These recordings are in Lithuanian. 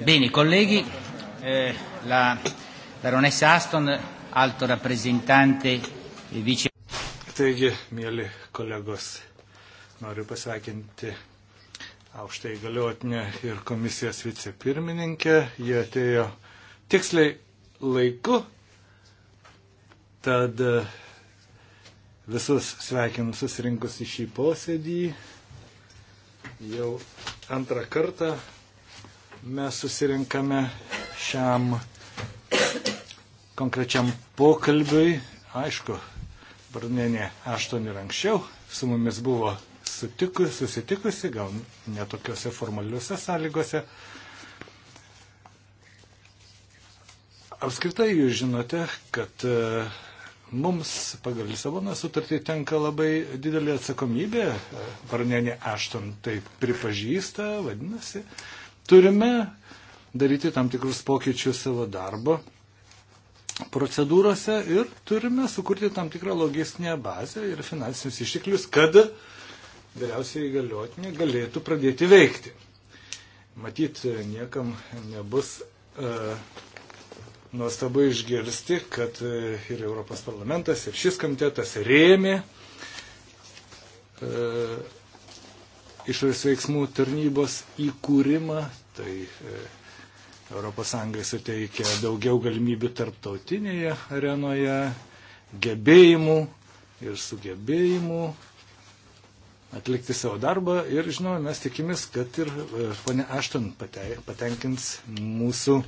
Bene, colleghi, eh, la baronessa Aston, alto rappresentante e vice. Taigi, mėly kolegos, noriu pasveikinti aukštai galiotinę ir komisijos vicepirmininkę. Jie atėjo tiksliai laiku, tad eh, visus sveikinu susirinkus į šį posėdį jau antrą kartą mes susirinkame šiam konkrečiam pokalbiui. Aišku, Barnienė aštuoni ir anksčiau su mumis buvo sutikus, susitikusi, gal netokiuose formaliuose sąlygose. Apskritai jūs žinote, kad uh, mums pagal Lisabono sutartį tenka labai didelė atsakomybė, Varnenė Ašton tai pripažįsta, vadinasi, turime daryti tam tikrus pokyčius savo darbo procedūrose ir turime sukurti tam tikrą logistinę bazę ir finansinius išteklius, kad vyriausiai įgaliotinė galėtų pradėti veikti. Matyt, niekam nebus uh, nuostabu išgirsti, kad e, ir Europos parlamentas, ir šis komitetas rėmė e, išorės veiksmų tarnybos įkūrimą. Tai e, ES suteikia daugiau galimybių tarptautinėje arenoje, gebėjimų ir sugebėjimų atlikti savo darbą ir, žinoma, mes tikimės, kad ir e, ponė Ašton patenkins mūsų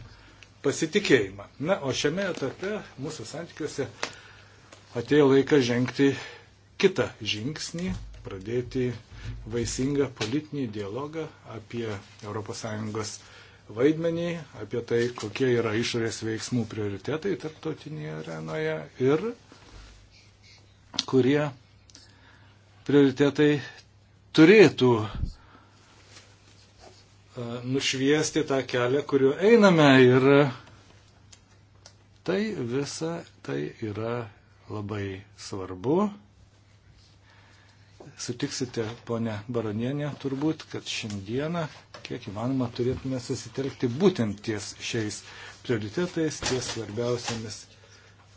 pasitikėjimą. Na, o šiame etape mūsų santykiuose atėjo laikas žengti kitą žingsnį, pradėti vaisingą politinį dialogą apie ES vaidmenį, apie tai, kokie yra išorės veiksmų prioritetai tarptautinėje arenoje ir kurie prioritetai turėtų nušviesti tą kelią, kuriuo einame ir tai visa tai yra labai svarbu. Sutiksite, ponė Baronienė, turbūt, kad šiandieną, kiek įmanoma, turėtume susitelkti būtent ties šiais prioritetais, ties svarbiausiamis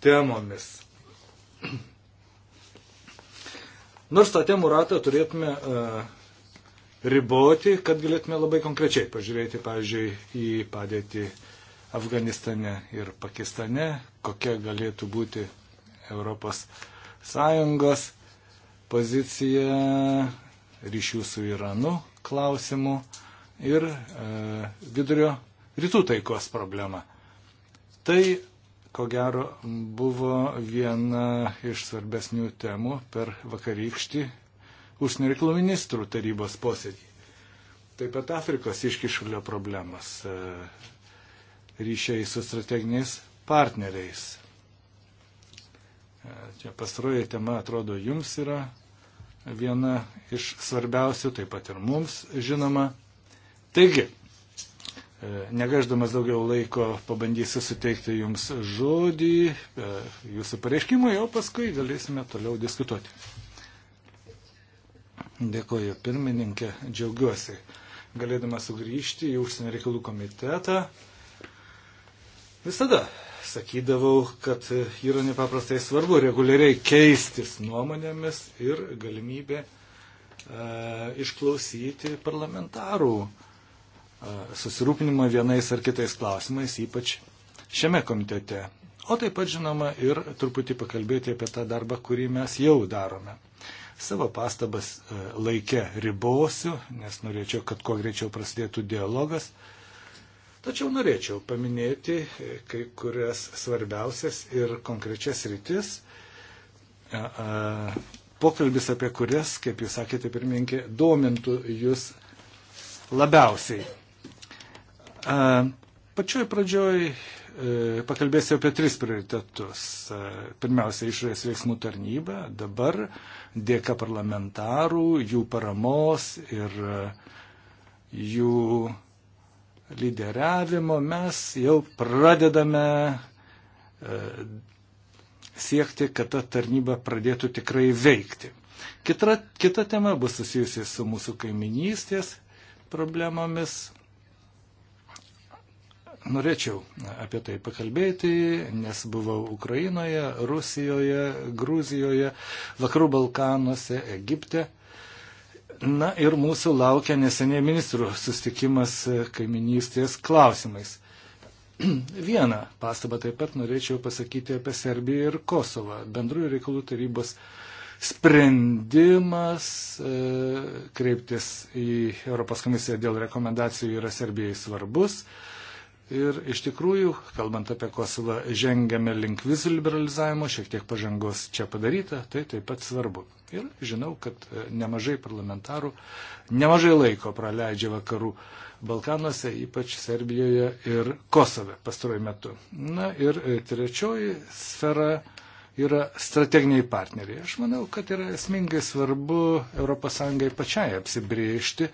temomis. Nors tą temų ratą turėtume uh, riboti, kad galėtume labai konkrečiai pažiūrėti, pavyzdžiui, į padėtį Afganistane ir Pakistane, kokia galėtų būti Europos Sąjungos pozicija ryšių su Iranu klausimu ir e, vidurio rytų taikos problema. Tai, ko gero, buvo viena iš svarbesnių temų per vakarykštį užsienio reikalų ministrų tarybos posėdį. Taip pat Afrikos iškišulio problemas e, ryšiai su strateginiais partneriais. E, čia pastaroji tema, atrodo, jums yra viena iš svarbiausių, taip pat ir mums žinoma. Taigi, e, negaždamas daugiau laiko, pabandysiu suteikti jums žodį, jūsų pareiškimą, o paskui galėsime toliau diskutuoti. Dėkoju pirmininkė, džiaugiuosi galėdama sugrįžti į užsienio reikalų komitetą. Visada sakydavau, kad yra nepaprastai svarbu reguliariai keistis nuomonėmis ir galimybė e, išklausyti parlamentarų e, susirūpinimą vienais ar kitais klausimais, ypač šiame komitete. O taip pat, žinoma, ir truputį pakalbėti apie tą darbą, kurį mes jau darome. E, Savo pastabas e, laikę ribosiu, nes norėčiau, kad kuo greičiau prasidėtų dialogas. Tačiau norėčiau paminėti e, kai kurias svarbiausias ir konkrečias rytis, e, pokalbis apie kurias, kaip jūs sakėte, pirmininkė, domintų jūs labiausiai. Pačioj pradžioj E, pakalbėsiu apie tris prioritetus. E, pirmiausia, išorės veiksmų tarnyba dabar dėka parlamentarų, jų paramos ir e, jų lyderiavimo mes jau pradedame siekti, kad ta tarnyba pradėtų tikrai veikti. Kita, kita tema bus susijusi su mūsų kaiminystės problemomis norėčiau apie tai pakalbėti, nes buvau Ukrainoje, Rusijoje, Gruzijoje, Vakarų Balkanuose, Egipte. Na ir mūsų laukia neseniai ministrų sustikimas kaiminystės klausimais. Vieną pastabą taip pat norėčiau pasakyti apie Serbiją ir Kosovą. Bendrųjų reikalų tarybos sprendimas e, kreiptis į Europos komisiją dėl rekomendacijų yra Serbijai svarbus. E, Ir iš tikrųjų, kalbant apie Kosovą, žengiame link vizų liberalizavimo, šiek tiek pažangos čia padaryta, tai taip pat svarbu. Ir žinau, kad e, nemažai parlamentarų nemažai laiko praleidžia vakarų Balkanuose, ypač Serbijoje ir Kosove pastaruoju metu. Na ir e, trečioji sfera yra strateginiai partneriai. Aš manau, kad yra esmingai svarbu ES pačiai apsibriežti,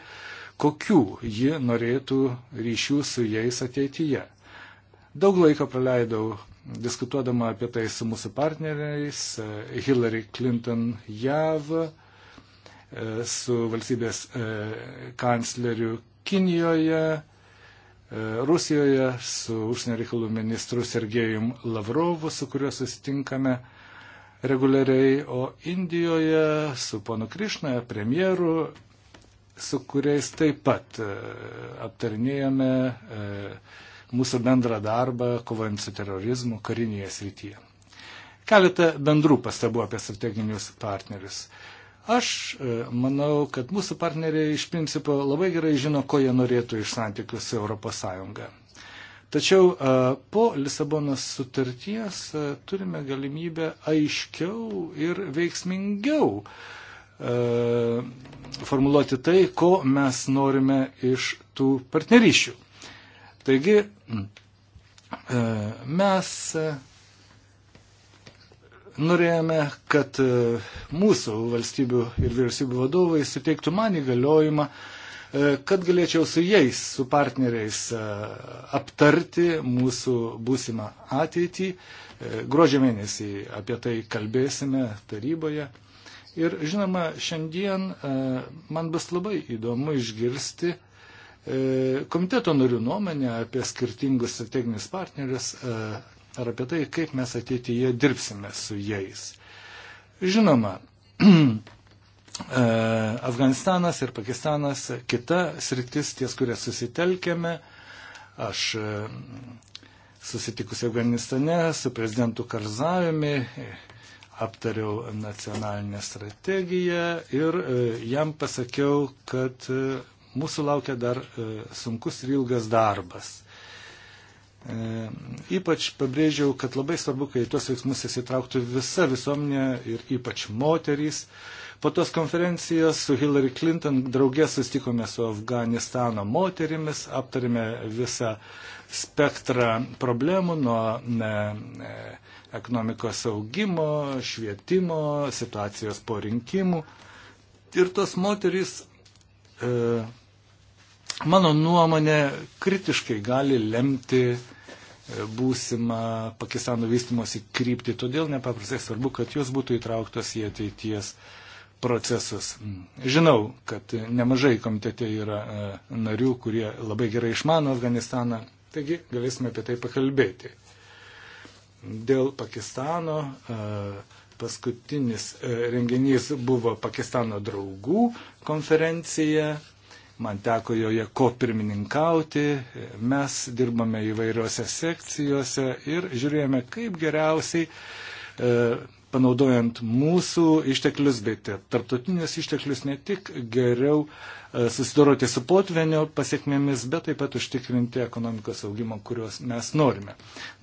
kokių ji norėtų ryšių su jais ateityje. Daug laiko praleidau diskutuodama apie tai su mūsų partneriais Hillary Clinton JAV, e, su valstybės e, kancleriu Kinijoje, e, Rusijoje, su užsienio reikalų ministru Sergejum Lavrovu, su kuriuo susitinkame reguliariai, o Indijoje su ponu Krišna, premjeru, su kuriais taip pat e, aptarinėjome e, mūsų bendrą darbą kovojant su terorizmu karinėje srityje. Keletą bendrų pastabų apie strateginius partnerius. Aš e, manau, kad mūsų partneriai iš principo labai gerai žino, ko jie norėtų iš santykių su ES. Tačiau po Lisabonos sutarties turime galimybę aiškiau ir veiksmingiau uh, E, formuluoti tai, ko mes norime iš tų partnerysčių. Taigi e, mes e, norėjome, kad mūsų valstybių ir vyriausybių vadovai suteiktų man įgaliojimą, kad galėčiau su jais, su partneriais aptarti mūsų būsimą ateitį. Gruodžio mėnesį apie tai kalbėsime taryboje. Ir žinoma, šiandien e, man bus labai įdomu išgirsti e, komiteto narių nuomonę apie skirtingus strateginius partnerius e, ar apie tai, kaip mes ateityje dirbsime su jais. Žinoma, Afganistanas ir Pakistanas kita sritis, ties kurias susitelkėme. Aš susitikusi Afganistane su prezidentu Karzavimi aptariau nacionalinę strategiją ir e, jam pasakiau, kad e, mūsų laukia dar e, sunkus ir ilgas darbas. Ypač pabrėžiau, kad labai svarbu, kai tuos veiksmus įsitrauktų visa visuomenė ir ypač moterys. Po tos konferencijos su Hillary Clinton draugė sustikome su Afganistano moterimis, aptarėme visą spektrą problemų nuo ne, ne, ekonomikos augimo, švietimo, situacijos po rinkimų. Ir tos moteris, e, mano nuomonė, kritiškai gali lemti e, būsimą Pakistano vystimosi kryptį. Todėl nepaprastai svarbu, kad jos būtų įtrauktos į ateities procesus. Žinau, kad nemažai komitete yra e, narių, kurie labai gerai išmano Afganistaną, taigi galėsime apie tai pakalbėti. Dėl Pakistano e, paskutinis e, renginys buvo Pakistano draugų konferencija. Man teko joje ko pirmininkauti, mes dirbame įvairiuose sekcijose ir žiūrėjome, kaip geriausiai e, panaudojant mūsų išteklius, bet ir tarptautinius išteklius, ne tik geriau e, susidoroti su potvenio pasiekmėmis, bet taip pat užtikrinti ekonomikos augimą, kuriuos mes norime.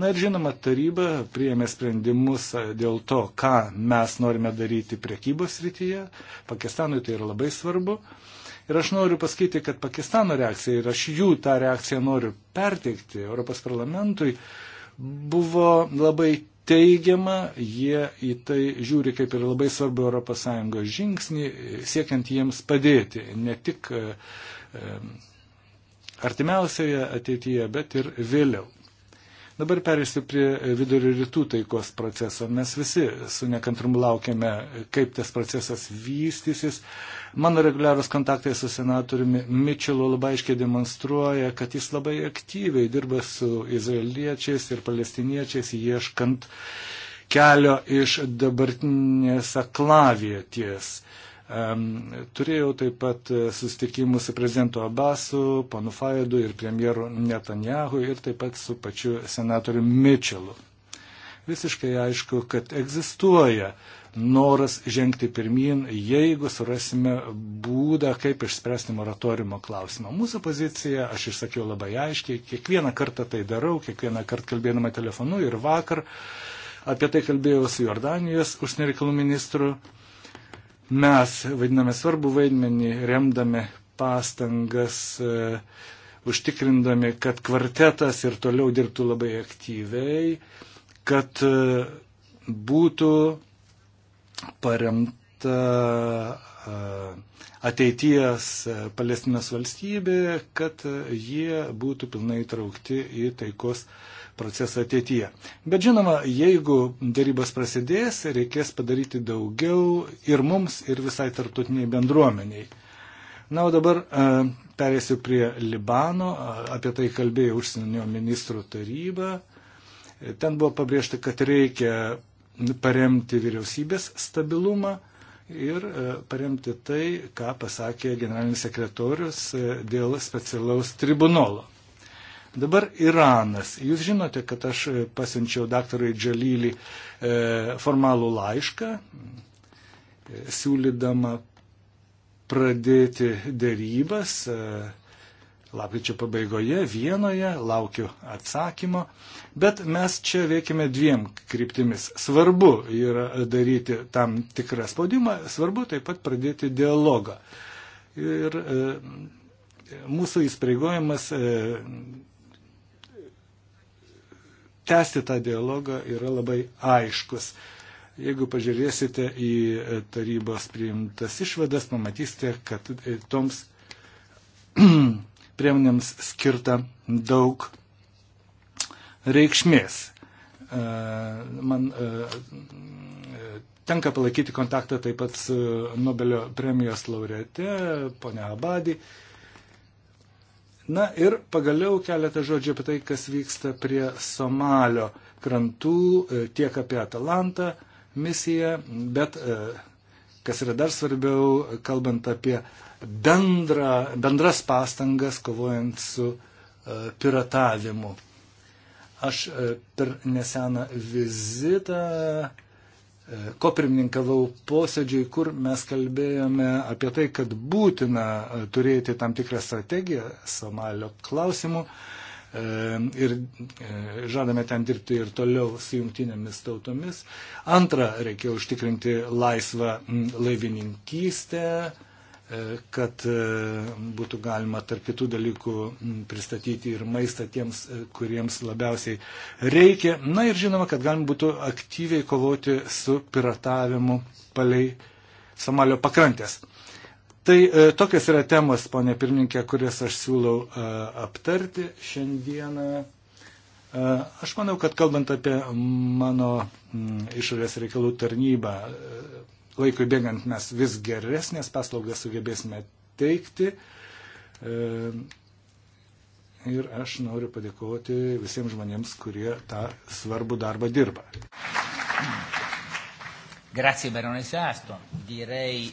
Na ir žinoma, taryba priėmė sprendimus e, dėl to, ką mes norime daryti priekybos rytyje. Pakistanui tai yra labai svarbu. Ir aš noriu pasakyti, kad Pakistano reakcija ir aš jų tą reakciją noriu perteikti Europos parlamentui buvo labai teigiama, jie į tai žiūri kaip ir labai svarbu ES žingsnį, siekiant jiems padėti ne tik e, e, artimiausioje ateityje, bet ir vėliau. Dabar perėsiu prie vidurio rytų taikos proceso. Mes visi su nekantrumu laukiame, kaip tas procesas vystysis. Mano reguliarūs kontaktai su senatoriumi Mičelu labai aiškiai demonstruoja, kad jis labai aktyviai dirba su izraeliečiais ir palestiniečiais, ieškant kelio iš dabartinės aklavietės. Turėjau taip pat e, susitikimus su prezidentu Abbasu, ponu Faidu ir premjeru Netanjahu ir taip pat su pačiu senatoriu Mičelu. Visiškai aišku, kad egzistuoja uh, noras žengti pirmin, jeigu surasime būdą, kaip išspręsti moratoriumo klausimą. Mūsų pozicija, aš išsakiau labai aiškiai, kiekvieną kartą tai darau, kiekvieną kartą kalbėdama telefonu ir vakar apie tai kalbėjau su Jordanijos užsienio reikalų ministru. Mes vaidiname svarbu vaidmenį, remdami pastangas. E, užtikrindami, kad kvartetas ir toliau dirbtų labai aktyviai, kad e, būtų paremta e, ateities e, Palestinos valstybė, kad jie būtų pilnai įtraukti į taikos procesą ateityje. Bet žinoma, jeigu darybas prasidės, reikės padaryti daugiau ir mums, ir visai tarptautiniai bendruomeniai. Na, o dabar e, perėsiu prie Libano, apie tai kalbėjo užsienio ministrų taryba. Ten buvo pabrėžta, kad reikia paremti vyriausybės stabilumą ir e, paremti tai, ką pasakė generalinis sekretorius e, dėl specialaus tribunolo. Dabar Iranas. Jūs žinote, kad aš e, pasiunčiau daktarui Džalylį formalų laišką, siūlydama pradėti dėrybas lapkričio pabaigoje Vienoje, laukiu atsakymo, bet mes čia veikime dviem kryptimis. Svarbu yra daryti tam tikrą spaudimą, svarbu taip pat pradėti dialogą. Ir e, mūsų įspareigojimas e, tęsti tą dialogą yra labai aiškus. Jeigu pažiūrėsite į tarybos priimtas išvadas, pamatysite, kad e, toms priemonėms skirta daug reikšmės. E, man e, tenka palaikyti kontaktą taip pat su Nobelio premijos laureate, ponia Abadi. Na ir pagaliau keletą žodžių apie tai, kas vyksta prie Somalio krantų, e, tiek apie Atalantą misiją, bet kas yra dar svarbiau, kalbant apie bendra, bendras pastangas kovojant su e, piratavimu. Aš e, per neseną vizitą e, kopirmininkavau posėdžiai, kur mes kalbėjome apie tai, kad būtina turėti tam tikrą strategiją Somalio klausimų. Ehm, ir e, žadame ten dirbti ir toliau su jungtinėmis tautomis. Antra, reikia užtikrinti laisvą laivininkystę, e, kad e, būtų galima tarp kitų dalykų pristatyti ir maistą tiems, kuriems labiausiai reikia. Na ir žinoma, kad galima būtų aktyviai kovoti su piratavimu palei Somalio pakrantės. Tai e, tokios yra temos, ponė pirmininkė, kurias aš siūlau e, aptarti šiandieną. E, aš manau, kad kalbant apie mano m, išorės reikalų tarnybą, e, laikui bėgant mes vis geresnės paslaugas sugebėsime teikti. E, ir aš noriu padėkoti visiems žmonėms, kurie tą svarbų darbą dirba. Grazie, Baronesa Aston. Direi.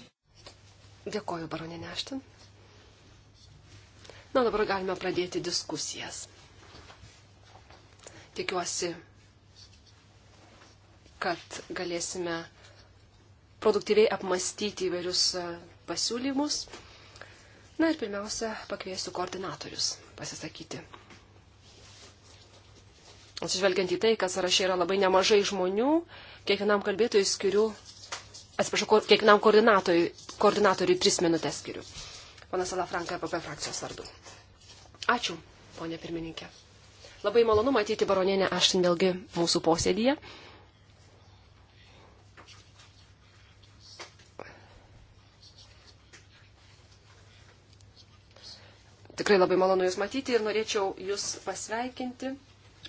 Dėkoju, baronė Neštin. Na, dabar galime pradėti diskusijas. Tikiuosi, kad galėsime produktyviai apmastyti įvairius e, pasiūlymus. Na ir pirmiausia, pakviesiu koordinatorius pasisakyti. Atsižvelgiant į tai, kad sąraše yra labai nemažai žmonių, kiekvienam kalbėtojui skiriu atsiprašau, kiekvienam koordinatoriui, koordinatoriui tris minutės skiriu. Ponas Alafranka, PP frakcijos vardu. Ačiū, ponė pirmininkė. Labai malonu matyti baronienę Aštindelgi mūsų posėdyje. Tikrai labai malonu Jūs matyti ir norėčiau Jūs pasveikinti,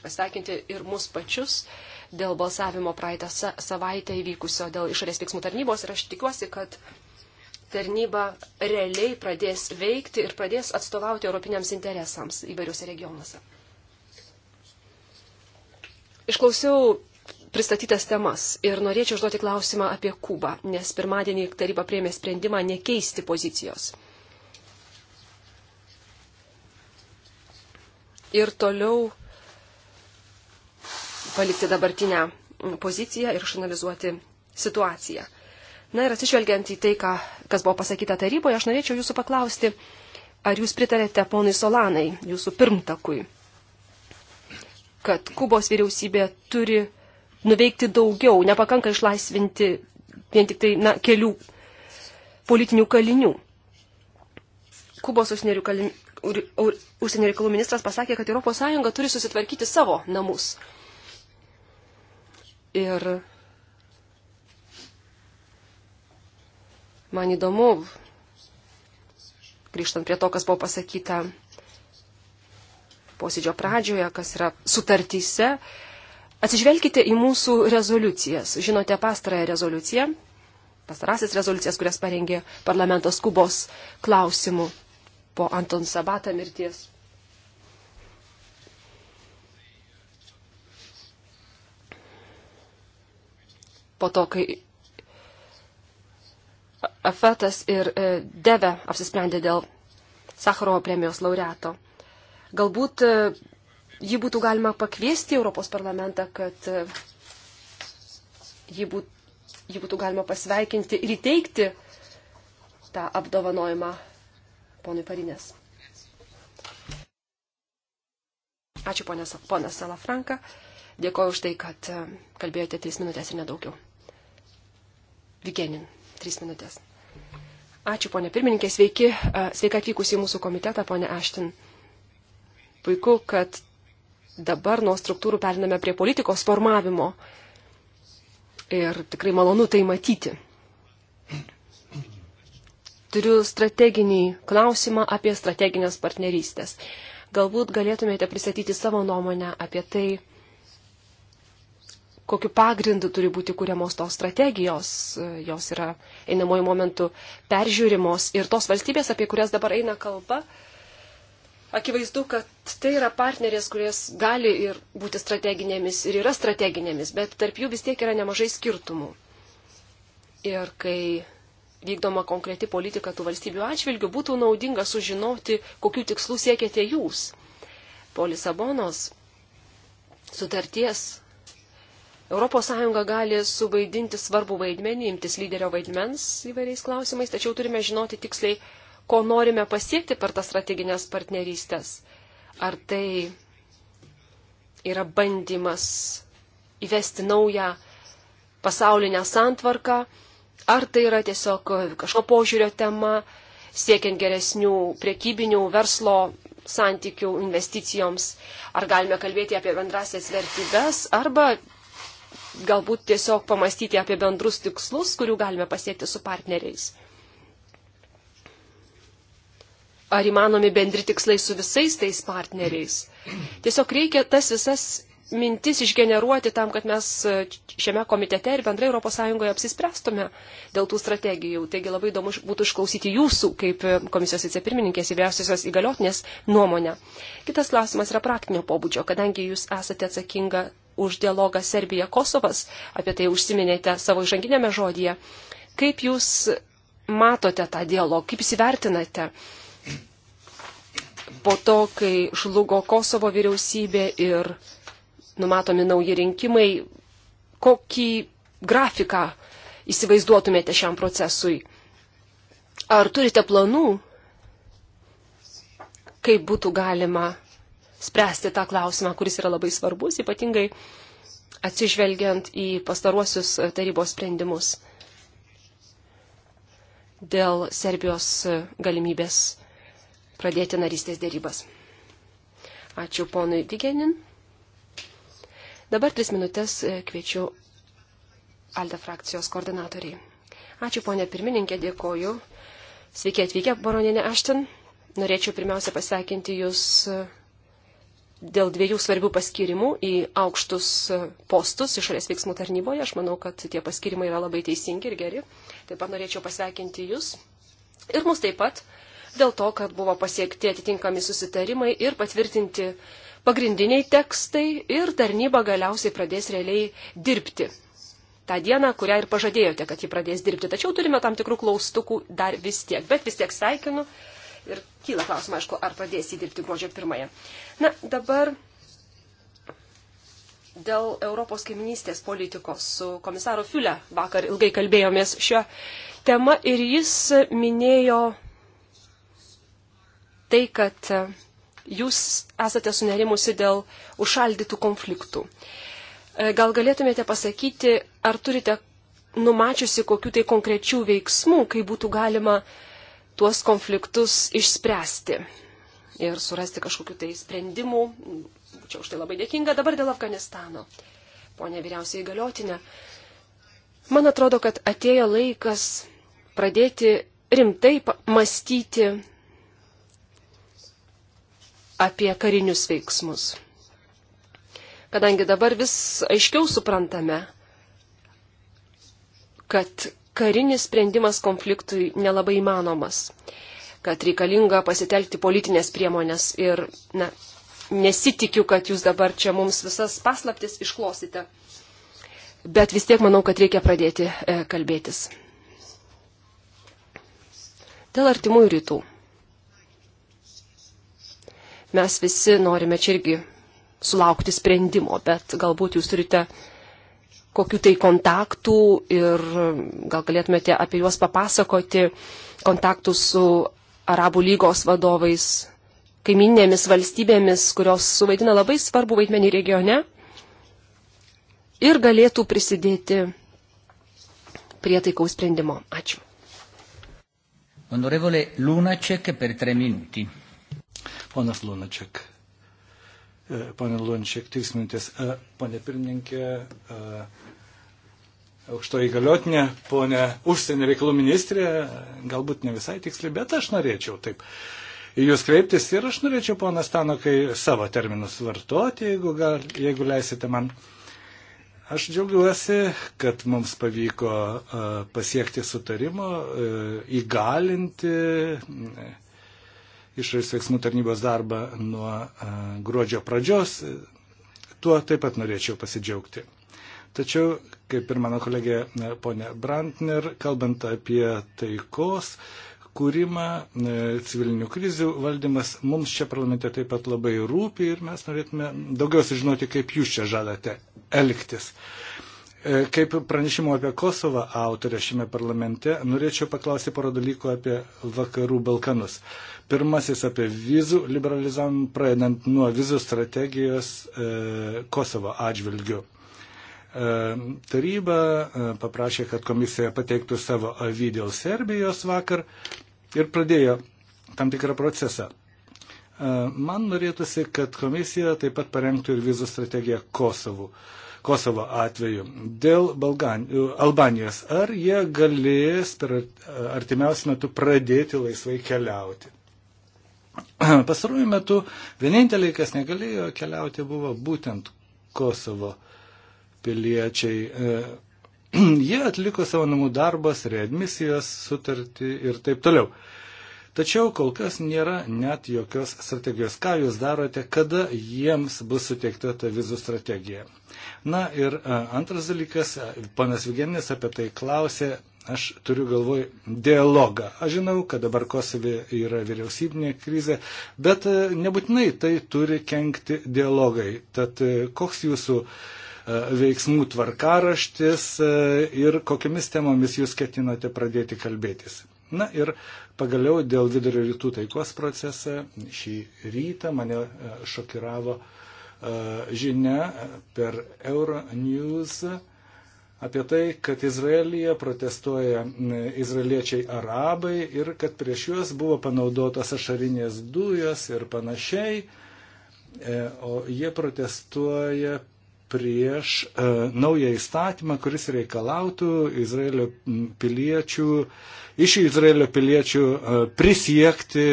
pasveikinti ir mus pačius. Uh, dėl balsavimo praeitą savaitę įvykusio dėl išorės veiksmų tarnybos ir aš tikiuosi, kad tarnyba realiai pradės veikti ir pradės atstovauti europiniams interesams įvairiuose regionuose. Išklausiau pristatytas temas ir norėčiau užduoti klausimą apie Kubą, nes pirmadienį taryba priemė sprendimą nekeisti pozicijos. Ir toliau palikti dabartinę poziciją ir išanalizuoti situaciją. Na ir atsižvelgiant į tai, ką, kas buvo pasakyta taryboje, aš norėčiau jūsų paklausti, ar jūs pritarėte ponui Solanai, jūsų pirmtakui, kad Kubos vyriausybė turi nuveikti daugiau, nepakanka išlaisvinti vien tik tai na, kelių politinių kalinių. Kubos užsienio reikalų ministras pasakė, kad ES turi susitvarkyti savo namus. Ir man įdomu, grįžtant prie to, kas buvo pasakyta posėdžio pradžioje, kas yra sutartyse, atsižvelkite į mūsų rezoliucijas. Žinote pastarąją rezoliuciją, pastarasis rezoliucijas, kurias parengė parlamentas Kubos klausimų po Anton Sabata mirties. po to, kai Afetas ir e, Deve apsisprendė dėl Sakarovo premijos laureato. Galbūt e, jį būtų galima pakviesti į Europos parlamentą, kad e, jį būtų, jį būtų galima pasveikinti ir įteikti tą apdovanojimą ponui Parinės. Ačiū ponė Salafranka. Dėkoju už tai, kad kalbėjote 3 minutės ir nedaugiau. Vigenin. Trys minutės. Ačiū, ponė pirmininkė, sveiki, sveika atvykusi į mūsų komitetą, ponė Aštin. Puiku, kad dabar nuo struktūrų periname prie politikos formavimo. Ir tikrai malonu tai matyti. Turiu strateginį klausimą apie strateginės partnerystės. Galbūt galėtumėte pristatyti savo nuomonę apie tai, kokiu pagrindu turi būti kūriamos tos strategijos, jos yra einamojų momentų peržiūrimos ir tos valstybės, apie kurias dabar eina kalba, akivaizdu, kad tai yra partnerės, kurias gali ir būti strateginėmis ir yra strateginėmis, bet tarp jų vis tiek yra nemažai skirtumų. Ir kai vykdoma konkreti politika tų valstybių atžvilgių, būtų naudinga sužinoti, kokiu tikslu siekiate jūs. Po Lisabonos sutarties ES gali suvaidinti svarbų vaidmenį, imtis lyderio vaidmens įvairiais klausimais, tačiau turime žinoti tiksliai, ko norime pasiekti per tas strateginės partnerystės. Ar tai yra bandymas įvesti naują pasaulinę santvarką, ar tai yra tiesiog kažko požiūrio tema, siekiant geresnių priekybinių verslo santykių investicijoms, ar galime kalbėti apie bendrasias vertybės, arba galbūt tiesiog pamastyti apie bendrus tikslus, kurių galime pasiekti su partneriais. Ar įmanomi bendri tikslai su visais tais partneriais? Tiesiog reikia tas visas mintis išgeneruoti tam, kad mes šiame komitete ir bendrai ES apsispręstume dėl tų strategijų. Taigi labai įdomu būtų išklausyti jūsų kaip e, komisijos vicepirmininkės įvyriausiosios įgaliotinės nuomonę. Kitas klausimas yra praktinio pobūdžio, kadangi jūs esate atsakinga už dialogą Serbija-Kosovas, apie tai užsiminėte savo išanginėme žodėje. Kaip Jūs matote tą dialogą, kaip įsivertinate po to, kai žlugo Kosovo vyriausybė ir numatomi nauji rinkimai, kokį grafiką įsivaizduotumėte šiam procesui? Ar turite planų, kaip būtų galima spręsti tą klausimą, kuris yra labai svarbus, ypatingai atsižvelgiant į pastaruosius e, tarybos sprendimus dėl Serbijos e, galimybės pradėti narystės dėrybas. Ačiū ponui Digenin. Dabar tris minutės e, kviečiu Alde frakcijos koordinatoriai. Ačiū ponė pirmininkė, dėkoju. Sveiki atvykę, baroninė Ašten. Norėčiau pirmiausia pasveikinti Jūs dėl dviejų svarbių paskirimų į aukštus e, postus išorės veiksmų tarnyboje. Aš manau, kad tie paskirimai yra labai teisingi ir geri. Taip pat norėčiau pasveikinti Jūs ir mus taip pat dėl to, kad buvo pasiekti atitinkami susitarimai ir patvirtinti pagrindiniai tekstai ir tarnyba galiausiai pradės realiai dirbti. Ta diena, kurią ir pažadėjote, kad ji pradės dirbti. Tačiau turime tam tikrų klaustukų dar vis tiek, bet vis tiek sveikinu. Ir kyla klausimas, aišku, ar pradės įdirbti gruodžio pirmąją. Na, dabar dėl Europos kaiminystės politikos su komisaro Fiule vakar ilgai kalbėjomės šią temą ir jis minėjo tai, kad jūs esate sunerimusi dėl užšaldytų konfliktų. Gal galėtumėte pasakyti, ar turite numačiusi kokiu tai konkrečių veiksmų, kai būtų galima tuos konfliktus išspręsti? ir surasti kažkokiu tai sprendimu. Būčiau už tai labai dėkinga dabar dėl Afganistano. Pone vyriausiai galiotinė, man atrodo, kad atėjo laikas pradėti rimtai mąstyti apie karinius veiksmus. Kadangi dabar vis aiškiau suprantame, kad karinis sprendimas konfliktui nelabai įmanomas kad reikalinga pasitelkti politinės priemonės ir na, nesitikiu, kad jūs dabar čia mums visas paslaptis išklosite. Bet vis tiek manau, kad reikia pradėti e, kalbėtis. Dėl artimųjų rytų. Mes visi norime čia irgi sulaukti sprendimo, bet galbūt jūs turite kokiu tai kontaktų ir gal galėtumėte apie juos papasakoti, kontaktų su Arabų lygos vadovais, kaiminėmis valstybėmis, kurios suvaidina labai svarbu vaidmenį regione ir galėtų prisidėti prie taikaus sprendimo. Ačiū. Onorevole Lunaček per tre minutį. Ponas Lunaček. E, pane Lunaček, trys minutės. E, pane pirmininkė. A, e, aukšto įgaliotinė, ponė užsienio reikalų ministrė, galbūt ne visai tiksliai, bet aš norėčiau taip. Jūs kreiptis ir aš norėčiau, ponas Stanokai, savo terminus vartoti, jeigu, gal, jeigu leisite man. Aš džiaugiuosi, kad mums pavyko pasiekti sutarimo, įgalinti išorės veiksmų tarnybos darbą nuo gruodžio pradžios. Tuo taip pat norėčiau pasidžiaugti. Tačiau kaip ir mano kolegė e, ponė Brantner, kalbant apie taikos kūrimą, e, civilinių krizių valdymas, mums čia parlamente taip pat labai rūpi ir mes norėtume daugiau sužinoti, kaip jūs čia žadate elgtis. E, kaip pranešimo apie Kosovą autorė šiame parlamente, norėčiau paklausti porą dalykų apie vakarų Balkanus. Pirmasis apie vizų liberalizavimą, pradedant nuo vizų strategijos e, Kosovo atžvilgiu. Taryba paprašė, kad komisija pateiktų savo avį dėl Serbijos vakar ir pradėjo tam tikrą procesą. Man norėtųsi, kad komisija taip pat parengtų ir vizų strategiją Kosovu. Kosovo atveju. Dėl Balgan, e, Albanijos. Ar jie galės per artimiausiu metu pradėti laisvai keliauti? Pastaruoju metu vieninteliai, kas negalėjo keliauti, buvo būtent Kosovo piliečiai. E, jie atliko savo namų darbas, readmisijas, sutartį ir taip toliau. Tačiau kol kas nėra net jokios strategijos. Ką jūs darote, kada jiems bus suteikta ta vizų strategija? Na ir e, antras dalykas, e, panas Vigenis apie tai klausė, aš turiu galvoj dialogą. Aš žinau, kad dabar Kosovė yra vyriausybinė krizė, bet nebūtinai tai turi kenkti dialogai. Tad koks jūsų uh, E, veiksmų tvarkaraštis e, ir kokiamis temomis jūs ketinate pradėti kalbėtis. Na ir pagaliau dėl vidurio rytų taikos procesą šį rytą mane e, šokiravo žinia per Euronews apie tai, kad Izraelija protestuoja izraeliečiai arabai ir kad prieš juos buvo panaudotas ašarinės dujos ir panašiai, o jie protestuoja prieš e, naują įstatymą, kuris reikalautų Izraelio piliečių, iš Izraelio piliečių e, prisiekti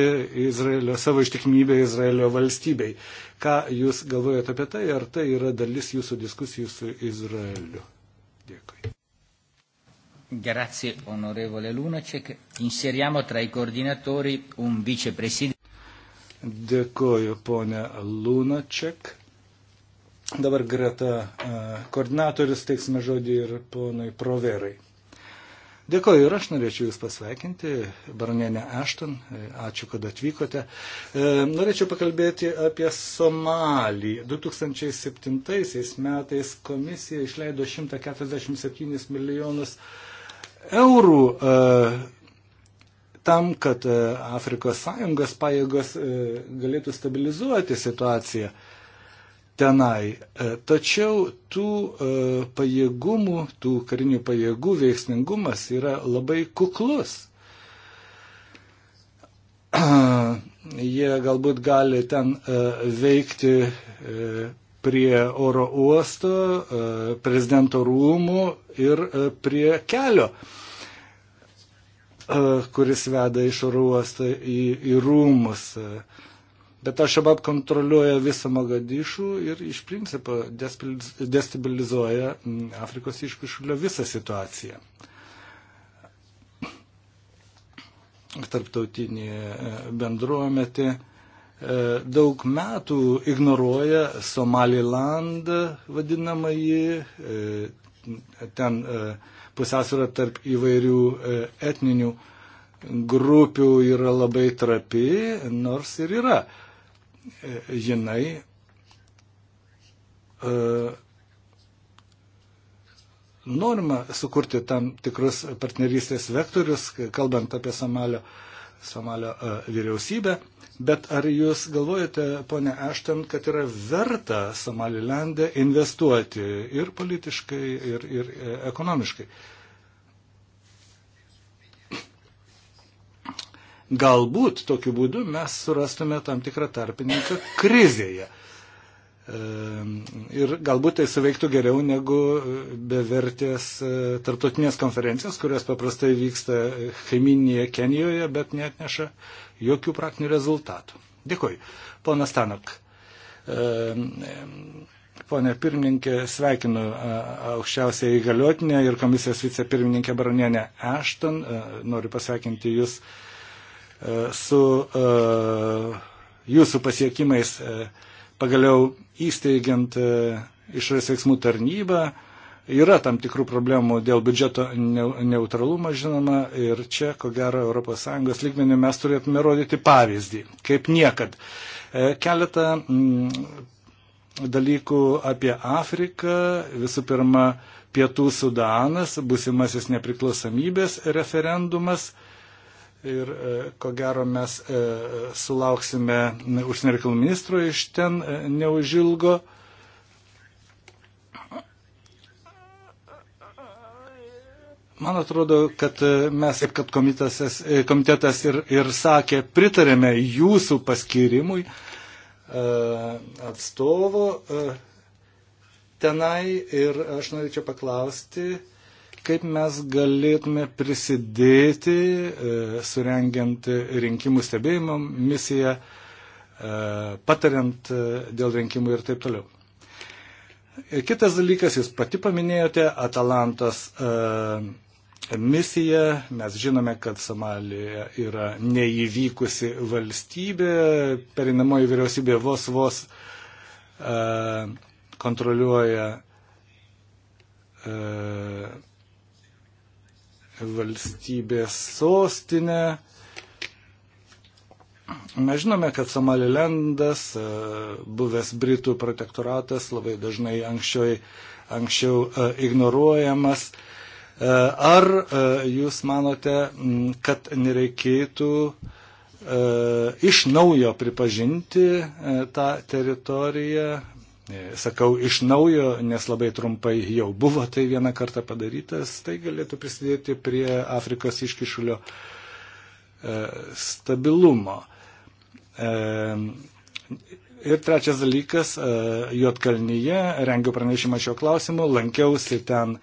Izraelio, savo ištikimybę Izraelio valstybei. Ką Jūs galvojate apie tai, ar tai yra dalis Jūsų diskusijų su Izraeliu? Dėkui. Grazie onorevole Lunacek. Inseriamo tra i coordinatori un vicepresidente. Dėkoju ponė Lunacek Dabar greta e, koordinatorius teiksime žodį ir ponui Proverai. Dėkoju ir aš norėčiau Jūs pasveikinti, baronienė Ešton, e, ačiū, kad atvykote. E, norėčiau pakalbėti apie Somalį. 2007 metais komisija išleido 147 milijonus eurų tam, kad Afrikos sąjungos pajėgos galėtų stabilizuoti situaciją tenai. E, tačiau tų e, pajėgumų, tų karinių pajėgų veiksmingumas yra labai kuklus. Jie galbūt gali ten e, veikti prie oro uosto, prezidento rūmų ir prie kelio, kuris veda iš oro uosto į, į rūmus. Bet Ašabat kontroliuoja visą Magadišų ir iš principo destabilizuoja mm, Afrikos iškišulio visą situaciją. Tarptautinė e, bendruometė e, daug metų ignoruoja Somaliland vadinamąjį, e, ten pusiausvyrą tarp įvairių etninių grupių yra labai trapi, nors ir yra E, jinai e, norima sukurti tam tikrus partnerystės vektorius, kalbant apie Somalio, Somalio e, vyriausybę. Bet ar jūs galvojate, ponė Ešten, kad yra verta Somalilandę investuoti ir politiškai, ir, ir ekonomiškai? Uh, Galbūt tokiu būdu mes surastume tam tikrą tarpininką krizėje. Ehm, ir galbūt tai suveiktų geriau negu e, bevertės e, tarptautinės konferencijos, kurios paprastai vyksta kaiminėje Kenijoje, bet net neša jokių praktinių rezultatų. Dėkui. Ponas Tanok. Ehm, ehm, pone pirmininkė, sveikinu aukščiausią įgaliotinę ir komisijos vicepirmininkę Baronienę Ešton. Noriu pasveikinti Jūs E, su e, jūsų pasiekimais e, pagaliau įsteigiant išorės veiksmų tarnybą. Yra tam tikrų problemų dėl biudžeto neutralumo, žinoma, ir čia, ko gero, ES lygmenį mes turėtume rodyti pavyzdį, kaip niekad. Keletą mm, dalykų apie Afriką. Visų pirma, Pietų Sudanas, busimasis nepriklausomybės referendumas Ir e, ko gero mes e, sulauksime užsienio reikalų ministro iš ten e, neužilgo. Man atrodo, kad mes, kaip kad komitetas ir, ir sakė, pritarėme jūsų paskirimui atstovo tenai ir aš norėčiau paklausti, kaip mes galėtume prisidėti, e, surengiant rinkimų stebėjimo misiją, e, patariant e, dėl rinkimų ir taip toliau. Kitas dalykas, jūs pati paminėjote Atalantos misiją. Mes žinome, kad Somalija yra neįvykusi valstybė, perinamoji vyriausybė vos vos kontroliuoja valstybės sostinę. Mes žinome, kad Somalilendas, e, buvęs Britų protektoratas, labai dažnai anksčiau, anksčiau e, ignoruojamas. E, ar jūs manote, kad nereikėtų iš naujo pripažinti tą teritoriją E, sakau iš naujo, nes labai trumpai jau buvo tai vieną kartą padarytas, tai galėtų prisidėti prie Afrikos iškišulio e, stabilumo. E, ir trečias dalykas, Jotkalnyje rengiu pranešimą šio klausimu, lankiausi ten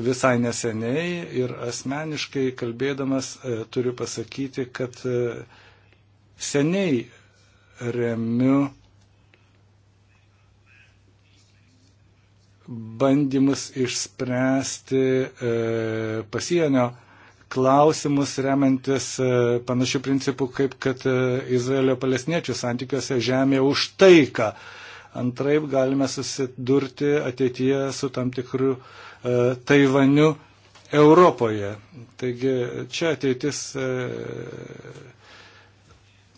visai neseniai ir asmeniškai kalbėdamas turiu pasakyti, kad seniai remiu bandymus išspręsti e, pasienio klausimus remiantis e, panašių principų, kaip kad e, Izraelio palestiniečių santykiuose žemė už taiką. Antraip galime susidurti ateityje su tam tikru e, Taivaniu Europoje. Taigi čia ateitis. E,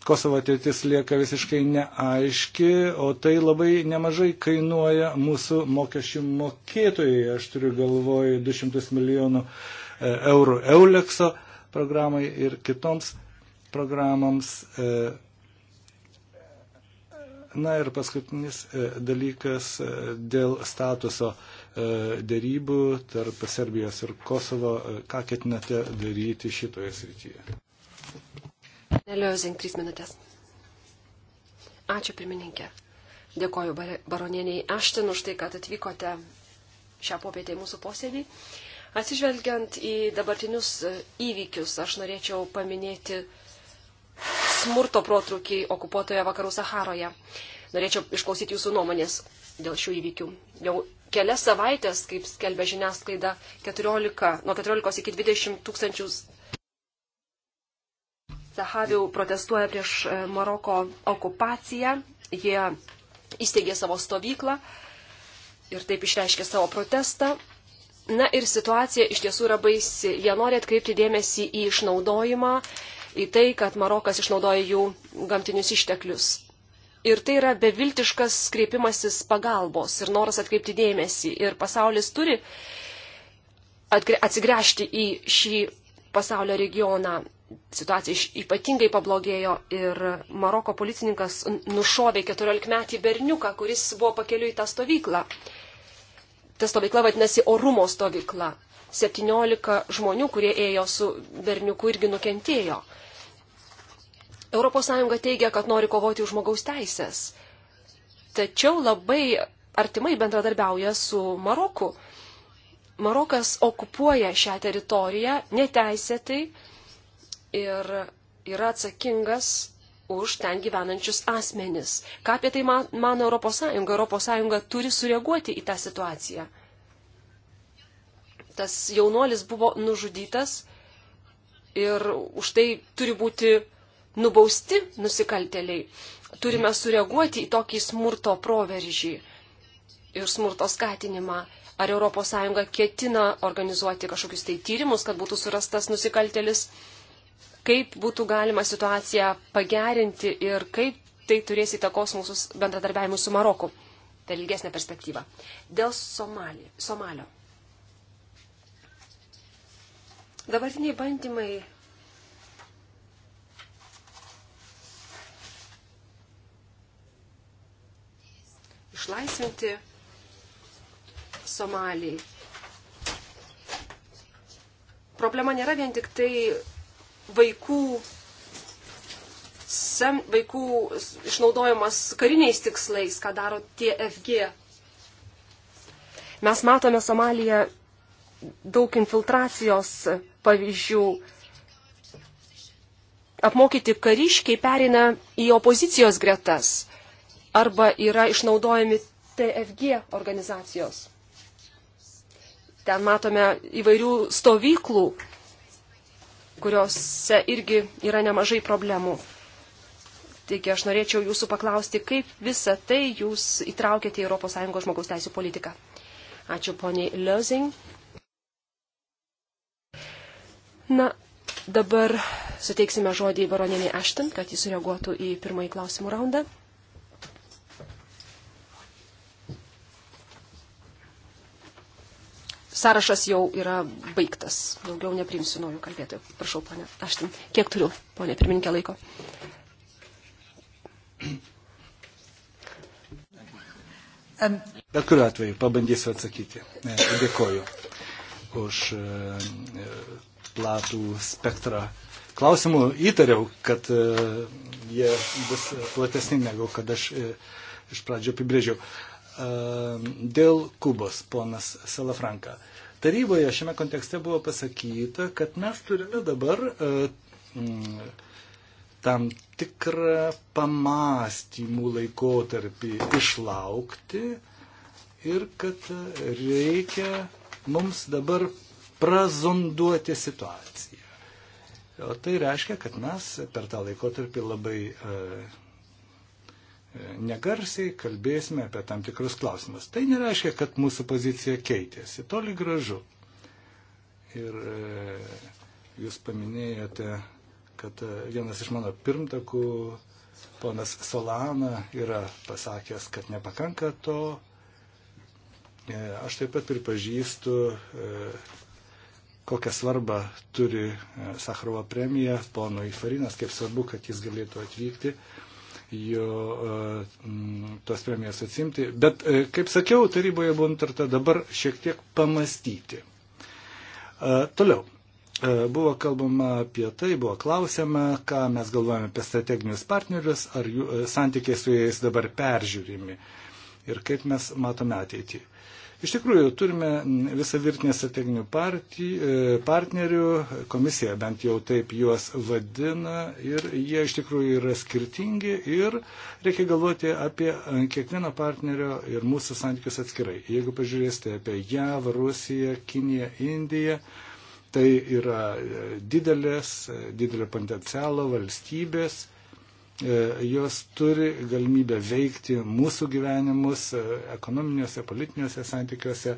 Kosovo ateitis lieka visiškai neaiški, o tai labai nemažai kainuoja mūsų mokesčių mokėtojai. Aš turiu galvoj 200 milijonų e, eurų Eulekso programai ir kitoms programams. E. Na ir paskutinis e, dalykas dėl statuso dėrybų tarp Serbijos ir Kosovo. Ką ketinate daryti šitoje srityje? Neliozink, trys minutės. Ačiū, pirmininkė. Dėkoju baronieniai Aštin už tai, kad atvykote šią popietę į mūsų posėdį. Atsižvelgiant į dabartinius e, įvykius, aš norėčiau paminėti smurto protrukį okupuotoje vakarų Saharoje. Norėčiau išklausyti jūsų nuomonės dėl šių įvykių. Jau kelias savaitės, kaip skelbia žiniasklaida, 14, nuo 14 iki 20 tūkstančius Sahavių protestuoja prieš e, Maroko okupaciją, jie įsteigė savo stovyklą ir taip išreiškė savo protestą. Na ir situacija iš tiesų yra baisi. Jie nori atkreipti dėmesį į išnaudojimą, į tai, kad Marokas išnaudoja jų gamtinius išteklius. Ir tai yra beviltiškas kreipimasis pagalbos ir noras atkreipti dėmesį. Ir pasaulis turi atsigręžti į šį pasaulio regioną situacija ypatingai pablogėjo ir Maroko policininkas nušovė 14-metį berniuką, kuris buvo pakeliu į tą stovyklą. Ta stovykla vadinasi orumo stovykla. 17 žmonių, kurie ėjo su berniuku, irgi nukentėjo. ES teigia, kad nori kovoti už žmogaus teisės. Tačiau labai artimai bendradarbiauja su Maroku. Marokas okupuoja šią teritoriją neteisėtai ir yra atsakingas už ten gyvenančius asmenis. Ką apie tai mano ES? ES turi sureaguoti į tą situaciją. Tas jaunuolis buvo nužudytas ir už tai turi būti nubausti nusikalteliai. Turime sureaguoti į tokį smurto proveržį ir smurto skatinimą. Ar ES ketina organizuoti kažkokius tai tyrimus, kad būtų surastas nusikaltelis? kaip būtų galima situaciją pagerinti ir kaip tai turės įtakos mūsų bendradarbiavimui su Maroku. Tai ilgesnė perspektyva. Dėl Somali, Somalio. Dabartiniai bandymai išlaisvinti Somalį. Problema nėra vien tik tai vaikų, sem, vaikų išnaudojimas kariniais tikslais, ką daro TFG. Mes matome Somaliją daug infiltracijos pavyzdžių. Apmokyti kariškiai perina į opozicijos gretas arba yra išnaudojami TFG organizacijos. Ten matome įvairių stovyklų kuriuose irgi yra nemažai problemų. Taigi aš norėčiau jūsų paklausti, kaip visą tai jūs įtraukėte į ES žmogaus teisų politiką. Ačiū poniai Lozing. Na, dabar suteiksime žodį baronieniai Ashton, kad jis sureaguotų į pirmąjį klausimų raundą. sąrašas jau yra baigtas. Daugiau neprimsiu naujų kalbėtojų. Prašau, ponė. Aš ten kiek turiu, ponė pirmininkė, laiko. Bet kuriuo atveju pabandysiu atsakyti. Dėkoju už e, e, platų spektrą klausimų. Įtariau, kad e, jie bus platesni negu kad aš iš pradžio apibrėžiau. Dėl Kubos, ponas Salafranka. Taryboje šiame kontekste buvo pasakyta, kad mes turime dabar e, mm, tam tikrą pamastymų laikotarpį išlaukti ir kad reikia mums dabar prazonduoti situaciją. O tai reiškia, kad mes per tą laikotarpį labai e, negarsiai kalbėsime apie tam tikrus klausimus. Tai nereiškia, kad mūsų pozicija keitėsi. Toli gražu. Ir e, jūs paminėjote, kad e, vienas iš mano pirmtakų, ponas Solana, yra pasakęs, kad nepakanka to. E, aš taip pat pripažįstu, kokią svarbą turi Sakrovo premija ponui Farinas, kaip svarbu, kad jis galėtų atvykti jo e, tas premijas atsimti. Bet, e, kaip sakiau, taryboje buvo nutarta dabar šiek tiek pamastyti. E, toliau. Buvo kalbama apie tai, buvo klausima, ką mes galvojame apie strateginius partnerius, ar jų santykiai su jais dabar peržiūrimi ir kaip mes matome ateitį. Iš tikrųjų, turime visą virtinę strateginių partijų, e, partnerių, komisija bent jau taip juos vadina ir jie iš tikrųjų yra skirtingi ir reikia galvoti apie e, kiekvieno partnerio ir mūsų santykius atskirai. Jeigu pažiūrėsite apie JAV, Rusiją, Kiniją, Indiją, tai yra e, didelės, didelio potencialo valstybės E, jos turi galimybę veikti mūsų gyvenimus e, ekonominiuose, politiniuose santykiuose.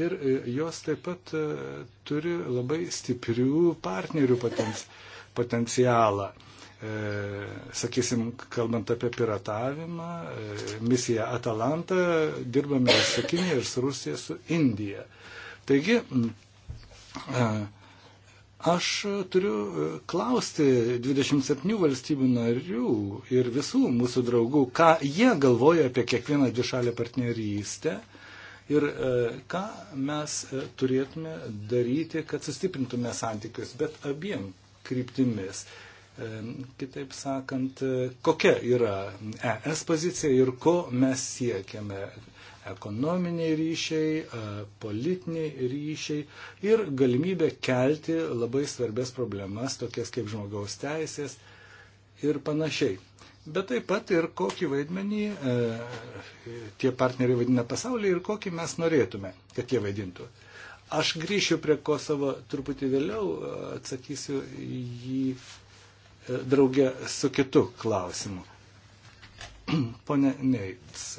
Ir e, jos taip pat turi labai stiprių partnerių potencialą. Sakysim, kalbant apie piratavimą, misija Atalanta, dirbame ir su Kinija, ir su Rusija, su Indija. Taigi, Aš turiu e, klausti 27 valstybių narių ir visų mūsų draugų, ką jie galvoja apie kiekvieną dvišalę partnerystę ir e, ką mes e, turėtume daryti, kad sustiprintume santykius, bet abiem kryptimis. Kitaip sakant, kokia yra ES pozicija ir ko mes siekiame ekonominiai ryšiai, e, politiniai ryšiai ir galimybė kelti labai svarbės problemas, tokias kaip žmogaus teisės ir panašiai. Bet taip pat ir kokį vaidmenį e, tie partneriai vaidina pasaulyje ir kokį mes norėtume, kad jie vaidintų. Aš grįšiu prie Kosovo truputį vėliau, e, atsakysiu jį e, draugę su kitu klausimu. Pone Neits.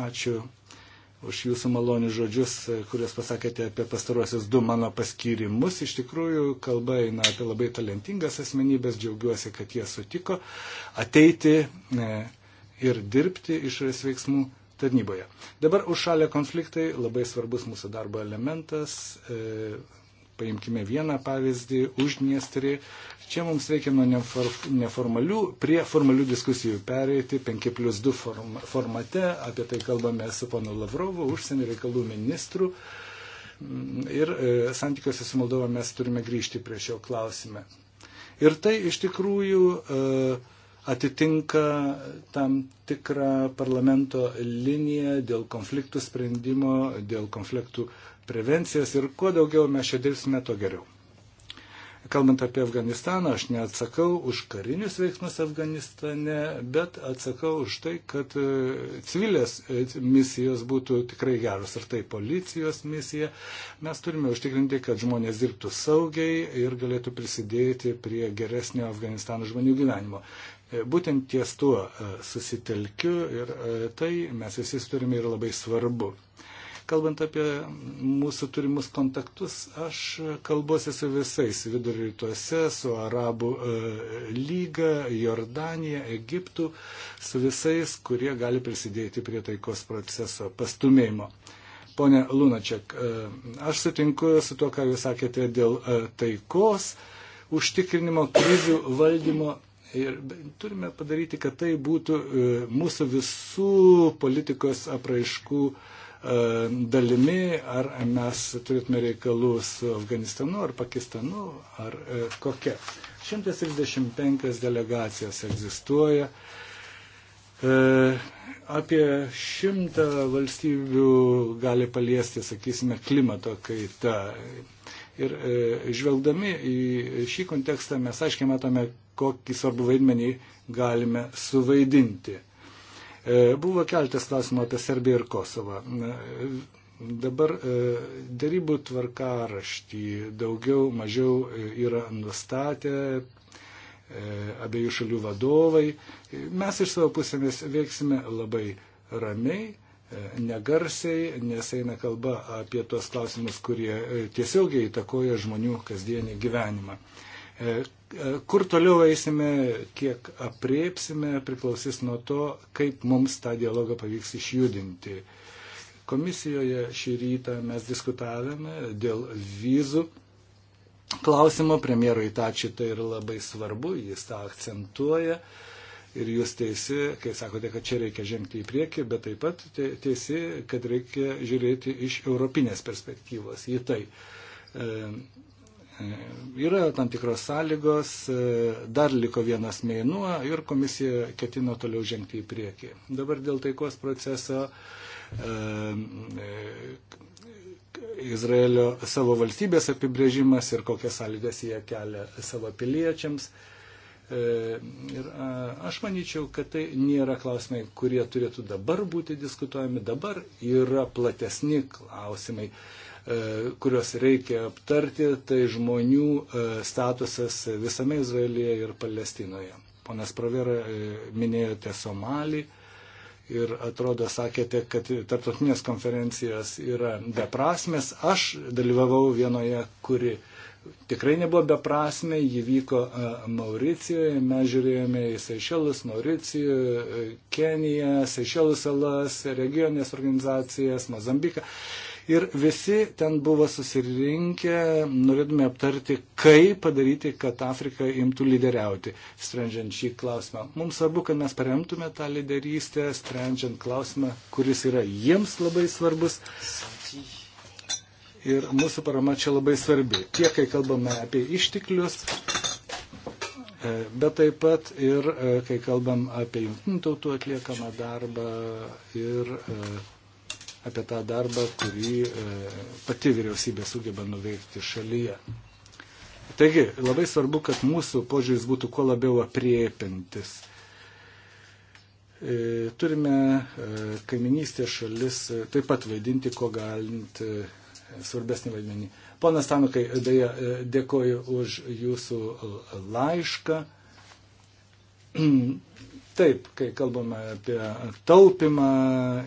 Ačiū už jūsų malonius žodžius, kuriuos pasakėte apie pastaruosius du mano paskyrimus. Iš tikrųjų, kalba eina apie labai talentingas asmenybės, džiaugiuosi, kad jie sutiko ateiti e, ir dirbti išorės veiksmų tarnyboje. Dabar užšalę konfliktai labai svarbus mūsų darbo elementas. E, Paimkime vieną pavyzdį, uždniestrį. Čia mums reikia nuo neformalių prie formalių diskusijų pereiti 5 plus 2 formate. Apie tai kalbame su panu Lavrovu, užsienio reikalų ministru. Mm, ir e, santykiuose su Moldova mes turime grįžti prie šio klausime. Ir tai iš tikrųjų e, atitinka tam tikrą parlamento liniją dėl konfliktų sprendimo, dėl konfliktų prevencijas ir kuo daugiau mes čia dirbsime, to geriau. Kalbant apie Afganistaną, aš neatsakau už karinius veiksmus Afganistane, bet atsakau už tai, kad e, civilės e, misijos būtų tikrai geros. Ar tai policijos misija. Mes turime užtikrinti, kad žmonės dirbtų saugiai ir galėtų prisidėti prie geresnio Afganistano žmonių gyvenimo. E, būtent ties tuo susitelkiu ir tai mes visi turime ir labai svarbu. Kalbant apie mūsų turimus kontaktus, aš kalbuosi su visais vidurio rytuose, su Arabų e, lyga, Jordanija, Egiptu, su visais, kurie gali prisidėti prie taikos proceso pastumėjimo. Pone Lunačiak, e, aš sutinku su to, ką jūs sakėte dėl e, taikos, užtikrinimo, krizių valdymo Ir turime padaryti, kad tai būtų mūsų visų politikos apraiškų E, dalimi, ar mes turėtume reikalų su Afganistanu ar Pakistanu ar e, kokia. 135 delegacijos egzistuoja. E, apie šimtą valstybių gali paliesti, sakysime, klimato kaita. Ir žvelgdami į šį kontekstą mes aiškiai matome, kokį svarbų vaidmenį galime suvaidinti. E, buvo keltas klausimų apie Serbiją ir Kosovą. E, dabar e, darybų tvarkaraštį daugiau mažiau yra nustatę abiejų šalių vadovai. Mes iš savo pusėmis veiksime labai ramiai, negarsiai, nes eina kalba apie tuos klausimus, kurie tiesiogiai įtakoja žmonių kasdienį gyvenimą. E, e, kur toliau eisime, kiek apriepsime, priklausys nuo to, kaip mums tą dialogą pavyks išjudinti. Komisijoje šį rytą mes diskutavome dėl vizų klausimo. Premjerui Tačiui tai yra labai svarbu, jis tą akcentuoja. Ir jūs teisi, kai sakote, kad čia reikia žengti į priekį, bet taip pat teisi, kad reikia žiūrėti iš europinės perspektyvos į tai. E, Yra tam tikros sąlygos, e, dar liko vienas mėnuo ir komisija ketino toliau žengti į priekį. Dabar dėl taikos proceso e, e, Izraelio savo valstybės apibrėžimas ir kokias sąlygas jie kelia savo piliečiams. Ir aš manyčiau, kad tai nėra klausimai, kurie turėtų dabar būti diskutuojami. Dabar yra platesni klausimai. E, kuriuos reikia aptarti, tai žmonių e, statusas visame Izraelyje ir Palestinoje. Ponas Provera, e, minėjote Somalį ir atrodo sakėte, kad tarptautinės konferencijos yra beprasmės. Aš dalyvavau vienoje, kuri tikrai nebuvo beprasmė, ji vyko Mauricijoje, mes žiūrėjome į Seišelus, Mauricijų, Keniją, Seišelus salas, regioninės organizacijas, Mozambiką. Ir visi ten buvo susirinkę, norėdami aptarti, kaip padaryti, kad Afrika imtų lyderiauti, sprendžiant šį klausimą. Mums svarbu, kad mes paremtume tą lyderystę, sprendžiant klausimą, kuris yra jiems labai svarbus. Ir mūsų parama čia labai svarbi. Tiek, kai kalbame apie išteklius, e, bet taip pat ir e, kai kalbam apie jungtinių tautų atliekamą darbą ir e, apie tą darbą, kurį e, pati vyriausybė sugeba nuveikti šalyje. Taigi, labai svarbu, kad mūsų požiūris būtų kuo labiau apriepintis. E, turime e, kaiminystės šalis taip pat vaidinti, ko galint svarbesnį vaidmenį. Ponas Tanukai, dėja, dėkoju už jūsų laišką. Taip, kai kalbame apie taupimą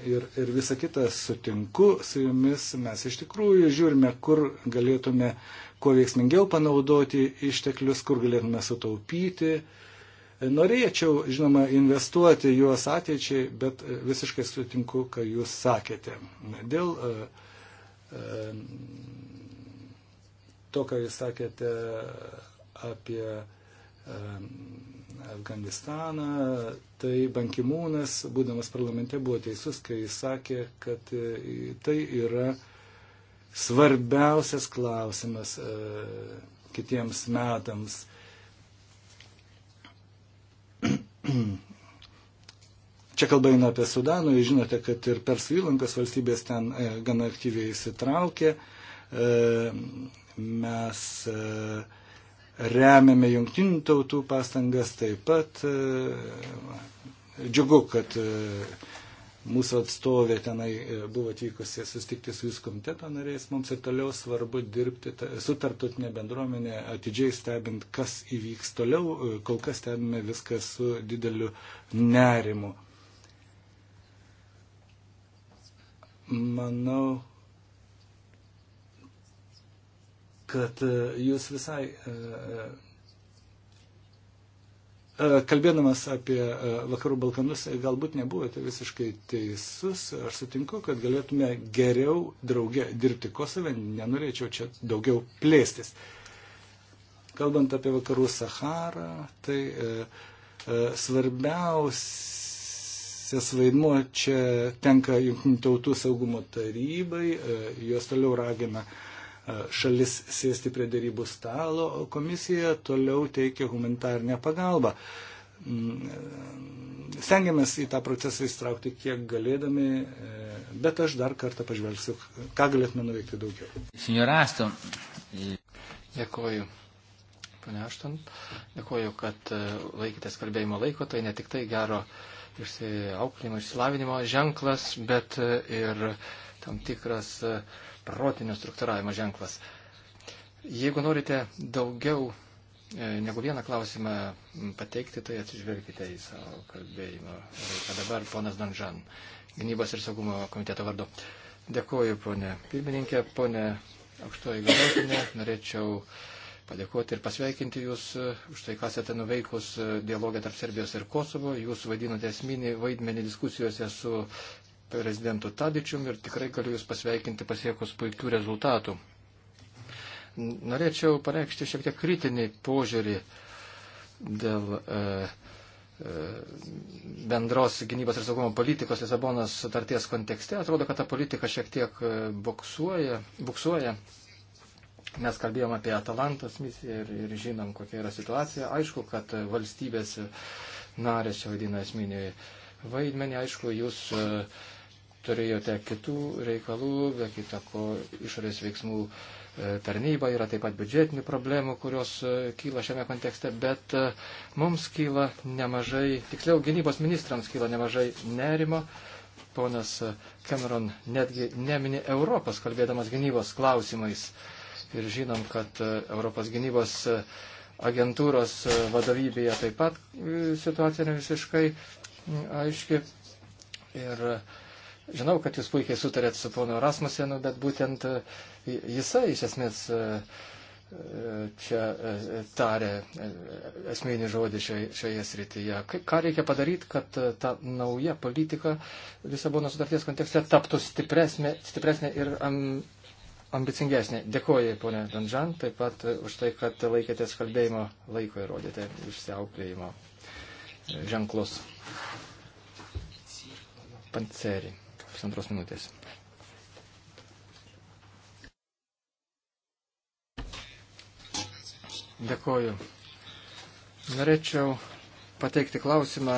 ir, ir visą kitą sutinku su jumis, mes iš tikrųjų žiūrime, kur galėtume kuo veiksmingiau panaudoti išteklius, kur galėtume sutaupyti. Norėčiau, žinoma, investuoti juos ateičiai, bet visiškai sutinku, ką jūs sakėte. Dėl e, e, to, ką jūs sakėte apie e, Afganistaną, tai Bankimūnas, būdamas parlamente, buvo teisus, kai jis sakė, kad e, tai yra svarbiausias klausimas e, kitiems metams. Čia kalba eina apie Sudaną, jūs žinote, kad ir Persų įlankos valstybės ten e, gana aktyviai įsitraukė. Mes remiame jungtinių tautų pastangas taip pat. E, džiugu, kad e, mūsų atstovė tenai e, buvo atvykusi susitikti su jūsų komiteto nariais. Mums ir toliau svarbu dirbti su tartutinė bendruomenė, atidžiai stebint, kas įvyks toliau. Kol kas stebime viską su dideliu nerimu. Manau, kad e, jūs visai e, e, kalbėdamas apie Vakarų Balkanus, galbūt nebuvote visiškai teisus. Aš sutinku, kad galėtume geriau drauge dirbti Kosove, nenorėčiau čia daugiau plėstis. Kalbant apie Vakarų Saharą, tai svarbiausias vaidmuo čia tenka Junktinių tautų saugumo tarybai, juos toliau ragina uh, šalis sėsti prie dėrybų stalo, o komisija toliau teikia humanitarnę pagalbą. Mm, e, stengiamės į tą procesą įstraukti kiek galėdami, e, bet aš dar kartą pažvelgsiu, ką galėtume nuveikti daugiau. Senjor Aston. E, dėkuoju. Pane Ašton, dėkuoju, kad laikytės kalbėjimo laiko, tai ne tik tai gero išsiauklėjimo, išsilavinimo ženklas, bet ir tam tikras uh, protinio struktūravimo ženklas. Jeigu norite daugiau e, negu vieną klausimą pateikti, tai atsižvelgite į savo kalbėjimą. Reikia dabar ponas Danžan, gynybos ir saugumo komiteto vardu. Dėkuoju, ponė pirmininkė, ponė aukštoji galėtinė. Norėčiau padėkoti ir pasveikinti Jūs e, už tai, kas esate nuveikus e, dialogę tarp Serbijos ir Kosovo. Jūs vaidinote esminį vaidmenį diskusijose su prezidentu Tadičium ir tikrai galiu Jūs pasveikinti pasiekus puikių rezultatų. Norėčiau pareikšti šiek tiek kritinį požiūrį dėl e, e, bendros gynybos ir saugumo politikos Lisabonos sutarties kontekste. Atrodo, kad ta politika šiek tiek e, buksuoja. buksuoja. Mes kalbėjom apie Atalantos misiją ir, ir žinom, kokia yra situacija. Aišku, kad valstybės narės čia vaidina esminį vaidmenį. Aišku, jūs e, turėjote kitų reikalų, be kita ko išorės veiksmų e, tarnyba yra taip pat biudžetinių problemų, kurios e, kyla šiame kontekste, bet e, mums kyla nemažai, tiksliau gynybos ministrams kyla nemažai nerimo. Ponas Cameron netgi nemini Europos, kalbėdamas gynybos klausimais. Ir žinom, kad Europos gynybos agentūros vadovybėje taip pat situacija ne visiškai aiški. Ir uh, Žinau, kad jūs puikiai sutarėt su ponu Rasmusenu, bet būtent e, jisai iš esmės e, čia e, tarė esminį žodį šioje, šioje srityje. Ką reikia padaryti, kad ta nauja politika Lisabono sutarties kontekste taptų stipresnė, stipresnė ir ambicingesnė. Dėkuoju, ponė Danžan, taip pat už tai, kad laikėtės kalbėjimo laiko ir rodėte išsiauklėjimo ženklus. Panceri pusantros minutės. Dėkoju. Norėčiau pateikti klausimą,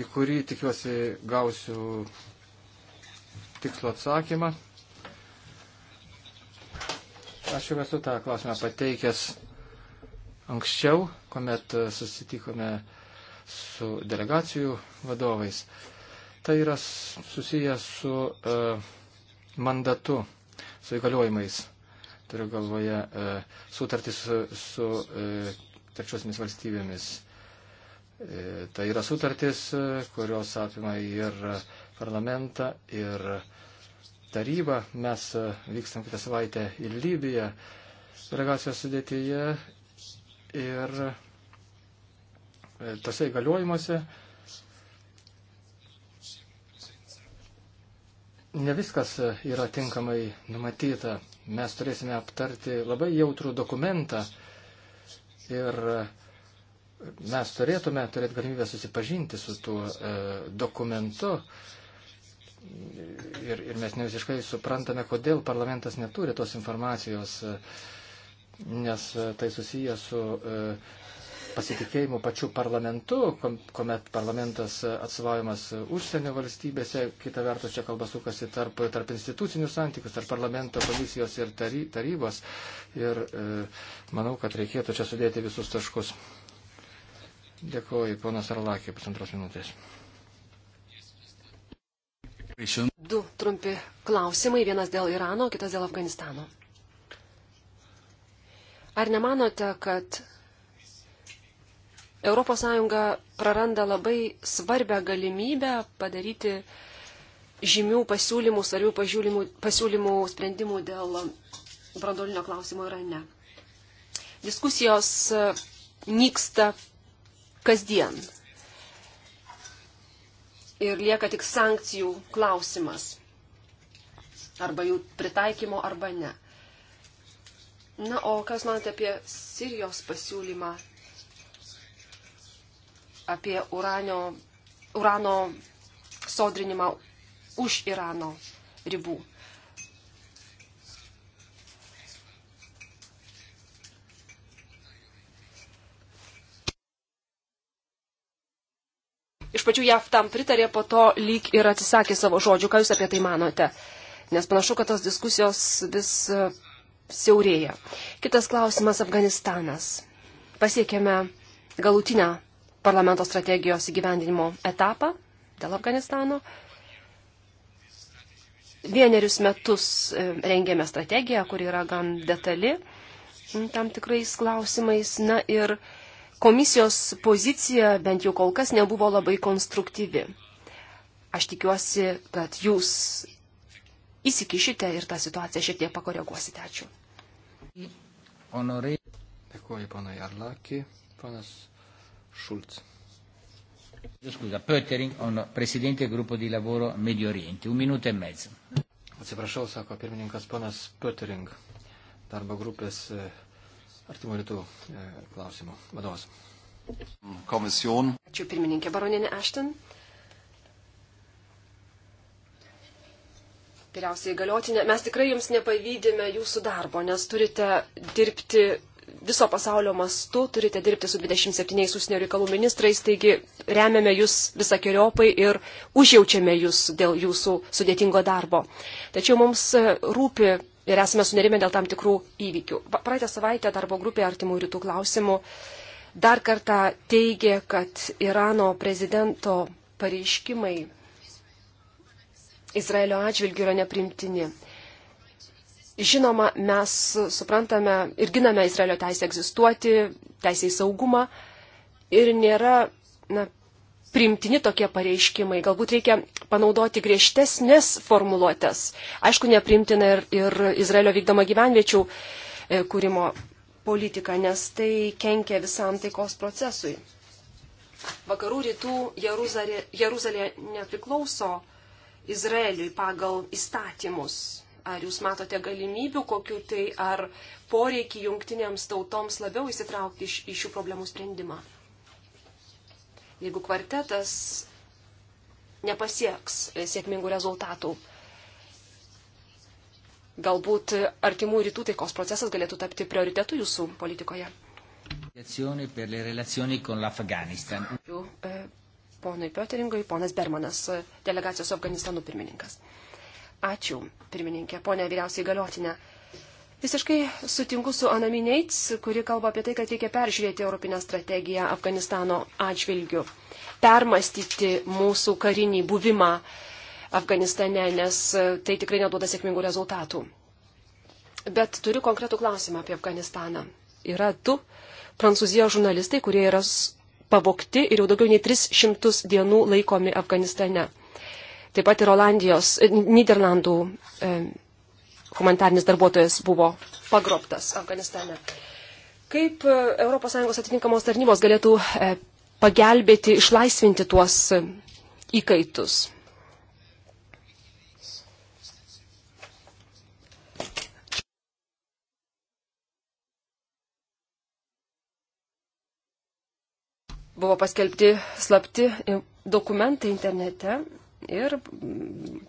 į kurį tikiuosi gausiu tikslo atsakymą. Aš jau esu tą klausimą pateikęs anksčiau, kuomet susitikome su delegacijų vadovais. Tai yra susijęs su e, mandatu, su įgaliojimais. Turiu galvoje e, sutartį su, su e, trečiosiamis valstybėmis. E, tai yra sutartis, e, kurios apima ir parlamentą, ir tarybą. Mes e, vykstam kitą savaitę į Libiją, delegacijos sudėtyje ir e, tose įgaliojimuose e, ne viskas e, yra tinkamai numatyta. Mes turėsime aptarti labai jautrų dokumentą ir e, mes turėtume turėti galimybę susipažinti su tuo e, dokumentu. Ir, ir mes ne visiškai suprantame, kodėl parlamentas neturi tos informacijos, e, nes tai susiję su e, pasitikėjimu pačiu parlamentu, kuomet parlamentas atstovaujamas užsienio valstybėse, kita vertus čia kalba sukasi tarp, tarp institucinių santykius, tarp parlamento, komisijos ir tary, tarybos. Ir e, manau, kad reikėtų čia sudėti visus taškus. Dėkuoju, ponas Arlakė, pusantros minutės. Du trumpi klausimai, vienas dėl Irano, kitas dėl Afganistano. Ar nemanote, kad ES praranda labai svarbę galimybę padaryti žymių pasiūlymų, svarbių pasiūlymų, pasiūlymų sprendimų dėl brandolinio klausimo Irane. Diskusijos e, nyksta kasdien. Ir lieka tik sankcijų klausimas. Arba jų pritaikymo, arba ne. Na, o kas manote apie Sirijos pasiūlymą apie uranio, urano sodrinimą už Irano ribų. Iš pačių JAV tam pritarė, po to lyg ir atsisakė savo žodžių. Ką Jūs apie tai manote? Nes panašu, kad tos diskusijos vis e, siaurėja. Kitas klausimas - Afganistanas. Pasiekėme galutinę parlamento strategijos įgyvendinimo etapą dėl Afganistano. Vienerius metus e, rengėme strategiją, kuri yra gan detali tam tikrais klausimais. Na ir komisijos pozicija bent jau kol kas nebuvo labai konstruktyvi. Aš tikiuosi, kad jūs įsikišite ir tą situaciją šiek tiek pakoreguosite. Ačiū. Honorai. Dėkuoju, ponai Arlaki. Ponas Schulz. Scusa, Pöttering, prezidentė grupo di lavoro Medio Oriente. Un minuto e mezzo. Atsiprašau, sako pirmininkas ponas Pöttering, darbo grupės e, artimo rytų e, klausimų vadovas. Komision. Ačiū pirmininkė Baroninė Ašten. Vyriausiai galiotinė, mes tikrai jums nepavydėme jūsų darbo, nes turite dirbti viso pasaulio mastu, turite dirbti su 27 užsienio reikalų ministrais, taigi remiame jūs visakiriopai ir užjaučiame jūs dėl jūsų sudėtingo darbo. Tačiau mums e, rūpi ir esame sunerime dėl tam tikrų įvykių. Praeitą savaitę darbo grupė artimų rytų klausimų dar kartą teigė, kad Irano prezidento pareiškimai Izraelio atžvilgių yra neprimtini. Žinoma, mes suprantame ir giname Izraelio teisę egzistuoti, teisę į saugumą ir nėra na, primtini tokie pareiškimai. Galbūt reikia panaudoti griežtesnės formuluotės. Aišku, neprimtina ir, ir Izraelio vykdoma gyvenviečių e, kūrimo politika, nes tai kenkia visam taikos procesui. Vakarų rytų Jeruzalė, Jeruzalė nepriklauso Izraeliui pagal įstatymus Ar jūs matote galimybių kokiu tai, ar poreikį jungtinėms tautoms labiau įsitraukti į šių problemų sprendimą? Jeigu kvartetas nepasieks e, sėkmingų rezultatų, galbūt artimų rytų taikos procesas galėtų tapti prioritetu jūsų politikoje. E, ponui Pioteringui, ponas Bermanas, e, delegacijos Afganistanų pirmininkas. Ačiū, pirmininkė, ponė vyriausiai galiotinė. Visiškai sutinku su Anaminėts, kuri kalba apie tai, kad reikia peržiūrėti Europinę strategiją Afganistano atžvilgių, permastyti mūsų karinį buvimą Afganistane, nes tai tikrai neduoda sėkmingų rezultatų. Bet turiu konkretų klausimą apie Afganistaną. Yra du prancūzijos žurnalistai, kurie yra pavokti ir jau daugiau nei 300 dienų laikomi Afganistane. Taip pat ir Olandijos, e, Niderlandų e, humanitarnis darbuotojas buvo pagrobtas Afganistane. Kaip ES atitinkamos tarnybos galėtų e, pagelbėti, išlaisvinti tuos įkaitus? Buvo paskelbti slapti dokumentai internete ir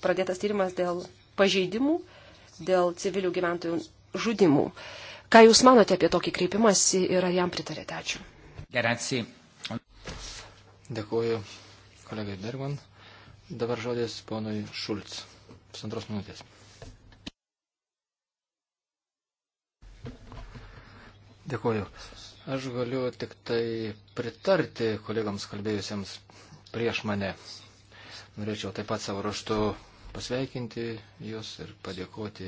pradėtas tyrimas dėl pažeidimų, dėl civilių gyventojų žudimų. Ką Jūs manote apie tokį kreipimąsi ir ar jam pritarėte? Ačiū. Geracijai. Dėkuoju kolegai Bergman. Dabar žodis ponui Šulc. Pusantros minutės. Dėkuoju. Aš galiu tik tai pritarti kolegams kalbėjusiems prieš mane. Norėčiau taip pat savo raštu pasveikinti Jūs ir padėkoti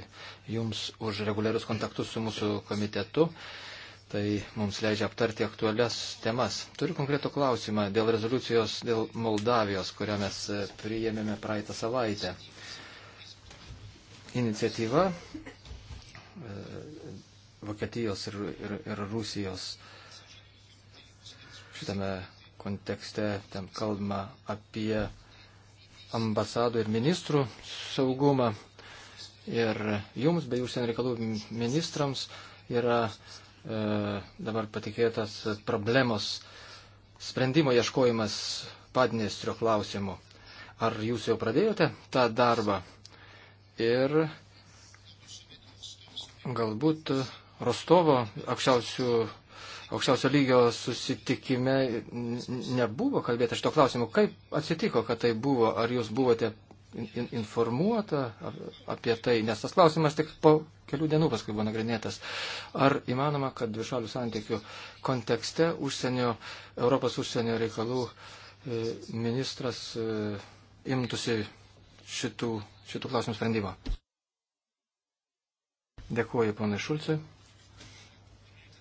Jums už reguliarius kontaktus su mūsų komitetu. Tai mums leidžia aptarti aktualias temas. Turiu konkretų klausimą dėl rezoliucijos dėl Moldavijos, kurią mes e, priėmėme praeitą savaitę. Iniciatyva e, Vokietijos ir, ir, ir Rusijos šitame kontekste ten kalbama apie ambasadų ir ministrų saugumą. Ir jums, bei užsienio reikalų ministrams, yra e, dabar patikėtas problemos sprendimo ieškojimas Padnestrio klausimu. Ar jūs jau pradėjote tą darbą? Ir galbūt Rostovo aukščiausių aukščiausio lygio susitikime nebuvo kalbėta šito klausimu. Kaip atsitiko, kad tai buvo? Ar jūs buvote informuota apie tai? Nes tas klausimas tik po kelių dienų paskui buvo nagrinėtas. Ar įmanoma, kad dvišalių santykių kontekste užsienio, Europos užsienio reikalų e, ministras e, imtųsi šitų, šitų klausimų sprendimo? Dėkuoju, ponai Šulcui.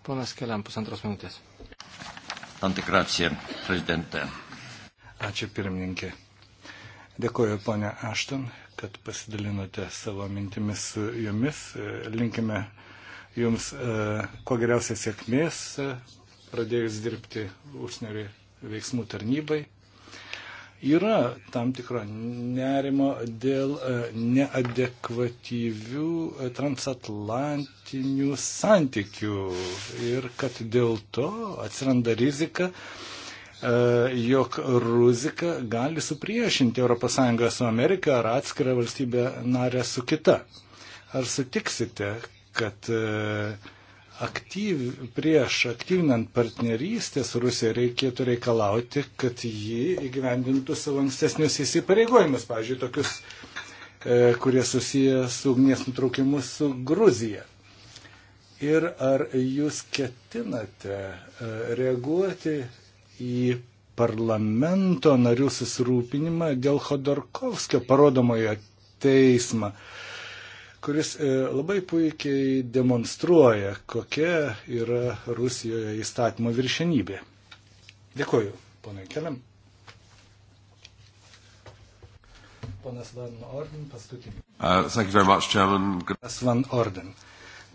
Ponas Keliam, pusantros minutės. Antikracija, prezidente. Ačiū pirmininkė. Dėkuoju, ponia Ašton, kad pasidalinote savo mintimis su jumis. Linkime jums e, kuo geriausiai sėkmės e, pradėjus dirbti užsienio veiksmų tarnybai. Yra tam tikro nerimo dėl e, neadekvatyvių e, transatlantinių santykių ir kad dėl to atsiranda rizika, e, jog Rusika gali supriešinti ES su Amerika ar atskirą valstybę narę su kita. Ar sutiksite, kad uh, aktyv, prieš aktyvinant partnerystę su Rusija reikėtų reikalauti, kad ji įgyvendintų savo ankstesnius įsipareigojimus, pavyzdžiui, tokius, e, kurie susiję su ugnies nutraukimu su Gruzija. Ir ar jūs ketinate e, reaguoti į parlamento narių susirūpinimą dėl Khodorkovskio parodomojo teismą? E, kuris e, labai puikiai demonstruoja, kokia yra Rusijoje įstatymo viršenybė. Dėkuoju, ponai Keliam. Ponas Van Orden, paskutinį. Uh, much, Ponas Van Orden.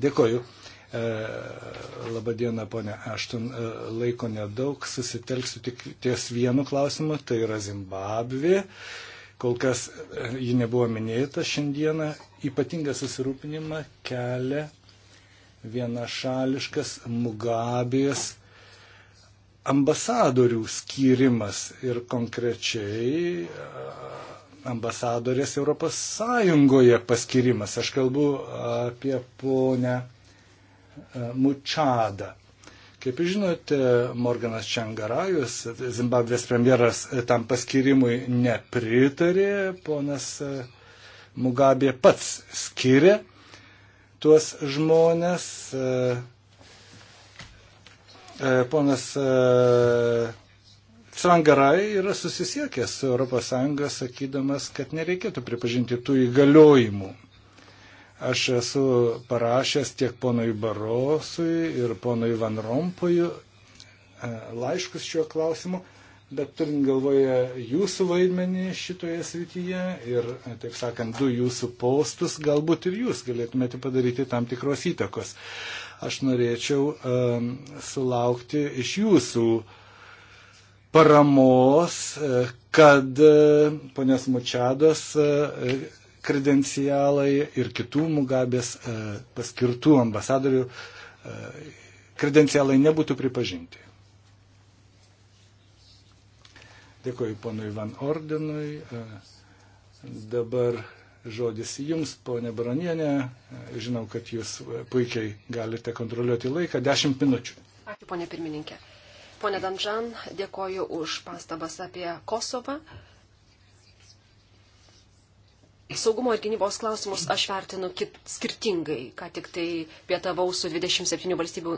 Dėkuoju. Uh, e, Labadiena, ponė Aštun. Uh, e, laiko nedaug, susitelksiu tik ties vienu klausimu, tai yra Zimbabvė. Uh, Kol kas e, ji nebuvo minėta šiandieną. Ypatingą susirūpinimą kelia vienašališkas Mugabės ambasadorių skyrimas ir konkrečiai e, ambasadorės Europos Sąjungoje paskirimas. Aš kalbu apie ponę e, Mučadą. Kaip žinote, Morganas Čangarajus, Zimbabvės premjeras, tam paskirimui nepritarė, ponas e, Mugabė pats skiria tuos žmonės. E, e, ponas Sangarai yra susisiekęs su ES, sakydamas, kad nereikėtų pripažinti tų įgaliojimų. Aš esu parašęs tiek ponui Barosui ir ponui Van Rompui e, laiškus šiuo klausimu, bet turint galvoje jūsų vaidmenį šitoje srityje ir, e, taip sakant, du jūsų postus, galbūt ir jūs galėtumėte padaryti tam tikros įtakos. Aš norėčiau um, sulaukti iš jūsų paramos, kad ponios Mučiados uh, kredencialai ir kitų Mugabės e, paskirtų ambasadorių e, kredencialai nebūtų pripažinti. Dėkuoju ponui Van Ordenui. E, dabar žodis jums, ponė Baronienė. Žinau, kad jūs puikiai galite kontroliuoti laiką. Dešimt minučių. Ačiū, ponė pirmininkė. Pone Danžan, dėkoju už pastabas apie Kosovą. Uh, saugumo ir gynybos klausimus aš vertinu kit, skirtingai. Ką tik tai pietavau su 27 valstybių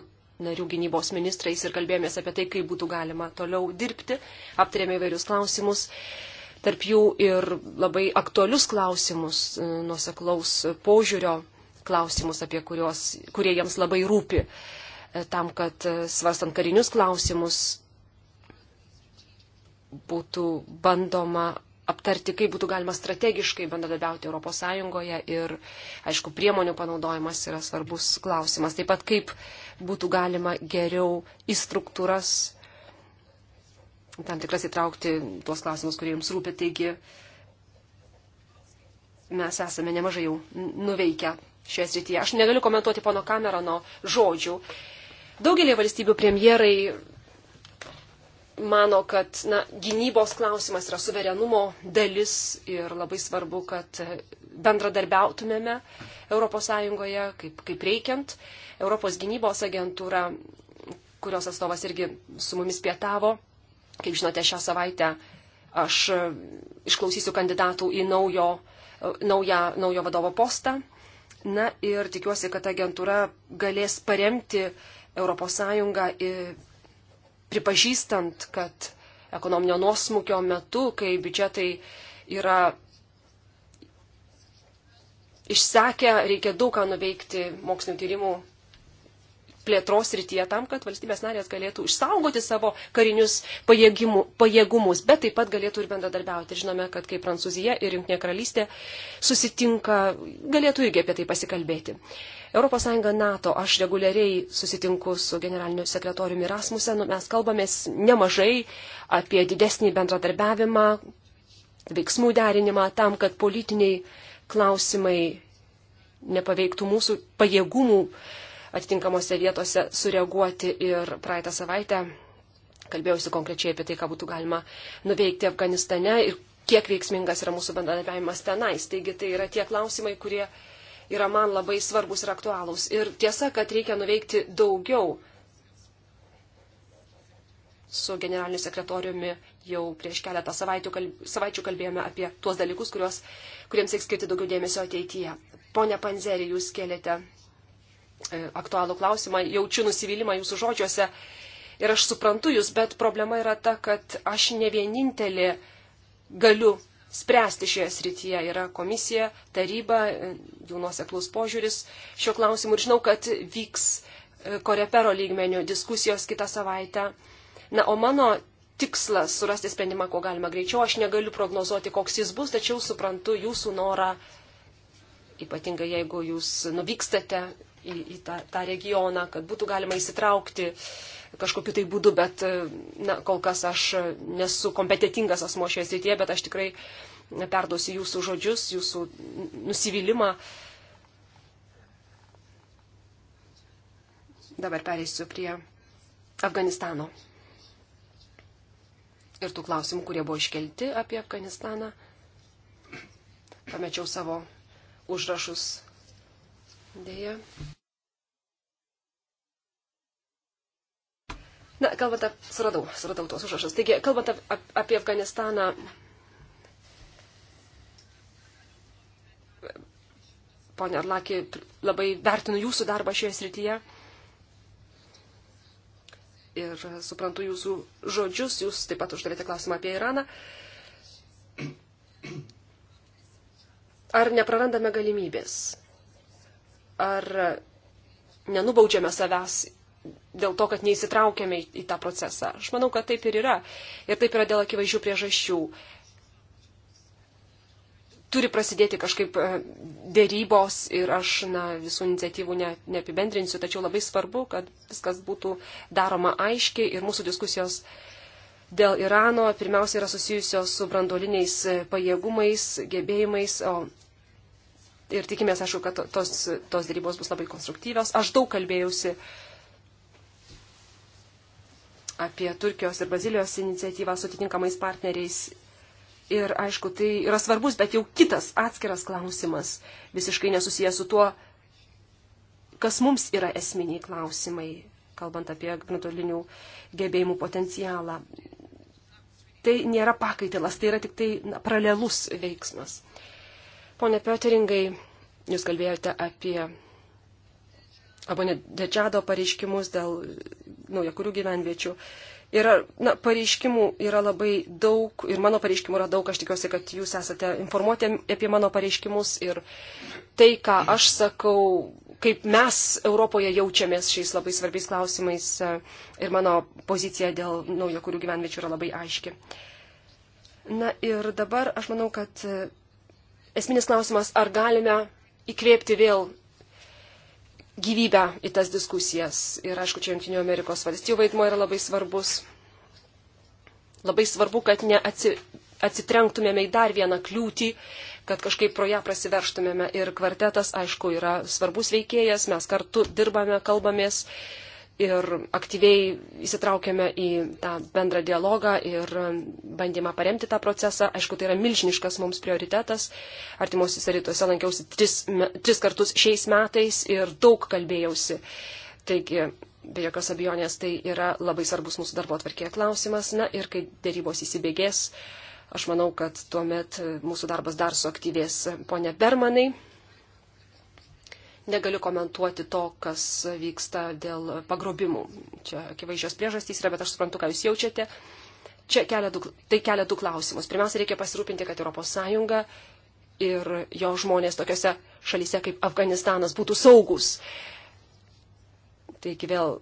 narių gynybos ministrais ir kalbėjomės apie tai, kaip būtų galima toliau dirbti. Aptarėme įvairius klausimus, tarp jų ir labai aktualius klausimus, e, nuoseklaus požiūrio klausimus, apie kurios, kurie jiems labai rūpi, e, tam, kad e, svarstant karinius klausimus būtų bandoma aptarti, kaip būtų galima strategiškai bendradarbiauti ES ir, aišku, priemonių panaudojimas yra svarbus klausimas. Taip pat, kaip būtų galima geriau į struktūras tam tikras įtraukti tuos klausimus, kurie jums rūpi. Taigi, mes esame nemažai jau nuveikę šioje srityje. Aš negaliu komentuoti pono Kamerono žodžių. Daugelį valstybių premjerai mano, kad na, gynybos klausimas yra suverenumo dalis ir labai svarbu, kad e, bendradarbiautumėme ES kaip, kaip reikiant. Europos gynybos agentūra, kurios atstovas irgi su mumis pietavo, kaip žinote, šią savaitę aš e, išklausysiu kandidatų į naujo, e, naują, naujo vadovo postą. Na ir tikiuosi, kad agentūra galės paremti ES pripažįstant, kad ekonominio nuosmukio metu, kai biudžetai yra išsekę, reikia daug ką nuveikti mokslinio tyrimų plėtros rytyje tam, kad valstybės narės galėtų išsaugoti savo karinius pajėgumus, bet taip pat galėtų ir bendradarbiauti. Žinome, kad kai Prancūzija ir Junktinė karalystė susitinka, galėtų irgi apie tai pasikalbėti. ES NATO, aš reguliariai susitinku su generaliniu sekretoriumi Rasmusenu, mes kalbamės nemažai apie didesnį bendradarbiavimą, veiksmų derinimą tam, kad politiniai klausimai nepaveiktų mūsų pajėgumų atitinkamose vietose sureaguoti ir praeitą savaitę kalbėjausi konkrečiai apie tai, ką būtų galima nuveikti Afganistane ir kiek veiksmingas yra mūsų bendradarbiavimas tenais. Taigi tai yra tie klausimai, kurie yra man labai svarbus ir aktualūs. Ir tiesa, kad reikia nuveikti daugiau. Su generaliniu sekretoriumi jau prieš keletą kalb... savaičių kalbėjome apie tuos dalykus, kurios, kuriems reikia skirti daugiau dėmesio ateityje. Pone Panzerį, jūs kėlėte e, aktualų klausimą, jaučiu nusivylimą jūsų žodžiuose ir aš suprantu jūs, bet problema yra ta, kad aš ne vienintelė galiu spręsti šioje srityje. Yra komisija, taryba, jų nuoseklus požiūris šiuo klausimu. Ir žinau, kad vyks e, korepero lygmenių diskusijos kitą savaitę. Na, o mano tikslas surasti sprendimą, kuo galima greičiau. Aš negaliu prognozuoti, koks jis bus, tačiau suprantu jūsų norą, ypatingai jeigu jūs nuvykstate į, į tą, tą regioną, kad būtų galima įsitraukti uh, kažkokiu tai būdu, bet e, na, kol kas aš nesu kompetitingas asmo šioje srityje, bet aš tikrai perduosiu jūsų žodžius, jūsų nusivylimą. Dabar pereisiu prie Afganistano ir tų klausimų, kurie buvo iškelti apie Afganistaną. Pamečiau savo užrašus. Dėja. Na, kalbant apie... Suradau, suradau tuos užrašus. Taigi, kalbant apie Afganistaną. Pone Arlaki, labai vertinu jūsų darbą šioje srityje. Ir suprantu jūsų žodžius, jūs taip pat uždavėte klausimą apie Iraną. Ar neprarandame galimybės? Ar nenubaudžiame savęs dėl to, kad neįsitraukėme į, į tą procesą. Aš manau, kad taip ir yra. Ir taip yra dėl akivaizdžių priežasčių. Turi prasidėti kažkaip e, dėrybos ir aš na, visų iniciatyvų ne, neapibendrinsiu, tačiau labai svarbu, kad viskas būtų daroma aiškiai ir mūsų diskusijos dėl Irano pirmiausia yra susijusios su brandoliniais e, pajėgumais, gebėjimais, o ir tikimės, aišku, kad tos, tos dėrybos bus labai konstruktyvios. Aš daug kalbėjausi uh, apie Turkijos ir Brazilijos iniciatyvą su atitinkamais partneriais. Ir aišku, tai yra svarbus, bet jau kitas atskiras klausimas, visiškai nesusijęs su tuo, kas mums yra esminiai klausimai, kalbant apie gnatolinių gebėjimų potencialą. Tai nėra pakaitilas, tai yra tik tai na, paralelus veiksmas. Pone Pioteringai, jūs kalbėjote apie Abonedžado pareiškimus dėl naujakurių gyvenviečių. Ir na, pareiškimų yra labai daug ir mano pareiškimų yra daug. Aš tikiuosi, kad jūs esate informuoti apie mano pareiškimus ir tai, ką aš sakau, kaip mes Europoje jaučiamės šiais labai svarbiais klausimais e, ir mano pozicija dėl naujo kurių gyvenviečių yra labai aiški. Na ir dabar aš manau, kad e, esminis klausimas, ar galime įkvėpti vėl gyvybę į tas diskusijas. Ir aišku, čia Junktinių Amerikos valstybių vaidmo yra labai svarbus. Labai svarbu, kad neatsitrenktumėme į dar vieną kliūtį, kad kažkaip pro ją prasiverštumėme. Ir kvartetas, aišku, yra svarbus veikėjas, mes kartu dirbame, kalbamės. Uh, ir aktyviai įsitraukėme į tą bendrą dialogą ir bandymą paremti tą procesą. Aišku, tai yra milžiniškas mums prioritetas. Artimuosiuose rytuose lankiausi tris, tris kartus šiais metais ir daug kalbėjausi. Taigi, be jokios abejonės, tai yra labai svarbus mūsų darbo atvarkėje klausimas. Na ir kai dėrybos įsibėgės, aš manau, kad tuomet mūsų darbas dar suaktyvės. Pone Bermanai, negaliu komentuoti to, kas vyksta dėl pagrobimų. Čia akivaizdžios priežastys yra, bet aš suprantu, ką jūs jaučiate. Čia kelia du, tai kelia du klausimus. Pirmiausia, reikia pasirūpinti, kad ES ir jo žmonės tokiuose šalyse kaip Afganistanas būtų saugus. Taigi vėl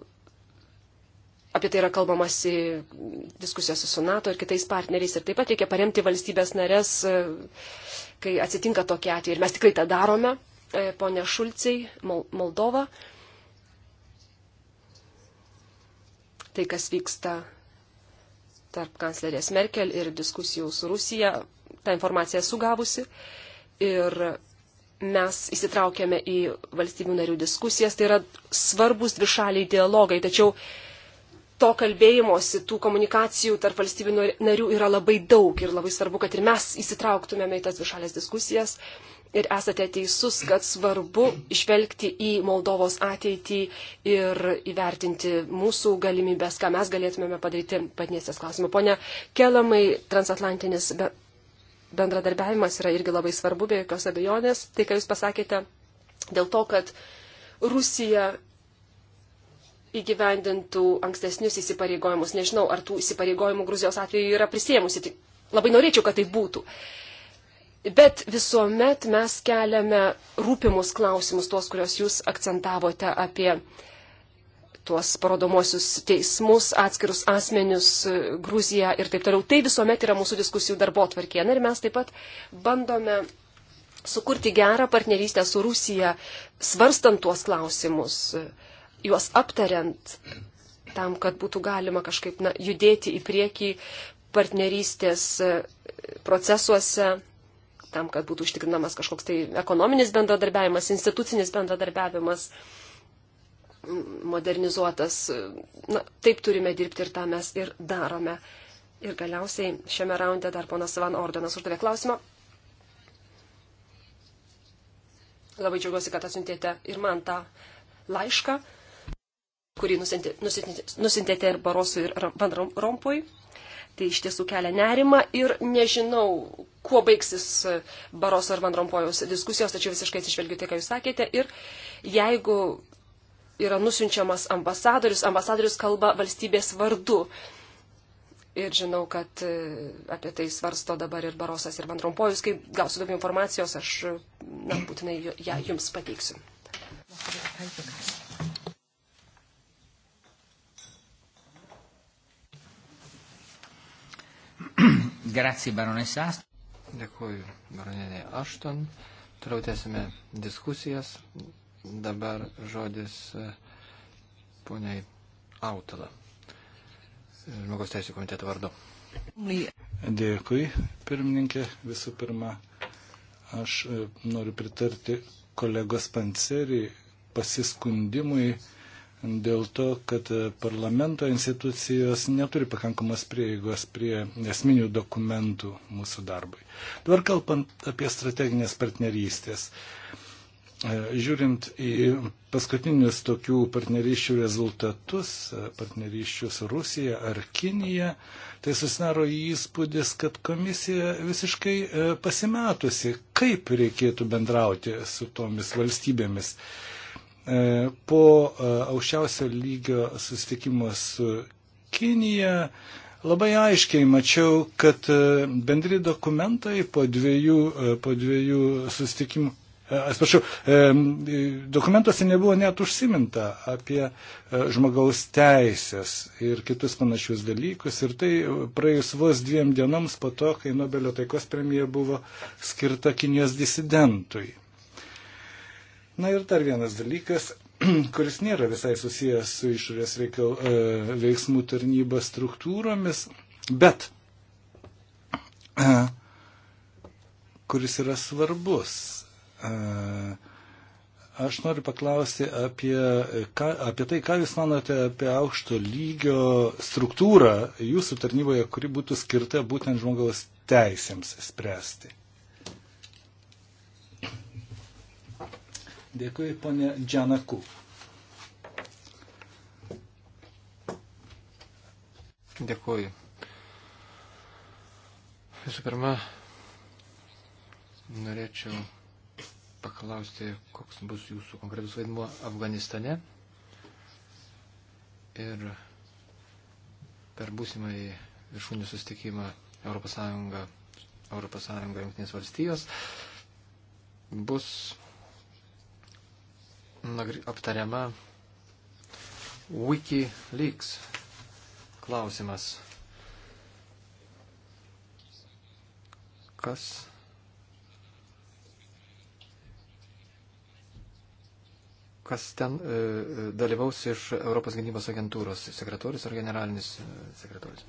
apie tai yra kalbamasi diskusijose su NATO ir kitais partneriais. Ir taip pat reikia paremti valstybės narės, e, kai atsitinka tokie atvejai. Ir mes tikrai tą darome. E, ponė Šulcijai, Moldova. Tai, kas vyksta tarp kanclerės Merkel ir diskusijų su Rusija, tą informaciją sugavusi. Ir mes įsitraukėme į valstybių narių diskusijas, tai yra svarbus dvišaliai dialogai, tačiau to kalbėjimosi, tų komunikacijų tarp valstybių narių yra labai daug ir labai svarbu, kad ir mes įsitrauktumėme į tas višalės diskusijas. Ir esate teisus, kad svarbu išvelgti į Moldovos ateitį ir įvertinti mūsų galimybės, ką mes galėtumėme padaryti padnėsės klausimą. Pone Kelamai, transatlantinis bendradarbiavimas yra irgi labai svarbu, be jokios abejonės. Tai, ką Jūs pasakėte, dėl to, kad Rusija įgyvendintų ankstesnius įsipareigojimus. Nežinau, ar tų įsipareigojimų Gruzijos atveju yra prisėmusi. Tik labai norėčiau, kad tai būtų. Bet visuomet mes keliame rūpimus klausimus, tuos, kuriuos jūs akcentavote apie tuos parodomosius teismus, atskirus asmenius, e, Gruziją ir taip toliau. Tai visuomet yra mūsų diskusijų darbo tvarkė. Na ir mes taip pat bandome sukurti gerą partnerystę su Rusija, svarstant tuos klausimus. Uh, juos aptariant, tam, kad būtų galima kažkaip na, judėti į priekį partnerystės e, procesuose, tam, kad būtų užtikrinamas kažkoks tai ekonominis bendradarbiavimas, institucinis bendradarbiavimas modernizuotas. Na, taip turime dirbti ir tą mes ir darome. Ir galiausiai šiame raunde dar ponas Van Ordenas uždavė klausimą. Labai džiaugiuosi, kad atsiuntėte ir man tą laišką kurį nusintėte ir Barosui ir Van Rompui. Tai iš tiesų kelia nerima ir nežinau, kuo baigsis Baroso ir Van Rompojaus diskusijos, tačiau visiškai atsižvelgiu tai, ką jūs sakėte. Ir jeigu yra nusinčiamas ambasadorius, ambasadorius kalba valstybės vardu. Ir žinau, kad e, apie tai svarsto dabar ir Barosas, ir Van Rompojus. Kai gausiu daugiau informacijos, aš na, būtinai ją jums pateiksiu. Thank you. Grazie, baronesa Aston. Dėkuoju, baronė Ašton. Toliau tęsime diskusijas. Dabar žodis e, poniai Autala, žmogaus teisų komiteto vardu. Dėkui, pirmininkė. Visų pirma, aš e, noriu pritarti kolegos Pancerį pasiskundimui, dėl to, kad parlamento institucijos neturi pakankamas prieigos prie esminių dokumentų mūsų darbui. Dabar kalbant apie strateginės partnerystės. E, žiūrint į paskutinius tokių partnerysčių rezultatus, e, partnerysčių su Rusija ar Kinija, tai susidaro įspūdis, kad komisija visiškai e, pasimetusi, kaip reikėtų bendrauti su tomis valstybėmis. E, po e, aukščiausio lygio susitikimo su Kinija labai aiškiai mačiau, kad e, bendri dokumentai po dviejų, po dviejų susitikimų. Atsiprašau, dokumentuose nebuvo net užsiminta apie žmogaus teisės ir kitus panašius dalykus. Ir tai praėjus vos dviem dienoms po to, kai Nobelio taikos premija buvo skirta Kinijos disidentui. Na ir dar vienas dalykas, kuris nėra visai susijęs su išorės reikal, e, veiksmų tarnybos struktūromis, bet e, kuris yra svarbus. E, aš noriu paklausti apie, ką, apie tai, ką Jūs manote apie aukšto lygio struktūrą Jūsų tarnyboje, kuri būtų skirta būtent žmogaus teisėms spręsti. Dėkui, ponė Džanaku. Dėkui. Visų pirma, norėčiau paklausti, koks bus jūsų konkretus vaidmuo Afganistane ir per būsimąjį viršūnį sustikimą ES, ES Junktinės valstijos bus aptariama Wikileaks klausimas. Kas kas ten e, e, dalyvaus iš Europos gynybos agentūros, sekretorius ar generalinis e, sekretorius?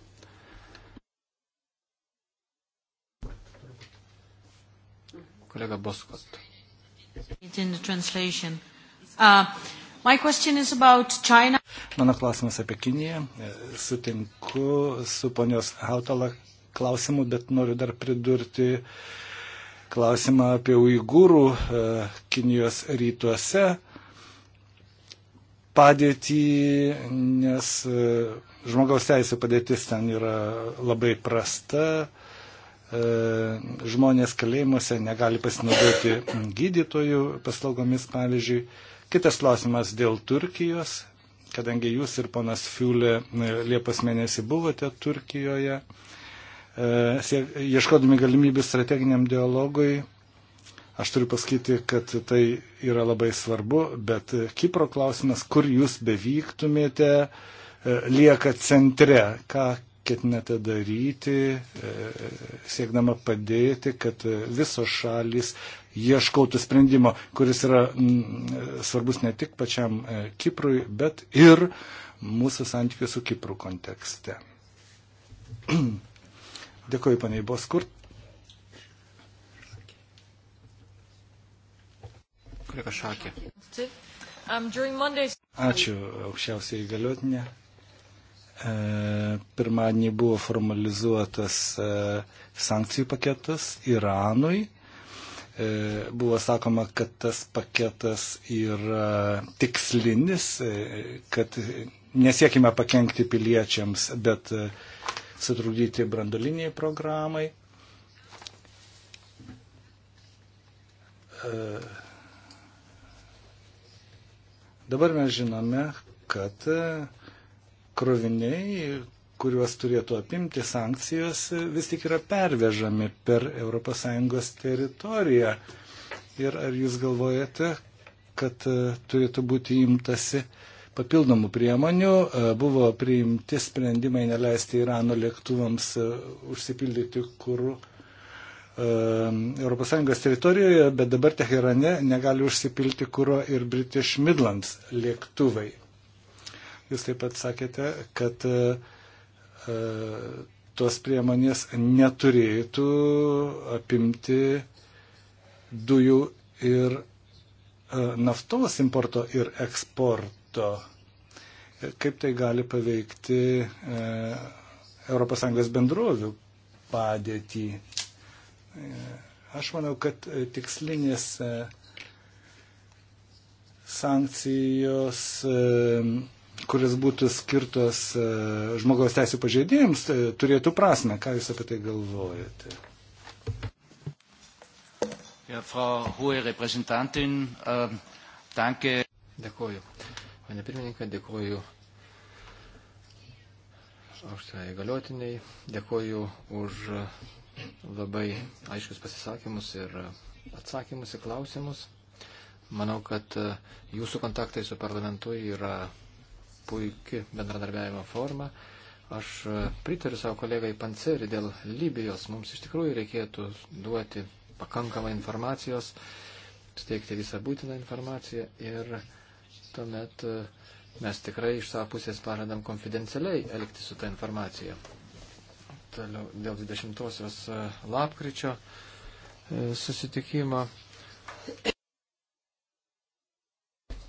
Kolega Boskot. It's in the translation. Uh, Uh, my question is about China. Mano klausimas apie Kiniją. E, sutinku su ponios Hautala klausimu, bet noriu dar pridurti klausimą apie uigūrų e, Kinijos rytuose padėtį, nes e, žmogaus teisų padėtis ten yra labai prasta, žmonės kalėjimuose negali pasinaudoti gydytojų paslaugomis, pavyzdžiui. Kitas klausimas dėl Turkijos, kadangi jūs ir ponas Fiulė e, Liepos mėnesį buvote Turkijoje, e, ieškodami galimybių strateginiam dialogui, aš turiu pasakyti, kad tai yra labai svarbu, bet Kipro klausimas, kur jūs bevyktumėte, e, lieka centre, ką ketinate daryti, e, siekdama padėti, kad visos šalis ieškautų sprendimo, kuris yra svarbus ne tik pačiam e, Kiprui, bet ir mūsų santykių su Kipru kontekste. Dėkuoju, paniai Boskurt. Um, Ačiū, aukščiausiai įgaliotinė. E, pirmadienį buvo formalizuotas e, sankcijų paketas Iranui. E, buvo sakoma, kad tas paketas yra tikslinis, kad nesiekime pakengti piliečiams, bet sutrukdyti brandoliniai programai. Dabar mes žinome, kad kroviniai, kuriuos turėtų apimti sankcijos, vis tik yra pervežami per ES teritoriją. Ir ar jūs galvojate, kad e, turėtų būti imtasi papildomų priemonių? E, buvo priimti sprendimai neleisti Irano lėktuvams e, užsipildyti kūrų. ES teritorijoje, bet dabar Teherane negali užsipilti kūro ir British Midlands lėktuvai. Jūs taip pat sakėte, kad e, tos priemonės neturėtų apimti dujų ir e, naftos importo ir eksporto. Kaip tai gali paveikti ES bendrovių padėtį? E, aš manau, kad tikslinės sankcijos kuris būtų skirtas e, žmogaus teisų pažeidėjams, e, turėtų prasme. Ką Jūs apie tai galvojate? Ja, Frau Hohe Repräsentantin, uh, danke. Dėkuoju. Pane pirmininkai, dėkuoju aukštai galiotiniai, dėkuoju už labai aiškius pasisakymus ir atsakymus į klausimus. Manau, kad e, jūsų kontaktai su parlamentu yra puikia bendradarbiavimo forma. Aš e, pritariu savo kolegai Panceri dėl Libijos. Mums iš tikrųjų reikėtų duoti pakankamą informacijos, steigti visą būtiną informaciją ir tuomet e, mes tikrai iš savo pusės pažadam konfidencialiai elgti su tą informacija. Toliau dėl 20 e, lapkričio susitikimo.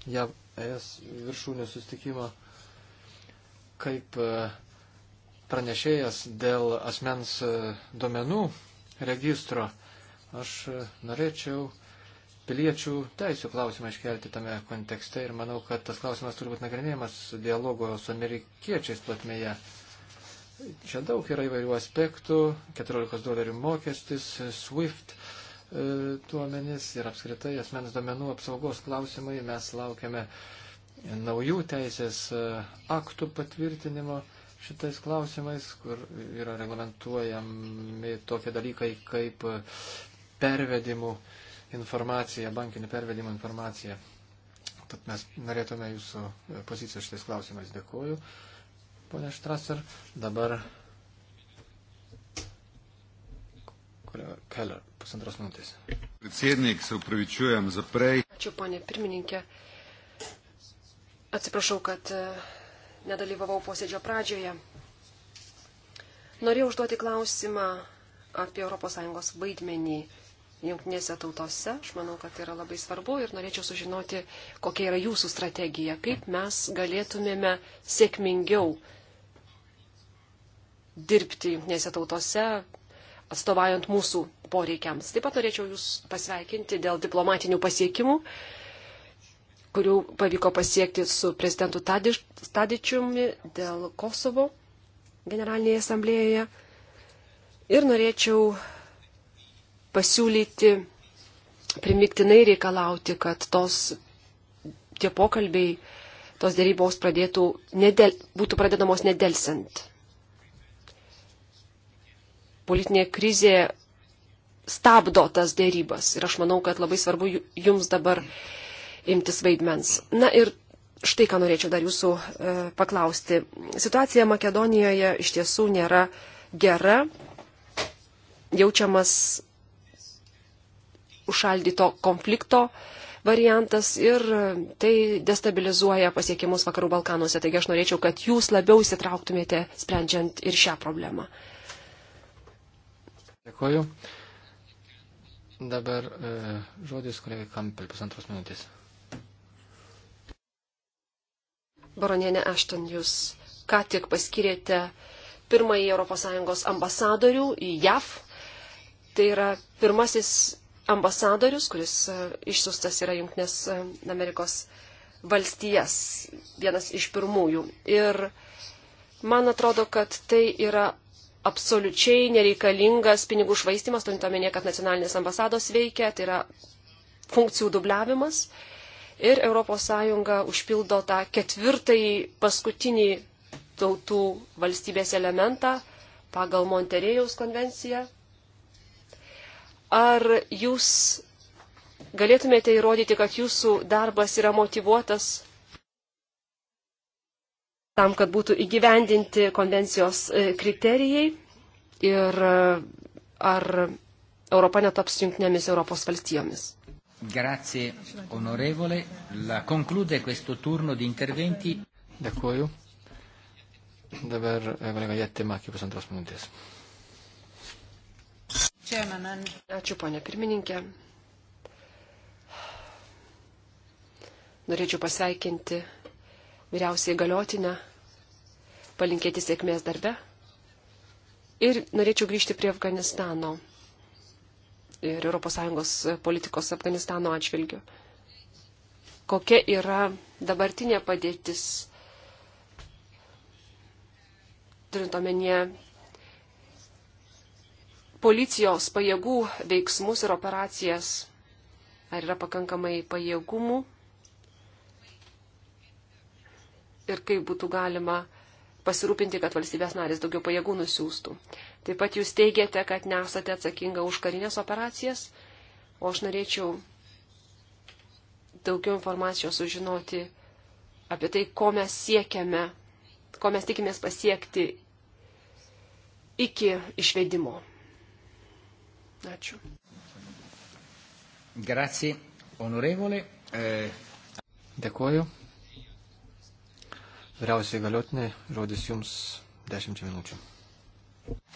JAV ES viršūnės sustikimo kaip e, pranešėjas dėl asmens e, duomenų registro, aš e, norėčiau piliečių teisų klausimą iškelti tame kontekste ir manau, kad tas klausimas turi būti nagrinėjamas dialogo su amerikiečiais platmėje. Čia daug yra įvairių aspektų, 14 dolerių mokestis, SWIFT duomenys ir apskritai asmens duomenų apsaugos klausimai mes laukiame uh, naujų teisės e, aktų patvirtinimo šitais klausimais, kur yra reglamentuojami tokie dalykai kaip pervedimų informacija, bankinių pervedimų informacija. Tad mes norėtume jūsų pozicijos šitais klausimais. Dėkuoju, ponė Štraser. Dabar kolega Keller, pusantros minutės. Ačiū, ponė pirmininkė. Atsiprašau, kad e, nedalyvavau posėdžio pradžioje. Norėjau užduoti klausimą apie ES vaidmenį jungtinėse tautose. Aš manau, kad tai yra labai svarbu ir norėčiau sužinoti, kokia yra jūsų strategija, kaip mes galėtumėme sėkmingiau dirbti jungtinėse tautose, atstovaujant mūsų poreikiams. Taip pat norėčiau jūs pasveikinti dėl diplomatinių pasiekimų. Uh, kurių pavyko pasiekti su prezidentu Tadičiumi dėl Kosovo generalinėje asamblėjoje. Ir norėčiau pasiūlyti primiktinai reikalauti, kad tos, tie pokalbiai, tos dėrybos pradėtų, nedėl, būtų pradedamos nedelsiant. Politinė krizė stabdo tas dėrybas ir aš manau, kad labai svarbu jums dabar imtis vaidmens. Na ir štai ką norėčiau dar jūsų e, paklausti. Situacija Makedonijoje iš tiesų nėra gera. Jaučiamas užšaldyto konflikto variantas ir tai destabilizuoja pasiekimus Vakarų Balkanuose. Taigi aš norėčiau, kad jūs labiau įsitrauktumėte sprendžiant ir šią problemą. Dėkuoju. Dabar e, žodis kolegai Kampel, pusantros minutės. Baronienė Ešton, jūs ką tik paskirėte pirmąjį ES ambasadorių į JAV. Tai yra pirmasis ambasadorius, kuris e, išsiustas yra Junktinės e, Amerikos valstijas, vienas iš pirmųjų. Ir man atrodo, kad tai yra absoliučiai nereikalingas pinigų švaistimas, turint omenyje, kad nacionalinės ambasados veikia, tai yra funkcijų dubliavimas. Uh, ir ES užpildo tą ketvirtąjį paskutinį tautų valstybės elementą pagal Monterėjaus konvenciją. Ar jūs galėtumėte įrodyti, kad jūsų darbas yra motivuotas tam, kad būtų įgyvendinti konvencijos e, kriterijai ir e, ar Europa netaps jungtinėmis Europos valstijomis? Grazie onorevole. La conclude questo turno di interventi. Dėkuoju. Dabar kolega Jattimaki pusantros minutės. Ačiū, ponė pirmininkė. Norėčiau pasveikinti vyriausiai galiotinę, palinkėti sėkmės darbe. Ir norėčiau grįžti prie Afganistano ir ES politikos Afganistano atšvilgiu. Kokia yra dabartinė padėtis, turint omenyje policijos pajėgų veiksmus ir operacijas, ar yra pakankamai pajėgumų ir kaip būtų galima pasirūpinti, kad valstybės narės daugiau pajėgų nusiųstų. Taip pat jūs teigiate, kad nesate atsakinga už karinės operacijas, o aš norėčiau daugiau informacijos sužinoti apie tai, ko mes siekiame, ko mes tikimės pasiekti iki išvedimo. Ačiū. Grazie, onorevole. E... Dėkuoju. Vyriausiai galiotinė, žodis Jums 10 minučių.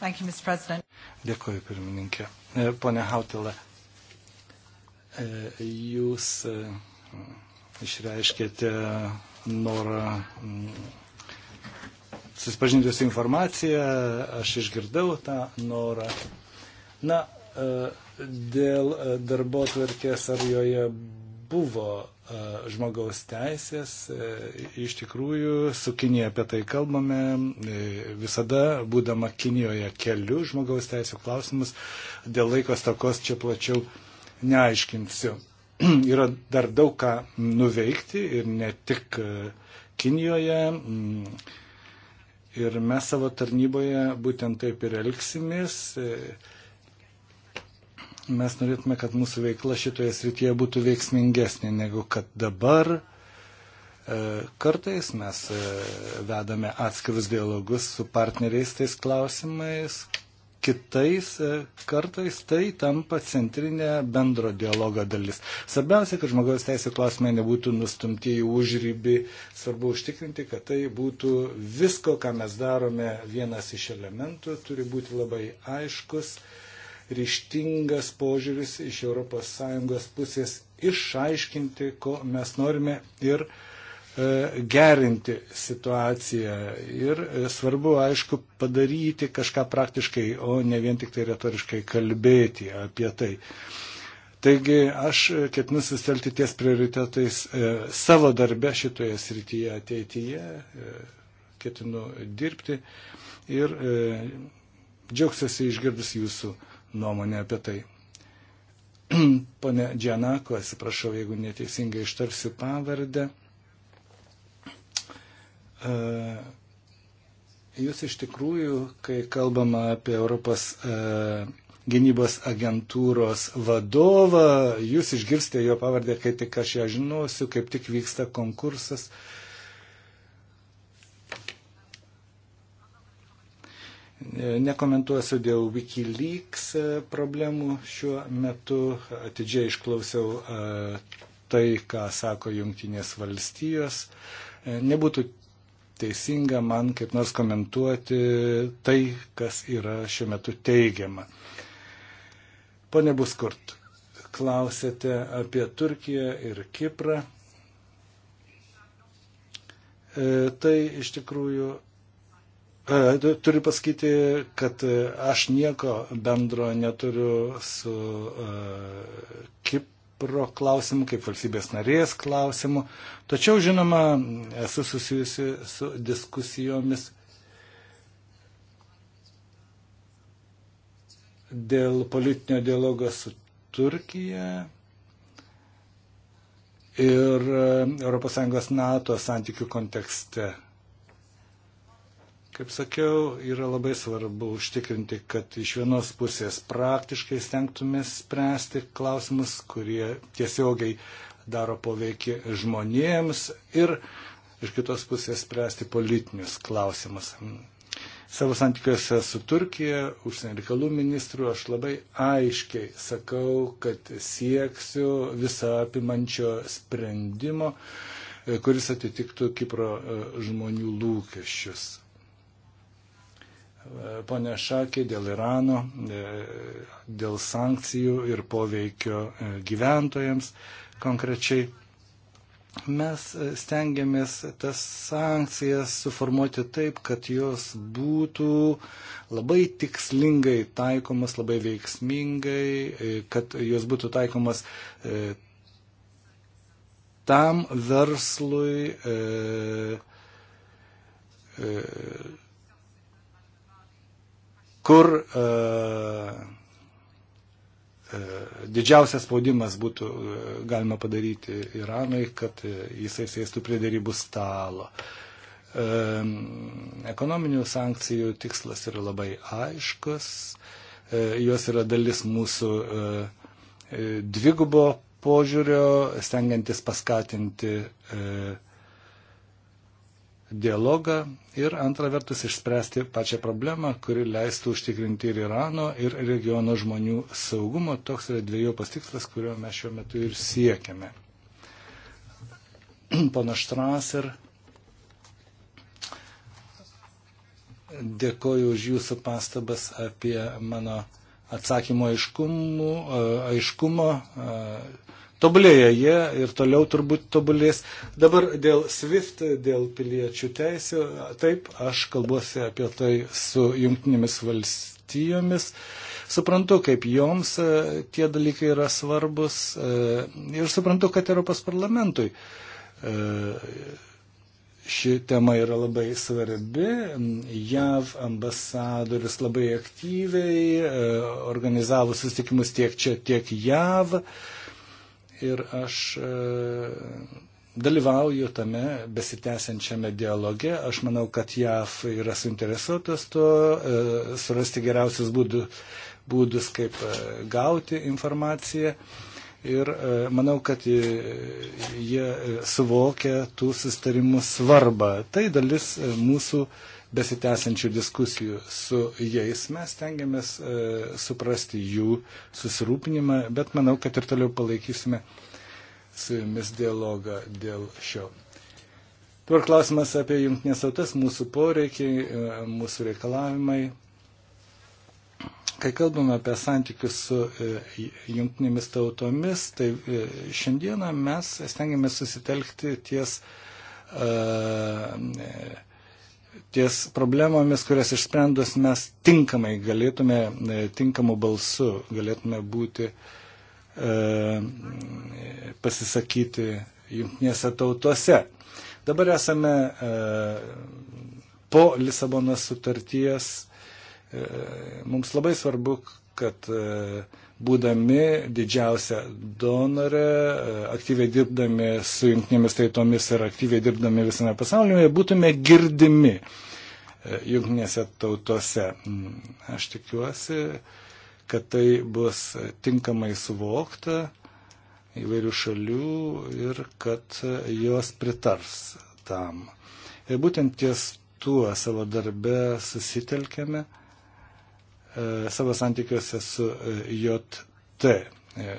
Thank you, Mr. President. Dėkuoju, pirmininkė. E, pone Hautelė, e, Jūs e, išreiškėte norą mm, susipažinti su informacija, aš išgirdau tą norą. Na, dėl darbo tvarkės, ar joje buvo e, žmogaus teisės, e, iš tikrųjų su Kinija apie tai kalbame, e, visada būdama Kinijoje keliu žmogaus teisų klausimus, dėl laikos takos čia plačiau neaiškinsiu. Yra dar daug ką nuveikti ir ne tik Kinijoje. Mm, ir mes savo tarnyboje būtent taip ir elgsimės. E, Mes norėtume, kad mūsų veikla šitoje srityje būtų veiksmingesnė negu kad dabar. E, kartais mes e, vedame atskirus dialogus su partneriais tais klausimais, kitais e, kartais tai tampa centrinė bendro dialogo dalis. Svarbiausia, kad žmogaus teisų klausimai nebūtų nustumti į užrybį, svarbu užtikrinti, kad tai būtų visko, ką mes darome, vienas iš elementų turi būti labai aiškus ryštingas požiūris iš ES pusės išaiškinti, ko mes norime ir e, gerinti situaciją. Ir e, svarbu, aišku, padaryti kažką praktiškai, o ne vien tik tai retoriškai kalbėti apie tai. Taigi aš ketinu sustelti ties prioritetais e, savo darbe šitoje srityje ateityje, e, ketinu dirbti ir e, džiaugsiuosi išgirdus jūsų nuomonę apie tai. Pone Džianako, atsiprašau, jeigu neteisingai ištarsiu pavardę. E, jūs iš tikrųjų, kai kalbama apie Europos e, gynybos agentūros vadovą, jūs išgirsite jo pavardę, kai tik aš ją žinosiu, kaip tik vyksta konkursas. Uh, Nekomentuosiu dėl Wikileaks e, problemų šiuo metu. Atidžiai išklausiau e, tai, ką sako Junktinės valstijos. E, nebūtų teisinga man kaip nors komentuoti tai, kas yra šiuo metu teigiama. Pone Buskurt, klausėte apie Turkiją ir Kiprą. Tai iš tikrųjų E, turiu pasakyti, kad aš nieko bendro neturiu su e, Kipro klausimu, kaip valstybės narės klausimu. Tačiau, žinoma, esu susijusi su diskusijomis dėl politinio dialogo su Turkija ir ES NATO santykių kontekste. Kaip sakiau, yra labai svarbu užtikrinti, kad iš vienos pusės praktiškai stengtumės spręsti klausimus, kurie tiesiogiai daro poveikį žmonėms ir iš kitos pusės spręsti politinius klausimus. Savo santykiuose su Turkija, užsienio reikalų ministru, aš labai aiškiai sakau, kad sieksiu visą apimančio sprendimo, kuris atitiktų Kipro e, žmonių lūkesčius ponė Šakė, dėl Irano, e, dėl sankcijų ir poveikio e, gyventojams konkrečiai. Mes e, stengiamės tas sankcijas suformuoti taip, kad jos būtų labai tikslingai taikomas, labai veiksmingai, kad jos būtų taikomas tam verslui, kur e, e, didžiausias spaudimas būtų e, galima padaryti Iranui, kad jisai sėstų prie dėrybų stalo. Ekonominių sankcijų tikslas yra labai aiškus, jos yra dalis mūsų dvigubo požiūrio, stengiantis paskatinti dialogą ir antra vertus išspręsti pačią problemą, kuri leistų užtikrinti ir Irano, ir regiono žmonių saugumo. Toks yra dviejopas tikslas, kurio mes šiuo metu ir siekiame. Pana Štraser, dėkoju už jūsų pastabas apie mano atsakymo aiškumų, aiškumo. aiškumo tobulėja jie ir toliau turbūt tobulės. Dabar dėl SWIFT, dėl piliečių teisų, taip, aš kalbuosi apie tai su jungtinėmis valstijomis. Suprantu, kaip joms e, tie dalykai yra svarbus e, ir suprantu, kad Europos parlamentui e, ši tema yra labai svarbi. JAV ambasadorius labai aktyviai organizavo susitikimus tiek čia, tiek JAV. E, ir aš e, dalyvauju tame besitęsiančiame dialoge. Aš manau, kad JAF yra suinteresuotas tuo, e, surasti geriausius būdų, būdus, kaip e, gauti informaciją. Ir manau, kad jie suvokia tų sustarimų svarbą. Tai dalis mūsų uh, besitęsiančių diskusijų su jais. Mes tengiamės e, suprasti jų susirūpinimą, bet manau, kad ir toliau palaikysime su jumis dialogą dėl šio. Dabar klausimas apie jungtinės tautas, mūsų poreikiai, e, mūsų reikalavimai. Kai kalbame apie santykius su e, jungtinėmis tautomis, tai e, šiandieną mes stengiamės susitelkti ties uh, ties problemomis, kurias išsprendus mes tinkamai galėtume, e, tinkamu balsu galėtume būti, e, pasisakyti jungtinėse tautose. Dabar esame e, po Lisabonos sutarties. E, mums labai svarbu, kad e, būdami didžiausia donore, e, aktyviai dirbdami su jungtinėmis tautomis ir aktyviai dirbdami visame pasaulyje, būtume girdimi e, jungtinėse tautose. Mm, aš tikiuosi, kad tai bus tinkamai suvokta įvairių šalių ir kad jos pritars tam. Ir būtent ties tuo savo darbe susitelkėme E, savo santykiuose su e, JT, e,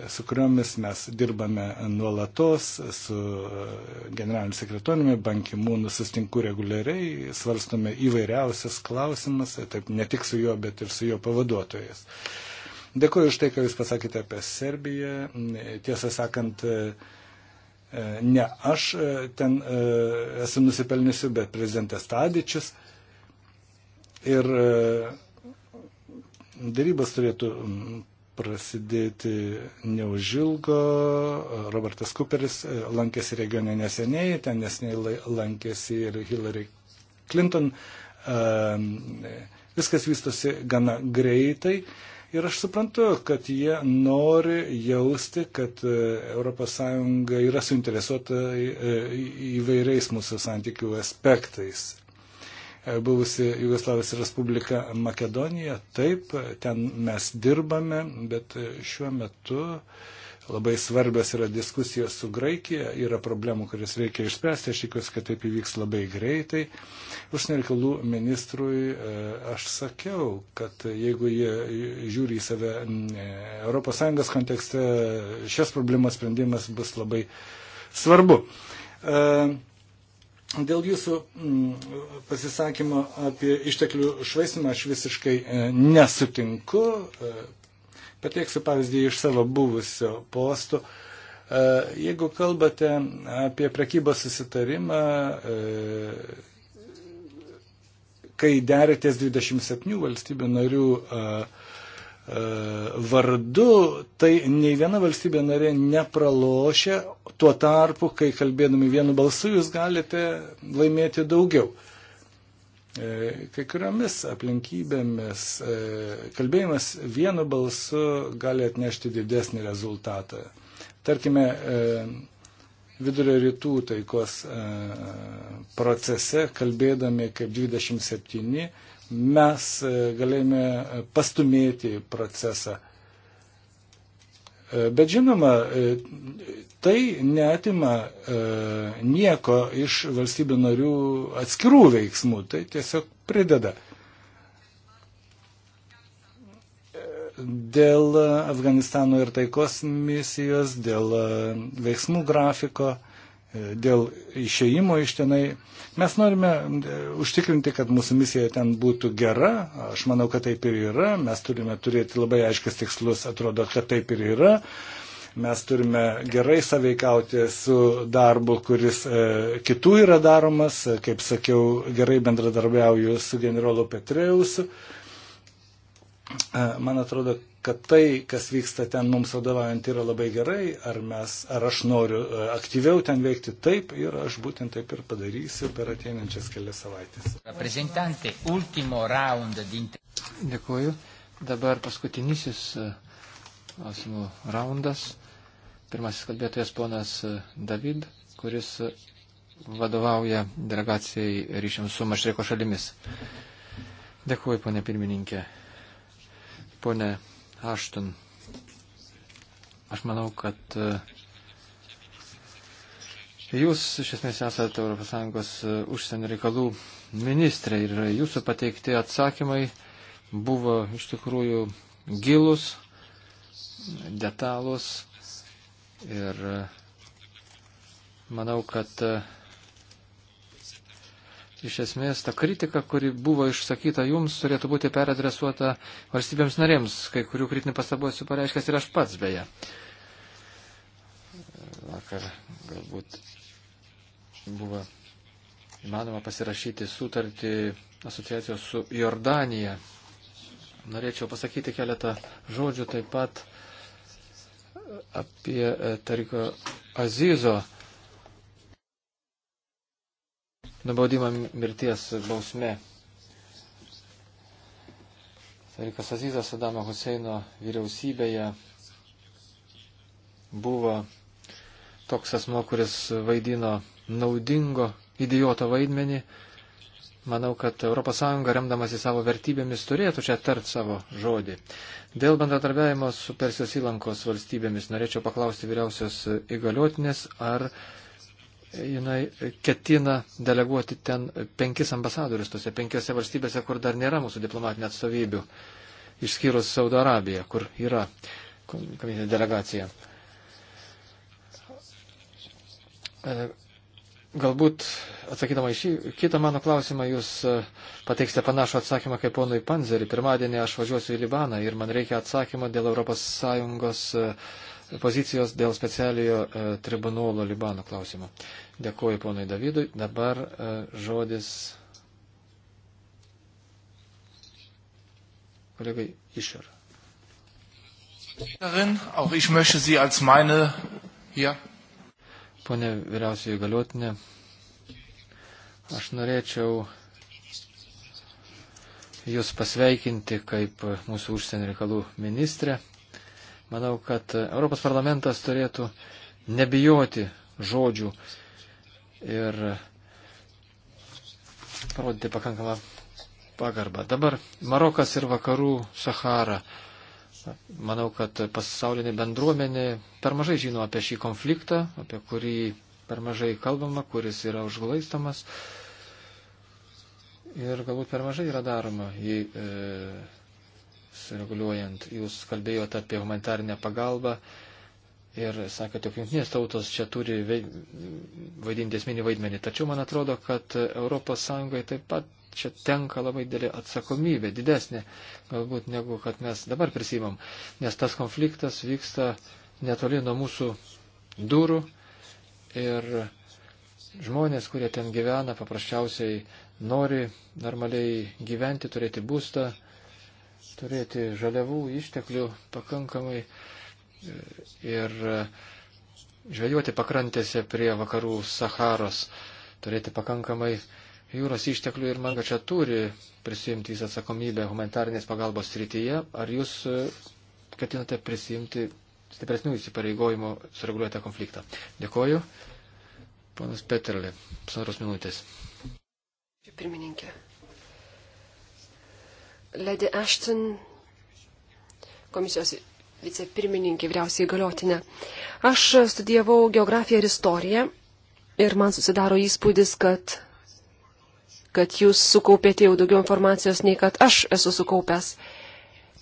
su kuriomis mes dirbame nuolatos, su generaliniu sekretoriumi Bankimūnu sustinku reguliariai, svarstome įvairiausias klausimas, taip ne tik su juo, bet ir su jo pavaduotojais. Dėkuoju už tai, ką Jūs pasakėte apie Serbiją. Tiesą sakant, ne aš ten esu nusipelniusi, bet prezidentas Tadičius. Ir Darybas turėtų mm, prasidėti neužilgo. Robertas Cooperis e, lankėsi regione neseniai, ten neseniai lankėsi ir Hillary Clinton. E, viskas vystosi gana greitai. Ir aš suprantu, kad jie nori jausti, kad ES yra suinteresuota e, įvairiais mūsų santykių aspektais. E, buvusi Jugoslavijos Respublika Makedonija. Taip, ten mes dirbame, bet e, šiuo metu labai svarbios yra diskusijos su Graikija, yra problemų, kurias reikia išspręsti, aš tikiuosi, kad taip įvyks labai greitai. Užsienio reikalų ministrui e, aš sakiau, kad jeigu jie žiūri į save ES kontekste, šias problemas sprendimas bus labai svarbu. Uh, Dėl jūsų mm, pasisakymo apie išteklių švaistimą aš visiškai e, nesutinku. E, pateiksiu pavyzdį iš savo buvusio posto. E, jeigu kalbate apie prekybos susitarimą, kai derėtės 27 valstybių narių vardu, tai nei viena valstybė narė nepralošia, tuo tarpu, kai kalbėdami vienu balsu, jūs galite laimėti daugiau. E, kai kuriomis aplinkybėmis e, kalbėjimas vienu balsu gali atnešti didesnį rezultatą. Tarkime, e, vidurio rytų taikos procese, kalbėdami kaip 27 mes e, galėjome e, pastumėti procesą. E, bet žinoma, tai neatima nieko iš valstybių narių atskirų veiksmų, tai tiesiog prideda. Dėl Afganistano ir taikos misijos, dėl veiksmų grafiko, E, dėl išeimo iš tenai. Mes norime e, užtikrinti, kad mūsų misija ten būtų gera. Aš manau, kad taip ir yra. Mes turime turėti labai aiškius tikslus. Atrodo, kad taip ir yra. Mes turime gerai saveikauti su darbu, kuris e, kitų yra daromas. Kaip sakiau, gerai bendradarbiauju su generolu Petreusu. E, man atrodo, kad tai, kas vyksta ten mums vadovaujant, yra labai gerai, ar, mes, ar aš noriu aktyviau ten veikti taip ir aš būtent taip ir padarysiu per ateinančias kelias savaitės. Dėkuoju. Dabar paskutinisis klausimų raundas. Pirmasis kalbėtojas ponas David, kuris vadovauja delegacijai ryšiams su Mašreiko šalimis. Dėkuoju, ponė pirmininkė ponė Ašton. Aš manau, kad e, jūs iš esmės esate ES e, užsienio reikalų ministrė ir jūsų pateikti atsakymai buvo iš tikrųjų gilus, detalus ir e, manau, kad iš esmės ta kritika, kuri buvo išsakyta jums, turėtų būti peradresuota valstybėms narėms, kai kurių kritinių pastabų esu pareiškęs ir aš pats beje. Vakar galbūt buvo įmanoma pasirašyti sutartį asociacijos su Jordanija. Norėčiau pasakyti keletą žodžių taip pat apie Tariko Azizo nubaudimą mirties bausme. Tarikas Azizas Sadamo Huseino vyriausybėje buvo toks asmo, kuris vaidino naudingo idioto vaidmenį. Manau, kad ES remdamas į savo vertybėmis turėtų čia tart savo žodį. Dėl bendradarbiavimo su Persijos įlankos valstybėmis norėčiau paklausti vyriausios įgaliotinės, ar jinai ketina deleguoti ten penkis ambasadorius tose penkiose valstybėse, kur dar nėra mūsų diplomatinė atstovybių, išskyrus Saudo Arabiją, kur yra komisijos delegacija. E, galbūt atsakydama į šį kitą mano klausimą, jūs e, pateiksite panašų atsakymą kaip ponui Panzerį. Pirmadienį aš važiuosiu į Libaną ir man reikia atsakymą dėl ES pozicijos dėl specialiojo e, tribunolo Libano klausimo. Dėkuoju ponui Davidui. Dabar e, žodis kolegai Išer. Auch ich möchte Sie als meine hier. Pone vyriausioji galiotinė, aš norėčiau Jūs pasveikinti kaip mūsų užsienio reikalų ministrė. Manau, kad Europos parlamentas turėtų nebijoti žodžių ir parodyti pakankamą pagarbą. Dabar Marokas ir vakarų Sahara. Manau, kad pasaulinė bendruomenė per mažai žino apie šį konfliktą, apie kurį per mažai kalbama, kuris yra užglaistomas. Ir galbūt per mažai yra daroma jį e, sureguliuojant. Jūs kalbėjote apie humanitarinę pagalbą ir sakėte, jog jungtinės tautos čia turi vaidinti esminį vaidmenį. Tačiau man atrodo, kad ES taip pat čia tenka labai didelė atsakomybė, didesnė galbūt negu kad mes dabar prisimam, nes tas konfliktas vyksta netoli nuo mūsų durų ir žmonės, kurie ten gyvena, paprasčiausiai nori normaliai gyventi, turėti būstą, turėti žaliavų išteklių pakankamai e, ir e, žvejoti pakrantėse prie vakarų Saharos, turėti pakankamai jūros išteklių ir man, kad čia turi prisimti jis atsakomybę humanitarnės pagalbos srityje. Ar jūs e, ketinate prisimti stipresnių įsipareigojimų sureguliuotą konfliktą? Dėkoju. Ponas Peterlė, pusantros minutės. Pirmininkė. Lady Ashton, komisijos vicepirmininkė, vyriausiai galiotinė. Aš studijavau geografiją ir istoriją ir man susidaro įspūdis, kad, kad jūs sukaupėte jau daugiau informacijos nei kad aš esu sukaupęs.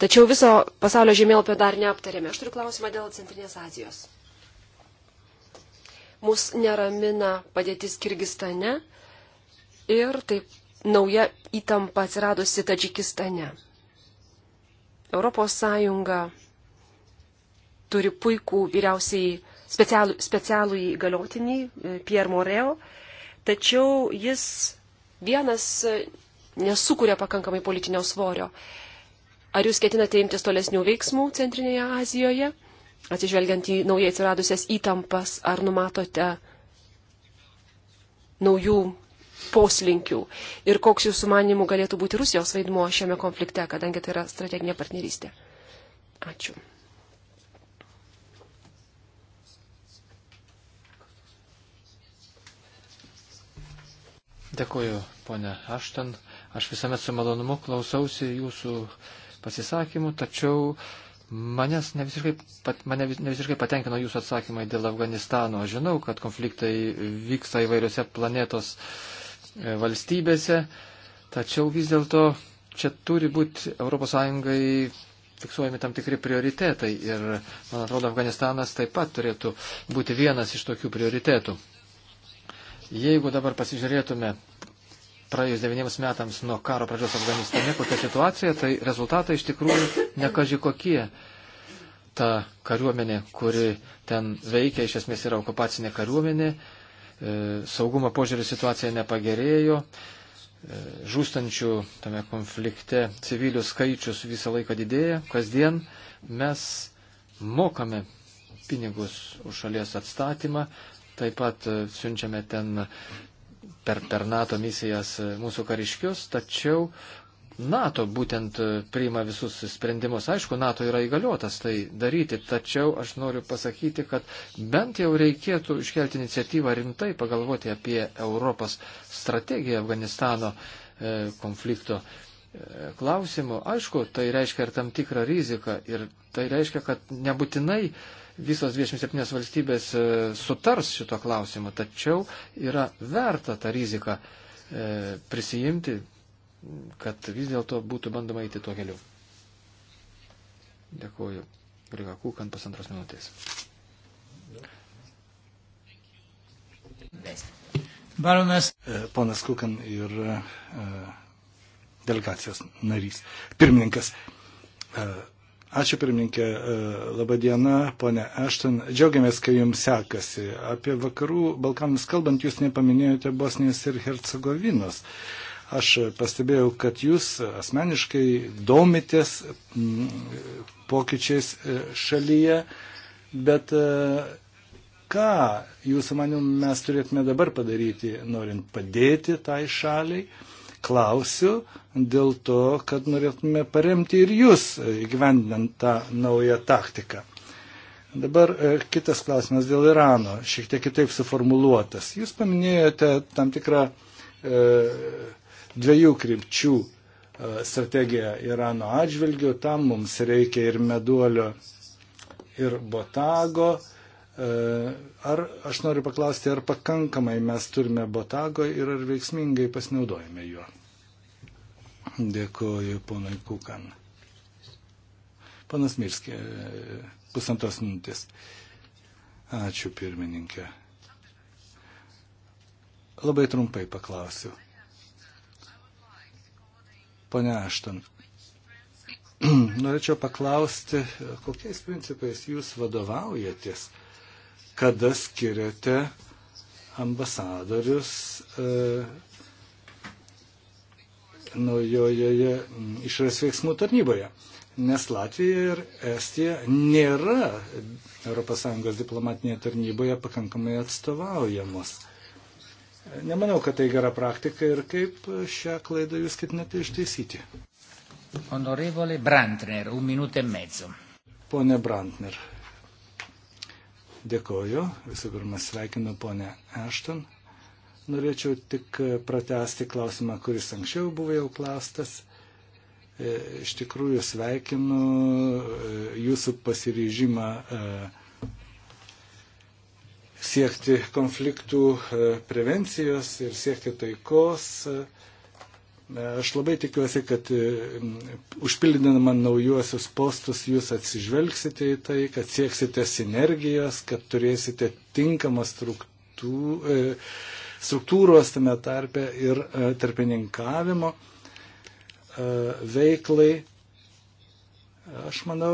Tačiau viso pasaulio žemėlapio dar neaptarėme. Aš turiu klausimą dėl Centrinės Azijos. Mus neramina padėtis Kirgistane ir taip nauja įtampa atsiradusi Tadžikistane. ES turi puikų vyriausiai specialų, specialų įgaliotinį e, Pierre Morel, tačiau jis vienas e, nesukuria pakankamai politinio svorio. Ar jūs ketinate imtis tolesnių veiksmų Centrinėje Azijoje, atsižvelgiant į naujai atsiradusias įtampas, ar numatote naujų poslinkių ir koks jūsų manimų galėtų būti Rusijos vaidmuo šiame konflikte, kadangi tai yra strateginė partnerystė. Ačiū. Dėkuoju, ponė Ašten. Aš visuomet su malonumu klausausi jūsų pasisakymų, tačiau manęs ne visiškai, pat, mane ne visiškai patenkino jūsų atsakymai dėl Afganistano. Žinau, kad konfliktai vyksta įvairiose planetos E, valstybėse, tačiau vis dėlto čia turi būti ES fiksuojami tam tikri prioritetai ir, man atrodo, Afganistanas taip pat turėtų būti vienas iš tokių prioritetų. Jeigu dabar pasižiūrėtume praėjus devyniems metams nuo karo pradžios Afganistane, kokia situacija, tai rezultatai iš tikrųjų nekaži kokie. Ta kariuomenė, kuri ten veikia, iš esmės yra okupacinė kariuomenė E, saugumo požiūrį situacija nepagerėjo, e, žūstančių tame konflikte civilių skaičius visą laiką didėja, kasdien mes mokame pinigus už šalies atstatymą, taip pat e, siunčiame ten per, per NATO misijas mūsų kariškius, tačiau NATO būtent e, priima visus sprendimus. Aišku, NATO yra įgaliotas tai daryti, tačiau aš noriu pasakyti, kad bent jau reikėtų iškelti iniciatyvą rimtai pagalvoti apie Europos strategiją Afganistano e, konflikto e, klausimų. Aišku, tai reiškia ir tam tikrą riziką ir tai reiškia, kad nebūtinai visos 27 valstybės sutars šito klausimu, tačiau yra verta tą riziką prisijimti, kad vis dėlto būtų bandoma eiti tuo keliu. Dėkuoju. Riga Kūkan pusantros minutės. Baronas. E, ponas Kūkan ir e, delegacijos narys. Pirmininkas. E, ačiū pirmininkė, laba diena, ponė Ešton. Džiaugiamės, kai jums sekasi. Apie vakarų Balkanus kalbant, jūs nepaminėjote Bosnijos ir Hercegovinos. Aš pastebėjau, kad jūs asmeniškai domitės mm, pokyčiais e, šalyje, bet e, ką jūsų manim mes turėtume dabar padaryti, norint padėti tai šaliai? Klausiu dėl to, kad norėtume paremti ir jūs įgyvendinant tą naują taktiką. Dabar e, kitas klausimas dėl Irano, šiek tiek kitaip suformuluotas. Jūs paminėjote tam tikrą e, dviejų krypčių e, strategiją Irano atžvilgių, tam mums reikia ir meduolio, ir botago. E, ar aš noriu paklausti, ar pakankamai mes turime botago ir ar veiksmingai pasinaudojame juo? Dėkuoju ponui Kukan. Panas Mirskė, e, pusantos minutės. Ačiū pirmininkė. Labai trumpai paklausiu ponia Ašton. Norėčiau paklausti, kokiais principais jūs vadovaujatės, kada skiriate ambasadorius e, naujojoje išorės veiksmų tarnyboje. Nes Latvija ir Estija nėra ES diplomatinėje tarnyboje pakankamai atstovaujamos. E, Nemanau, kad tai gera praktika ir kaip šią klaidą jūs ketinate ištaisyti. Honorevole Brantner, un minutę e mezzo. Pone Brantner, dėkoju. Visų pirma, sveikinu ponę Ešton. Norėčiau tik pratesti klausimą, kuris anksčiau buvo jau klastas. E, iš tikrųjų sveikinu e, jūsų pasiryžimą. E, siekti konfliktų e, prevencijos ir siekti taikos. E, aš labai tikiuosi, kad e, užpildinama naujuosius postus jūs atsižvelgsite į tai, kad sieksite sinergijos, kad turėsite tinkamą struktūrą struktūros tame tarpe ir tarpininkavimo veiklai. Aš manau,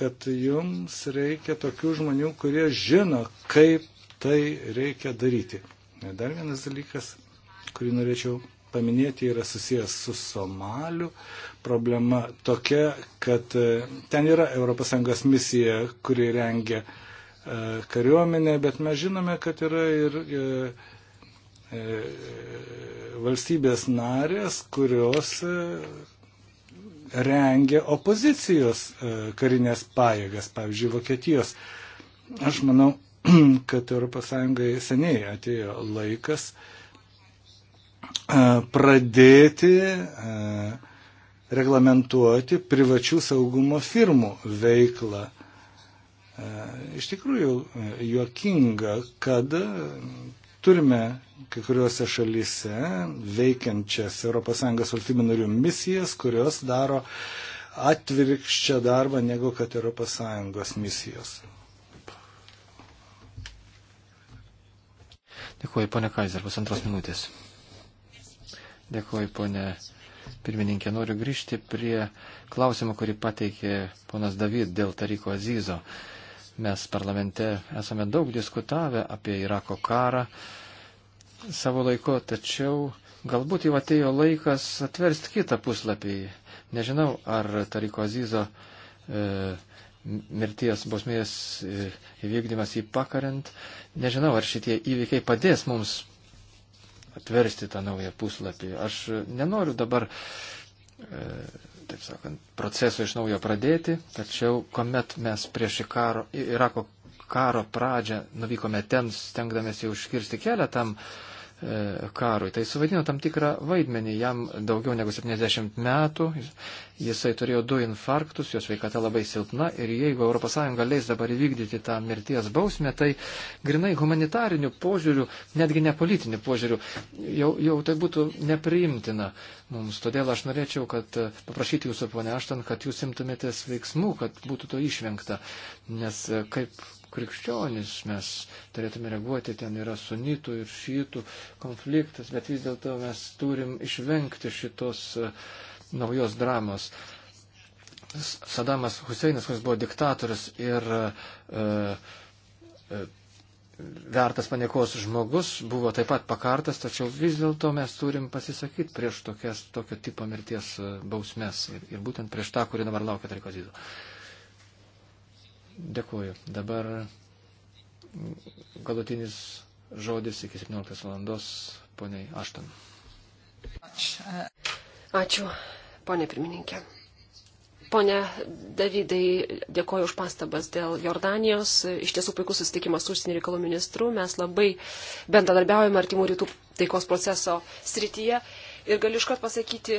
kad jums reikia tokių žmonių, kurie žino, kaip tai reikia daryti. Dar vienas dalykas, kurį norėčiau paminėti, yra susijęs su Somaliu. Problema tokia, kad e, ten yra ES misija, kuri rengia e, kariuomenė, bet mes žinome, kad yra ir e, valstybės narės, kurios rengė opozicijos e, karinės pajėgas, pavyzdžiui, Vokietijos. Aš manau, kad ES seniai atėjo laikas e, pradėti e, reglamentuoti privačių saugumo firmų veiklą. Iš tikrųjų, juokinga, kad Turime kai kuriuose šalyse veikiančias ES valstybių narių misijas, kurios daro atvirkščią darbą negu kad ES misijos. Dėkuoju, ponė Kaiser, pusantros minutės. Dėkuoju, ponė pirmininkė. Noriu grįžti prie klausimo, kurį pateikė ponas David dėl Tariko Azizo. Uh, Mes parlamente esame daug diskutavę apie Irako karą savo laiku, tačiau galbūt jau atėjo laikas atversti kitą puslapį. Nežinau, ar Tariko Azizo e, mirties bausmės e, įvykdymas į pakarent. Nežinau, ar šitie įvykiai padės mums atversti tą naują puslapį. Aš nenoriu dabar e, taip sakant, procesų iš naujo pradėti, tačiau kuomet mes prieš karo, Irako karo pradžią nuvykome ten, stengdamėsi užkirsti kelią tam uh, E, karui. Tai suvaidino tam tikrą vaidmenį, jam daugiau negu 70 metų, jisai turėjo du infarktus, jos veikata labai silpna ir jeigu ES leis dabar įvykdyti tą mirties bausmę, tai grinai humanitariniu požiūriu, netgi ne politiniu požiūriu, jau, jau tai būtų nepriimtina mums. Todėl aš norėčiau, kad e, paprašyti jūsų, ponia Aštan, kad jūs imtumėtės veiksmų, kad būtų to išvengta. Nes e, kaip krikščionis, mes turėtume reaguoti, ten yra sunitų ir šytų konfliktas, bet vis dėlto mes turim išvengti šitos e, naujos dramos. Sadamas Huseinas, kuris buvo diktatorius ir e, e, vertas paniekos žmogus, buvo taip pat pakartas, tačiau vis dėlto mes turim pasisakyti prieš tokias, tokio tipo mirties e, bausmes ir, ir būtent prieš tą, kuri dabar laukia Trikozido. Dėkuoju. Dabar galutinis žodis iki 17 valandos poniai Aštan. Ačiū, ponė pirmininkė. Pone Davidai, dėkoju už pastabas dėl Jordanijos. Iš tiesų puikus susitikimas su užsienio reikalų ministru. Mes labai bendradarbiaujame artimų rytų taikos proceso srityje. Ir galiu iškart pasakyti,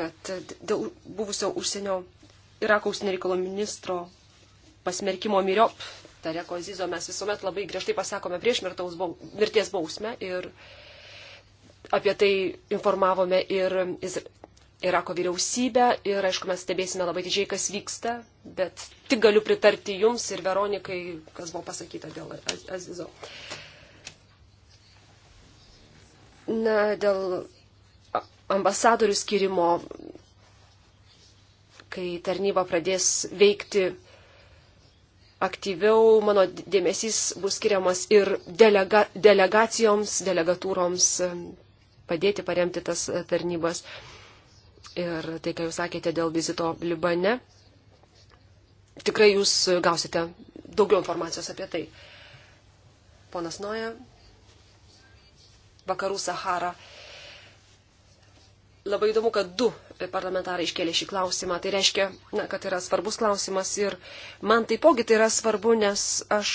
kad dėl buvusio užsienio Irako užsienio reikalo ministro pasmerkimo myriop, Tareko Zizo, mes visuomet labai griežtai pasakome prieš mirties bausmę ir apie tai informavome ir Irako vyriausybę ir, aišku, mes stebėsime labai didžiai, kas vyksta, bet tik galiu pritarti jums ir Veronikai, kas buvo pasakyta dėl Azizo. Na, dėl ambasadorių skirimo kai tarnyba pradės veikti aktyviau, mano dėmesys bus skiriamas ir delega, delegacijoms, delegatūroms padėti paremti tas e, tarnybas. Ir tai, ką jūs sakėte dėl vizito Libane, tikrai jūs gausite daugiau informacijos apie tai. Ponas Noja, Vakarų Sahara labai įdomu, kad du parlamentarai iškėlė šį klausimą. Tai reiškia, na, kad yra svarbus klausimas ir man taipogi tai yra svarbu, nes aš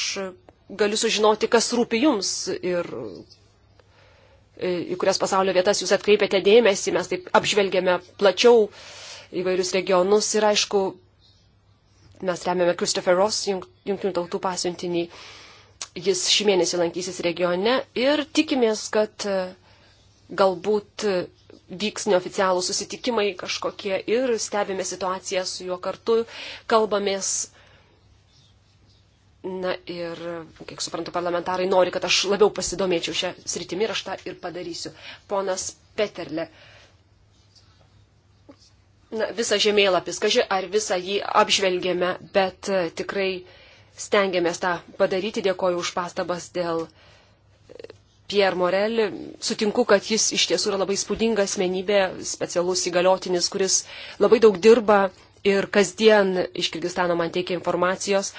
galiu sužinoti, kas rūpi jums ir e, į kurias pasaulio vietas jūs atkreipiate dėmesį, mes taip apžvelgėme plačiau įvairius regionus ir aišku, mes remiame Christopher Ross, jungtinių tautų pasiuntinį, jis šį mėnesį lankysis regione ir tikimės, kad e, galbūt vyks neoficialų susitikimai kažkokie ir stebime situaciją su juo kartu, kalbamės. Na ir, kiek suprantu, parlamentarai nori, kad aš labiau pasidomėčiau šią sritimį ir aš tą ir padarysiu. Ponas Peterle. Na, visą žemėlapį, skaži, ar visą jį apžvelgėme, bet e, tikrai stengiamės tą padaryti. Dėkoju už pastabas dėl uh, Pierre Morel, sutinku, kad jis iš tiesų yra labai spūdinga asmenybė, specialus įgaliotinis, kuris labai daug dirba ir kasdien iš Kirgistano man teikia informacijos.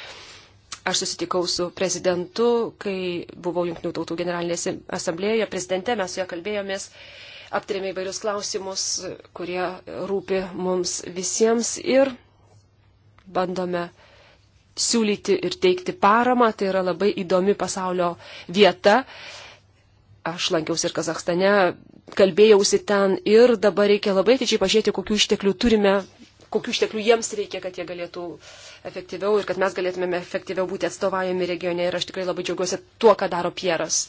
Aš susitikau su prezidentu, kai buvau Junktinių tautų generalinėje asamblėje, prezidente mes su ja kalbėjomės, aptarėme įvairius klausimus, kurie rūpi mums visiems ir bandome siūlyti ir teikti paramą. Tai yra labai įdomi pasaulio vieta Aš lankiausi ir Kazakstane, kalbėjausi ten ir dabar reikia labai atidžiai pažiūrėti, kokių išteklių turime, kokių išteklių jiems reikia, kad jie galėtų efektyviau ir kad mes galėtumėme efektyviau būti atstovaujami regione. Ir aš tikrai labai džiaugiuosi tuo, ką daro Pieras.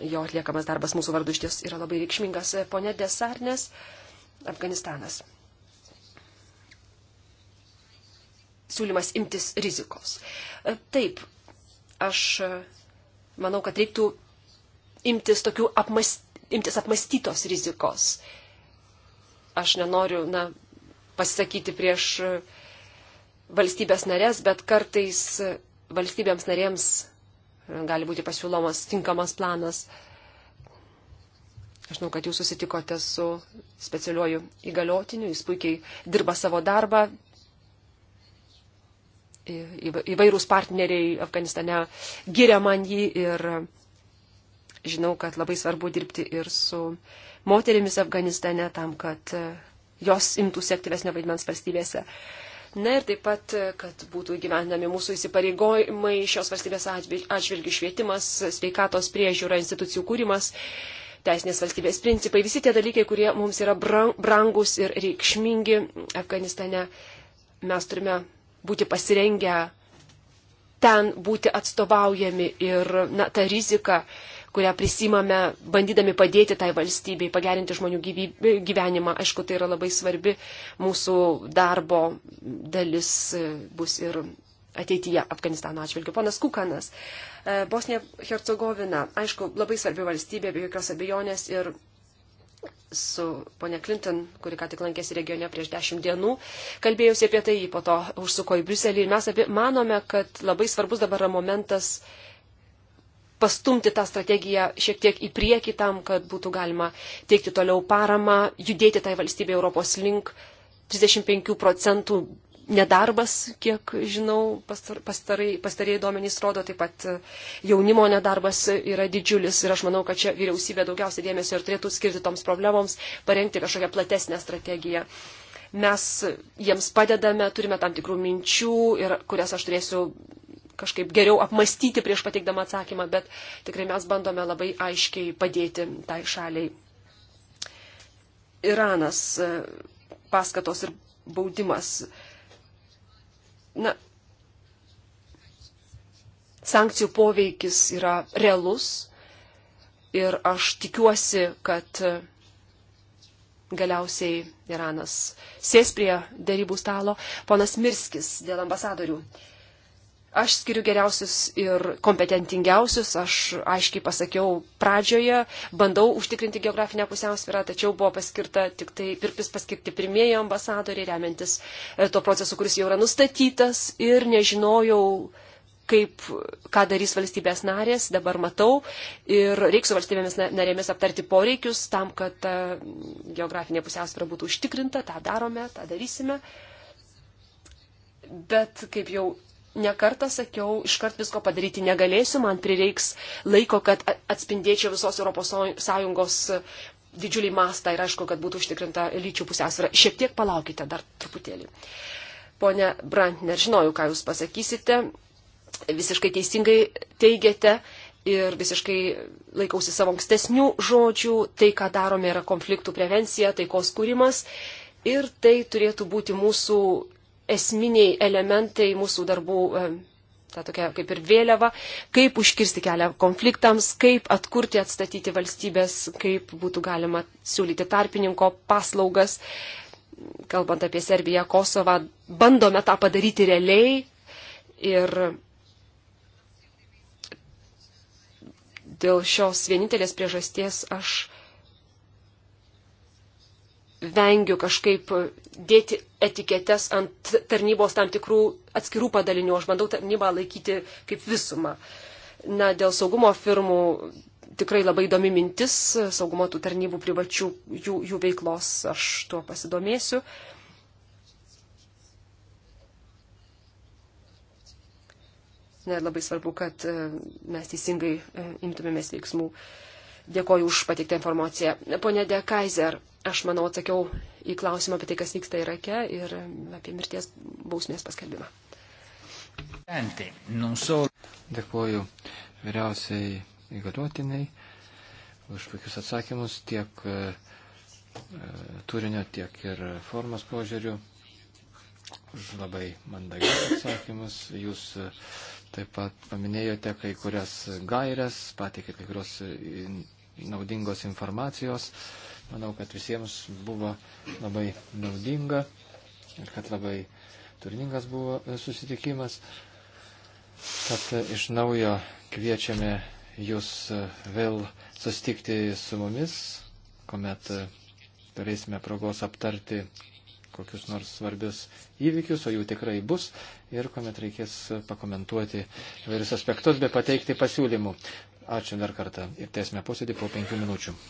Jo atliekamas darbas mūsų vardu iš ties yra labai reikšmingas. Pone Desarnės, Afganistanas. Siūlymas imtis rizikos. Taip, aš manau, kad reiktų imtis, apmast, imtis apmastytos rizikos. Aš nenoriu, na, pasisakyti prieš e, valstybės narės, bet kartais e, valstybėms narėms e, gali būti pasiūlomas tinkamas planas. Aš žinau, kad jūs susitikote su specialiuoju įgaliotiniu, jis puikiai dirba savo darbą. Įvairūs partneriai Afganistane giria man jį ir žinau, kad labai svarbu dirbti ir su moterimis Afganistane tam, kad e, jos imtųsi aktyvesnio vaidmens valstybėse. Na ir taip pat, e, kad būtų gyvendami mūsų įsipareigojimai šios valstybės atžvilgių švietimas, sveikatos priežiūra, institucijų kūrimas, teisinės valstybės principai, visi tie dalykai, kurie mums yra brangus ir reikšmingi Afganistane, mes turime būti pasirengę ten būti atstovaujami ir na, ta rizika, uh, kurią prisimame, bandydami padėti tai valstybei, pagerinti žmonių gyvybę, gyvenimą. Aišku, tai yra labai svarbi mūsų darbo dalis e, bus ir ateityje Afganistano atžvilgiu. Ponas Kukanas, e, Bosnija Hercegovina, aišku, labai svarbi valstybė, be jokios abejonės ir su ponia Clinton, kuri ką tik lankėsi regione prieš dešimt dienų, kalbėjusi apie tai, po to užsuko į Briuselį ir mes abi manome, kad labai svarbus dabar yra momentas uh, pastumti tą strategiją šiek tiek į priekį tam, kad būtų galima teikti toliau paramą, judėti tai valstybė Europos link. 35 procentų nedarbas, kiek žinau, pastarėjai duomenys rodo, taip pat e, jaunimo nedarbas yra didžiulis ir aš manau, kad čia vyriausybė daugiausia dėmesio ir turėtų skirti toms problemoms, parengti kažkokią platesnę strategiją. Mes jiems padedame, turime tam tikrų minčių, ir, kurias aš turėsiu kažkaip geriau apmastyti prieš pateikdama atsakymą, bet tikrai mes bandome labai aiškiai padėti tai šaliai. Iranas, e, paskatos ir baudimas. Na, sankcijų poveikis yra realus ir aš tikiuosi, kad e, galiausiai Iranas sės prie dėrybų stalo. Ponas Mirskis dėl ambasadorių. Uh, Aš skiriu geriausius ir kompetentingiausius, aš aiškiai pasakiau pradžioje, bandau užtikrinti geografinę pusiausvyrą, tačiau buvo paskirta tik tai pirpis paskirti pirmieji ambasadoriai, remiantis e, to procesu, kuris jau yra nustatytas ir nežinojau, kaip, ką darys valstybės narės, dabar matau ir reiks su valstybėmis narėmis aptarti poreikius tam, kad ta geografinė pusiausvyrą būtų užtikrinta, tą darome, tą darysime. Bet, kaip jau nekartą sakiau, iškart visko padaryti negalėsiu, man prireiks laiko, kad atspindėčiau visos ES e, didžiulį mastą ir aišku, kad būtų užtikrinta lyčių pusiausvėra. Šiek tiek palaukite dar truputėlį. Pone Brantner, žinojau, ką Jūs pasakysite, visiškai teisingai teigiate ir visiškai laikausi savo ankstesnių žodžių, tai, ką darome, yra konfliktų prevencija, taikos kūrimas ir tai turėtų būti mūsų esminiai elementai mūsų darbų, e, ta tokia kaip ir vėliava, kaip užkirsti kelią konfliktams, kaip atkurti, atstatyti valstybės, kaip būtų galima siūlyti tarpininko paslaugas. Kalbant apie Serbiją, Kosovą, bandome tą padaryti realiai ir dėl šios vienintelės priežasties aš vengiu kažkaip dėti etiketes ant tarnybos tam tikrų atskirų padalinių, aš bandau tarnybą laikyti kaip visumą. Na, dėl saugumo firmų tikrai labai įdomi mintis, saugumo tų tarnybų privačių jų, jų veiklos, aš tuo pasidomėsiu. Na, labai svarbu, kad e, mes teisingai e, imtumėmės veiksmų. Uh, Dėkoju už patiktą informaciją. Pone De Kaiser, aš manau atsakiau į klausimą apie tai, kas vyksta Irake ir apie mirties bausmės paskelbimą. Dėkoju vyriausiai įgaliotiniai už puikius atsakymus tiek e, turinio, tiek ir formos požiūrių, už labai mandagius atsakymus. Jūs e, taip pat paminėjote kai kurias gairias, pateikėte kai kurios naudingos informacijos. Manau, kad visiems buvo labai naudinga ir kad labai turiningas buvo e, susitikimas. Tad e, iš naujo kviečiame jūs e, vėl sustikti su mumis, kuomet turėsime progos aptarti kokius nors svarbius įvykius, o jų tikrai bus, ir kuomet reikės pakomentuoti vairius aspektus bei pateikti pasiūlymų. Ačiū dar kartą ir tęsime posėdį po penkių minučių.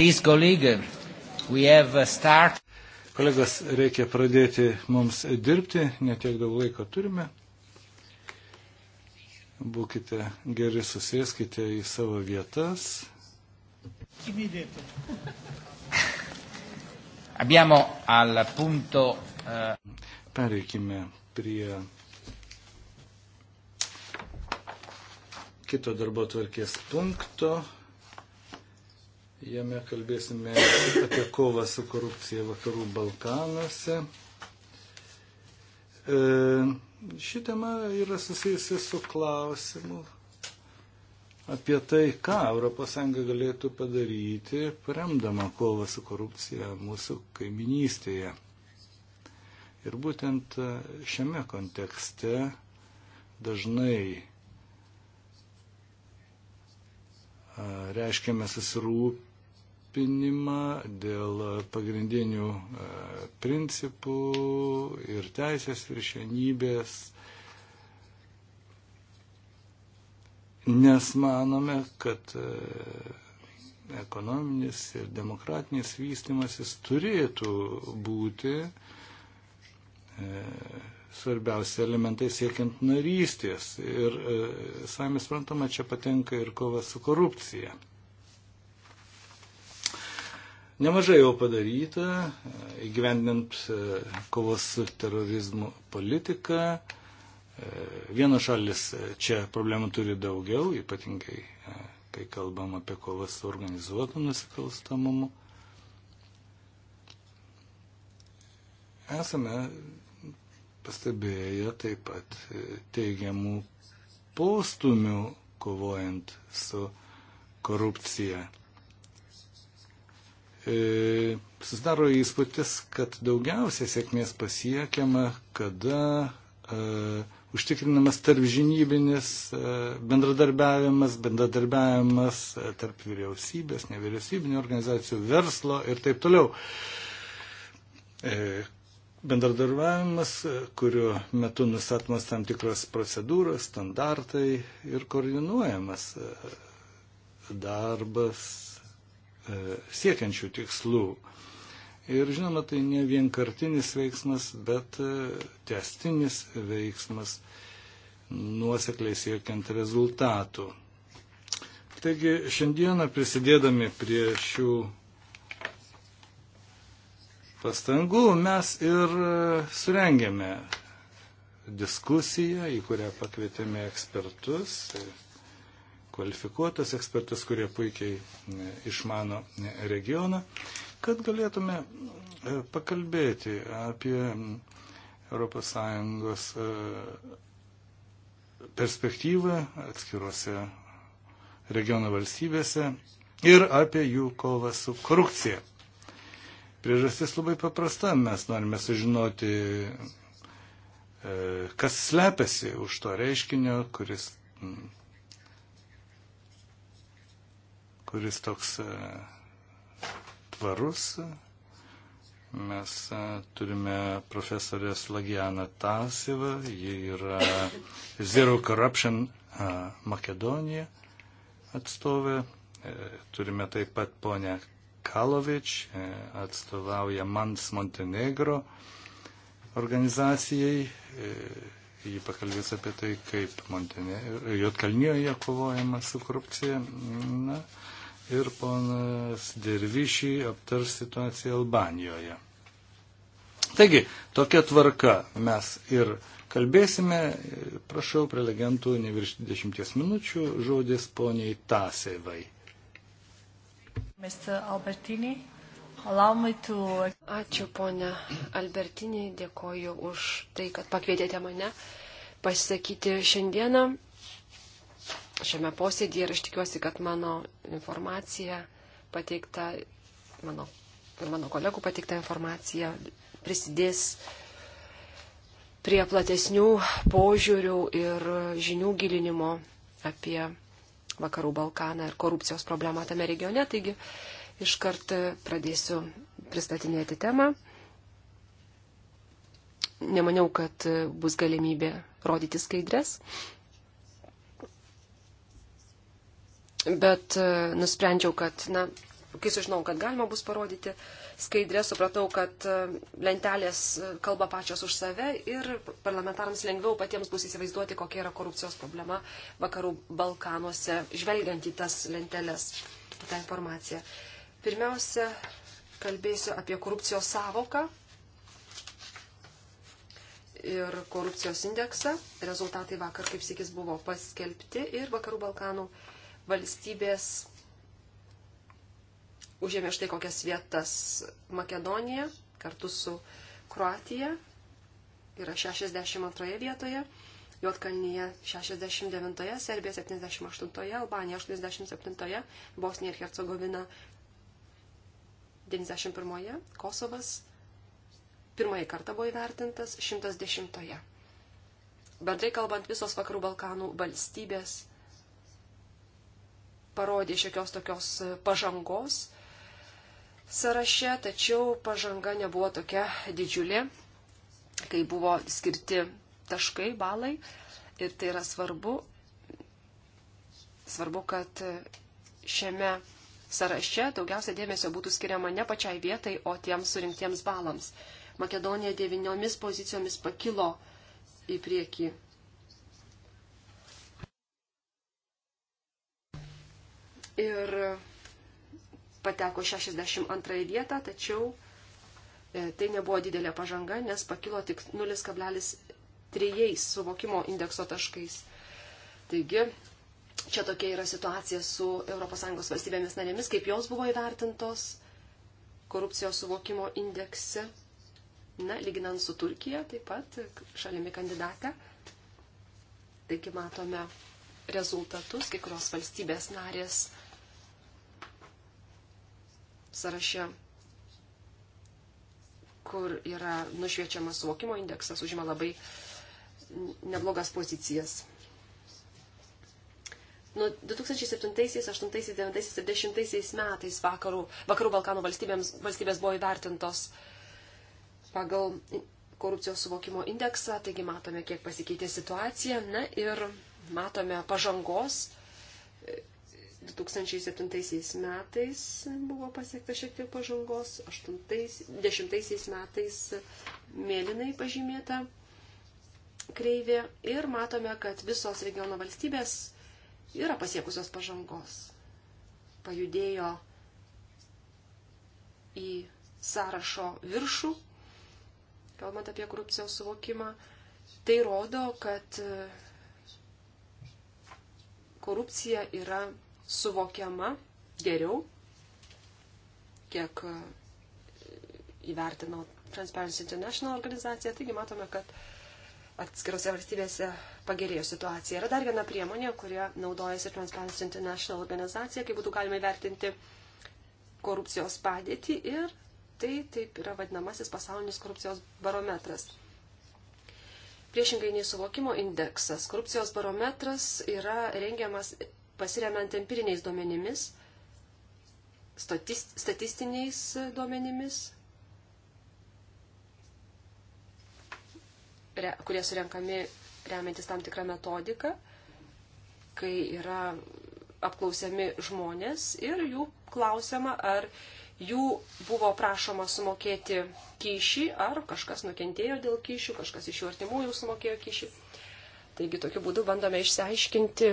Please, colleague, we have uh, start. Kolegos, reikia pradėti mums dirbti, netiek daug laiko turime. Būkite geri, susėskite į savo vietas. Abbiamo al punto. Uh... Pereikime prie kito darbo tvarkės punkto. Jame kalbėsime apie kovą su korupcija vakarų Balkanuose. E, ši tema yra susijusi su klausimu apie tai, ką ES galėtų padaryti, paremdama kovą su korupcija mūsų kaiminystėje. Ir būtent šiame kontekste dažnai e, reiškiame susirūp, rūpinimą dėl pagrindinių e, principų ir teisės viršenybės, nes manome, kad e, ekonominis ir demokratinis vystimasis turėtų būti e, svarbiausia elementai siekiant narystės. Ir, e, savime suprantama, čia patenka ir kova su korupcija. Nemažai jau padaryta, e, įgyvendinant e, kovos su terorizmu politiką. E, Vienos šalis čia problemų turi daugiau, ypatingai kai kalbam apie kovą su organizuotu nusikalstamumu. Esame pastebėję taip pat teigiamų postumių kovojant su korupcija. E, susidaro įspūdis, kad daugiausia sėkmės pasiekiama, kada e, užtikrinamas tarpžinybinis e, bendradarbiavimas, bendradarbiavimas e, tarp vyriausybės, nevyriausybinio organizacijų, verslo ir taip toliau. E, bendradarbiavimas, e, kurio metu nustatomas tam tikros procedūros, standartai ir koordinuojamas e, darbas E, siekiančių tikslų. Ir žinoma, tai ne vienkartinis veiksmas, bet e, testinis veiksmas nuosekliai siekiant rezultatų. Taigi šiandieną prisidėdami prie šių pastangų mes ir e, surengėme diskusiją, į kurią pakvietėme ekspertus. Ir kvalifikuotus ekspertus, kurie puikiai e, išmano e, regioną, kad galėtume e, pakalbėti apie ES perspektyvą atskiruose regiono valstybėse ir apie jų kovą su korupcija. Priežastis labai paprasta, mes norime sužinoti, kas slepiasi už to reiškinio, kuris kuris toks e, tvarus. Mes e, turime profesorę Slagianą Tasivą, ji yra Zero Corruption e, Makedonija atstovė. Turime taip pat ponę Kalovič, atstovauja Mans Montenegro organizacijai. Ji pakalbės apie tai, kaip Montene... Jotkalnijoje kovojama su korupcija. Na, ir ponas Dervišį aptars situaciją Albanijoje. Taigi, tokia tvarka mes ir kalbėsime. Prašau, prelegentų ne virš 10 minučių, žodis poniai Tasevai. Ačiū, ponia Albertinė, dėkoju už tai, kad pakvietėte mane pasisakyti šiandieną šiame posėdėje ir aš tikiuosi, kad mano informacija pateikta, mano, mano kolegų pateikta informacija prisidės prie platesnių požiūrių ir žinių gilinimo apie Vakarų Balkaną ir korupcijos problemą tame regione. Taigi iškart pradėsiu pristatinėti temą. Nemaniau, kad bus galimybė rodyti skaidrės. bet e, nusprendžiau, kad, na, kai sužinau, kad galima bus parodyti skaidrę, supratau, kad e, lentelės e, kalba pačios už save ir parlamentarams lengviau patiems bus įsivaizduoti, kokia yra korupcijos problema vakarų Balkanuose, žvelgiant į tas lentelės, į tą informaciją. Pirmiausia, kalbėsiu apie korupcijos savoką ir korupcijos indeksą. Rezultatai vakar kaip sėkis buvo paskelbti ir vakarų Balkanų valstybės užėmė štai kokias vietas Makedonija kartu su Kroatija yra 62 vietoje, Jotkalnyje 69, Serbija 78, Albanija 87, Bosnija ir Hercegovina 91, Kosovas pirmąjį kartą buvo įvertintas 110. Bendrai kalbant, visos Vakarų Balkanų valstybės parodė šiokios tokios pažangos sąraše, tačiau pažanga nebuvo tokia didžiulė, kai buvo skirti taškai, balai. Ir tai yra svarbu. Svarbu, kad šiame sąraše daugiausia dėmesio būtų skiriama ne pačiai vietai, o tiems surinktiems balams. Makedonija devyniomis pozicijomis pakilo į priekį ir pateko 62 vietą, tačiau e, tai nebuvo didelė pažanga, nes pakilo tik 0,3 suvokimo indekso taškais. Taigi, čia tokia yra situacija su ES valstybėmis narėmis, kaip jos buvo įvertintos korupcijos suvokimo indekse. Na, lyginant su Turkija, taip pat šalimi kandidate. Taigi matome rezultatus, kai kurios valstybės narės sąraše, kur yra nušviečiamas suvokimo indeksas, užima labai neblogas pozicijas. Nuo 2007, 2008, 2009 ir 2010 metais vakarų, vakarų Balkanų valstybės buvo įvertintos pagal korupcijos suvokimo indeksą, taigi matome, kiek pasikeitė situacija, na ir matome pažangos 2007 metais buvo pasiekta šiek tiek pažangos, 2010 metais mėlynai pažymėta kreivė ir matome, kad visos regiono valstybės yra pasiekusios pažangos. Pajudėjo į sąrašo viršų, kalbant apie korupcijos suvokimą. Tai rodo, kad korupcija yra suvokiama geriau, kiek e, įvertino Transparency International organizacija. Taigi matome, kad atskirose valstybėse pagerėjo situacija. Yra dar viena priemonė, kurie naudojasi Transparency International organizacija, kaip būtų galima įvertinti korupcijos padėtį ir tai taip yra vadinamasis pasaulinis korupcijos barometras. Priešingai nei suvokimo indeksas, korupcijos barometras yra rengiamas pasiremiant empiriniais duomenimis, statistiniais duomenimis, kurie surenkami remiantis tam tikrą metodiką, kai yra apklausiami žmonės ir jų klausiama, ar jų buvo prašoma sumokėti kyšį, ar kažkas nukentėjo dėl kyšių, kažkas iš jų artimųjų sumokėjo kyšį. Taigi tokiu būdu bandome išsiaiškinti,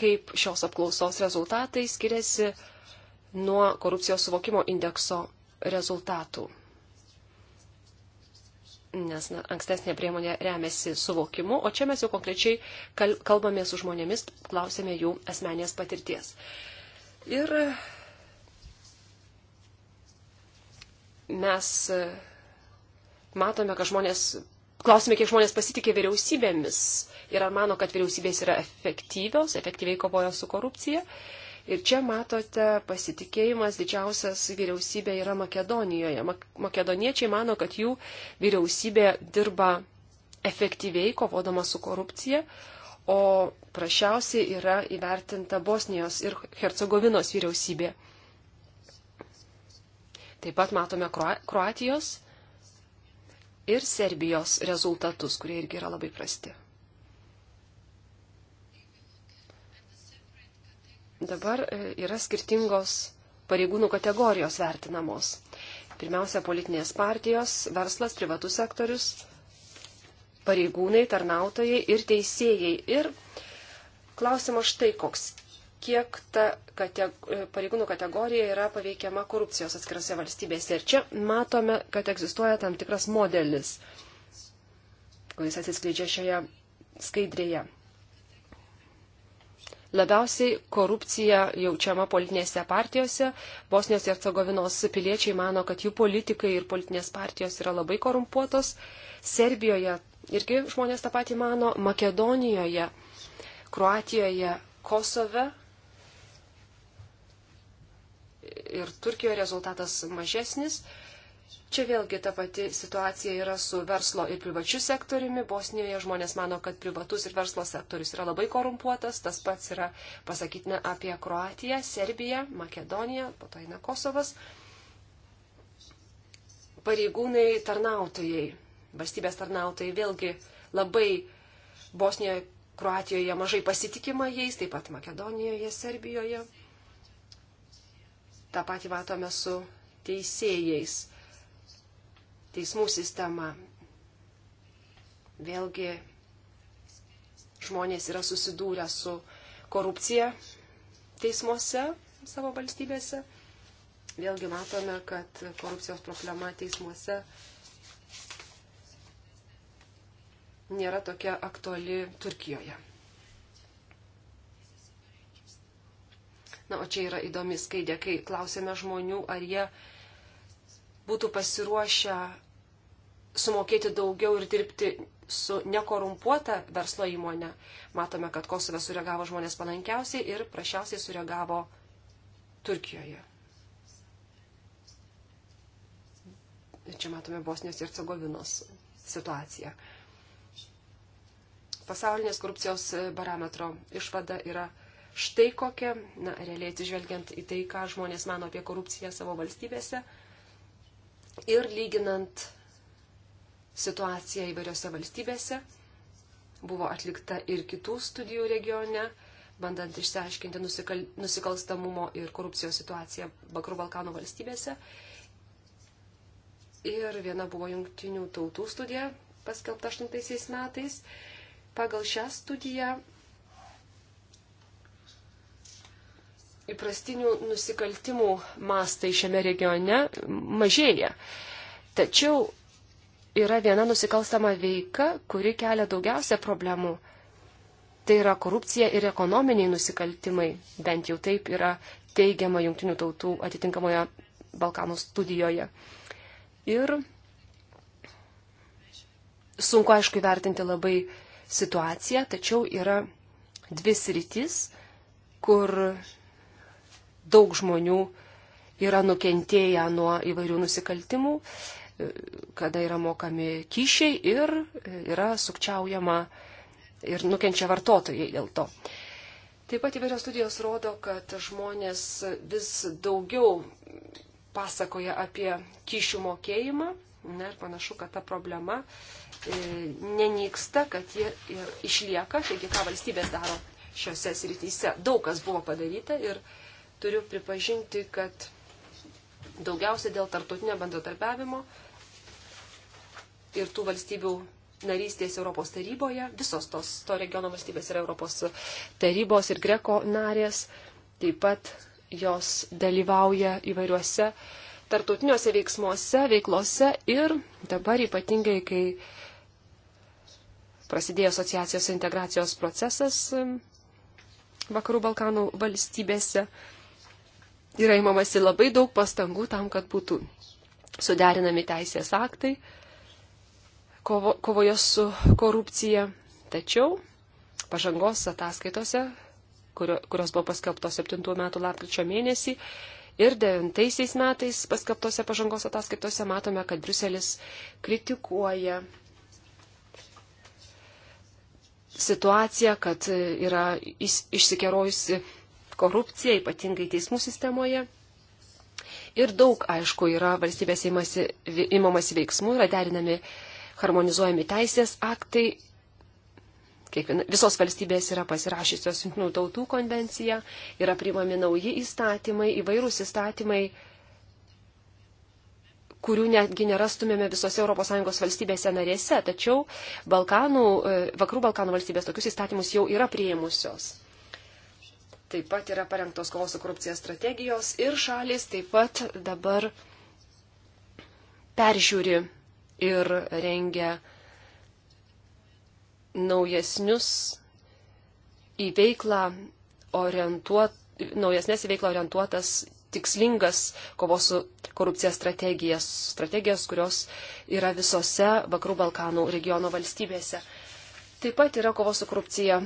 kaip šios apklausos rezultatai skiriasi nuo korupcijos suvokimo indekso rezultatų. Nes na, ankstesnė priemonė remiasi suvokimu, o čia mes jau konkrečiai kalbame su žmonėmis, klausėme jų asmenės patirties. Ir mes matome, kad žmonės, klausime, kiek žmonės pasitikė vyriausybėmis, ir ar mano, kad vyriausybės yra efektyvios, efektyviai kovoja su korupcija. Ir čia matote pasitikėjimas didžiausias vyriausybė yra Makedonijoje. Makedoniečiai mano, kad jų vyriausybė dirba efektyviai kovodama su korupcija, o prašiausiai yra įvertinta Bosnijos ir Hercegovinos vyriausybė. Taip pat matome Kroatijos ir Serbijos rezultatus, kurie irgi yra labai prasti. Dabar e, yra skirtingos pareigūnų kategorijos vertinamos. Pirmiausia, politinės partijos, verslas, privatus sektorius, pareigūnai, tarnautojai ir teisėjai. Ir klausimas štai koks kiek ta kateg e, pareigūnų kategorija yra paveikiama korupcijos atskirose valstybėse. Ir čia matome, kad egzistuoja tam tikras modelis, kuris atsiskleidžia šioje skaidrėje. Labiausiai korupcija jaučiama politinėse partijose. Bosnijos ir Cegovinos piliečiai mano, kad jų politikai ir politinės partijos yra labai korumpuotos. Serbijoje irgi žmonės tą patį mano. Makedonijoje, Kroatijoje, Kosove ir Turkijoje rezultatas mažesnis. Čia vėlgi ta pati situacija yra su verslo ir privačiu sektoriumi. Bosnijoje žmonės mano, kad privatus ir verslo sektorius yra labai korumpuotas. Tas pats yra pasakytina apie Kroatiją, Serbiją, Makedoniją, po to eina Kosovas. Pareigūnai, tarnautojai, valstybės tarnautojai vėlgi labai Bosnijoje, Kroatijoje mažai pasitikima jais, taip pat Makedonijoje, Serbijoje. Ta pati matome su teisėjais teismų sistema. Vėlgi žmonės yra susidūrę su korupcija teismuose savo valstybėse. Vėlgi matome, kad korupcijos problema teismuose nėra tokia aktuali Turkijoje. Na, o čia yra įdomi skaidė, kai klausėme žmonių, ar jie būtų pasiruošę sumokėti daugiau ir dirbti su nekorumpuota verslo įmonė. Matome, kad Kosove sureagavo žmonės palankiausiai ir prašiausiai sureagavo Turkijoje. Čia matome Bosnijos ir Cegovinos situaciją. Pasaulinės korupcijos barometro išvada yra štai kokia, na, realiai atsižvelgiant į tai, ką žmonės mano apie korupciją savo valstybėse ir lyginant situaciją įvairiose valstybėse. Buvo atlikta ir kitų studijų regione, bandant išsiaiškinti nusikal, nusikalstamumo ir korupcijos situaciją Vakarų Balkanų valstybėse. Ir viena buvo jungtinių tautų studija, paskelbta 8 metais. Pagal šią studiją įprastinių nusikaltimų mastai šiame regione mažėja. Tačiau yra viena nusikalstama veika, kuri kelia daugiausia problemų. Tai yra korupcija ir ekonominiai nusikaltimai, bent jau taip yra teigiama Junktinių tautų atitinkamoje Balkanų studijoje. Ir sunku, aišku, vertinti labai situaciją, tačiau yra dvi sritys, kur daug žmonių yra nukentėję nuo įvairių nusikaltimų. Uh, kada yra mokami kyšiai ir yra sukčiaujama ir nukenčia vartotojai dėl to. Taip pat įvairios studijos rodo, kad žmonės vis daugiau pasakoja apie kyšių mokėjimą. Na ir panašu, kad ta problema e, nenyksta, kad ji ir išlieka. Taigi, ką valstybės daro šiuose srityse. Daug kas buvo padaryta ir turiu pripažinti, kad daugiausia dėl tartutinio bendradarbiavimo e, ir tų valstybių narystės Europos taryboje. Visos tos to regiono valstybės yra Europos tarybos ir greko narės. Taip pat jos dalyvauja įvairiuose tartutiniuose veiksmuose, veiklose ir dabar ypatingai, kai prasidėjo asociacijos integracijos procesas um, Vakarų Balkanų valstybėse, yra įmamasi labai daug pastangų tam, kad būtų suderinami teisės aktai kovo, kovoje su korupcija. Tačiau pažangos ataskaitose, kurio, kurios buvo paskelbtos 7 metų lapkričio mėnesį ir 9 metais paskelbtose pažangos ataskaitose matome, kad Bruselis kritikuoja situaciją, kad yra išsikerojusi korupcija, ypatingai teismų sistemoje. Ir daug, aišku, yra valstybės įmasi, įmamasi veiksmų, yra derinami uh, harmonizuojami teisės aktai. Kiekviena, visos valstybės yra pasirašysios Junktinių tautų konvenciją, yra priimami nauji įstatymai, įvairūs įstatymai, kurių netgi nerastumėme visose ES valstybėse narėse, tačiau Balkanų, e, vakarų Balkanų valstybės tokius įstatymus jau yra prieimusios. Taip pat yra parengtos kovos su korupcija strategijos ir šalis taip pat dabar peržiūri ir rengia naujesnius į veiklą orientuot, naujesnės į veiklą orientuotas tikslingas kovos su korupcija strategijas, strategijas, kurios yra visose Vakarų Balkanų regiono valstybėse. Taip pat yra kovos su korupcija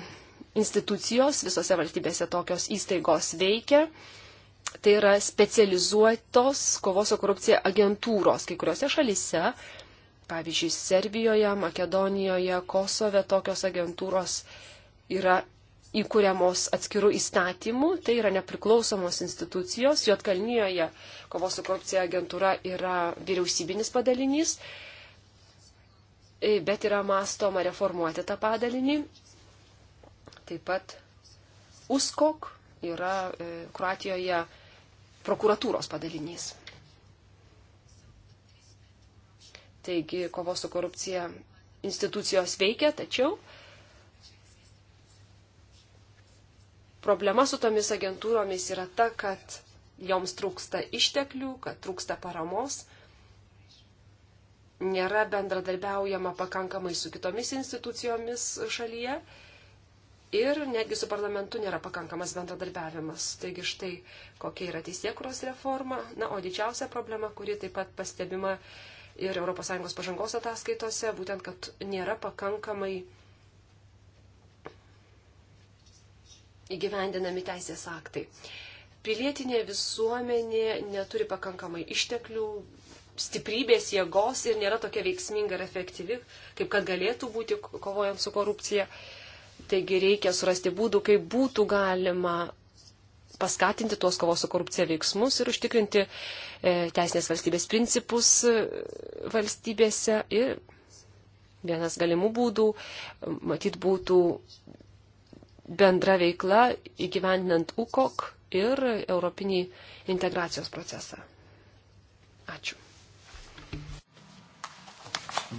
institucijos, visose valstybėse tokios įstaigos veikia. Tai yra specializuotos kovos su korupcija agentūros. Kai kuriuose šalyse Pavyzdžiui, Serbijoje, Makedonijoje, Kosove tokios agentūros yra įkūriamos atskirų įstatymų, tai yra nepriklausomos institucijos, Jotkalnyjoje kovos su korupcija agentūra yra vyriausybinis padalinys, bet yra mastoma reformuoti tą padalinį. Taip pat USKOK yra e, Kroatijoje prokuratūros padalinys. Taigi kovos su korupcija institucijos veikia, tačiau problema su tomis agentūromis yra ta, kad joms trūksta išteklių, kad trūksta paramos, nėra bendradarbiaujama pakankamai su kitomis institucijomis šalyje ir netgi su parlamentu nėra pakankamas bendradarbiavimas. Taigi štai kokia yra teisėkuros reforma. Na, o didžiausia problema, kuri taip pat pastebima ir ES pažangos ataskaitose, būtent, kad nėra pakankamai įgyvendinami teisės aktai. Pilietinė visuomenė neturi pakankamai išteklių, stiprybės, jėgos ir nėra tokia veiksminga ir efektyvi, kaip kad galėtų būti kovojant su korupcija. Taigi reikia surasti būdų, kaip būtų galima paskatinti tuos kovos su korupcija veiksmus ir užtikrinti e, teisinės valstybės principus e, valstybėse. Ir vienas galimų būdų, matyt, būtų bendra veikla įgyvendinant UKOK ir Europinį integracijos procesą. Ačiū.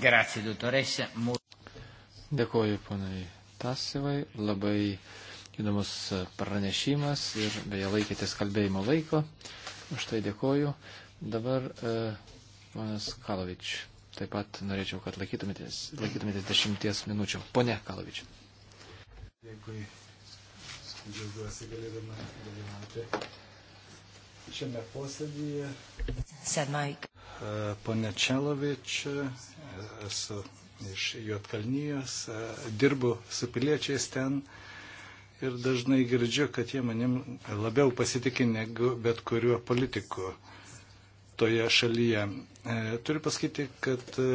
Grazie, dottoressa. Dėkuoju, ponai Tasivai. Labai įdomus pranešimas ir beje laikėtės kalbėjimo laiko. Už tai dėkoju. Dabar, e, ponas Kalovič, taip pat norėčiau, kad laikytumėtės, laikytumėtės dešimties minučių. Pone Kalovič. Dėkui. Džiaugiuosi galėdama dalyvauti šiame posėdyje. E, pone Čelovič, e, esu iš Juotkalnyjos, dirbu su piliečiais ten ir dažnai girdžiu, kad jie manim labiau pasitikė negu bet kuriuo politiku toje šalyje. E, turiu pasakyti, kad e,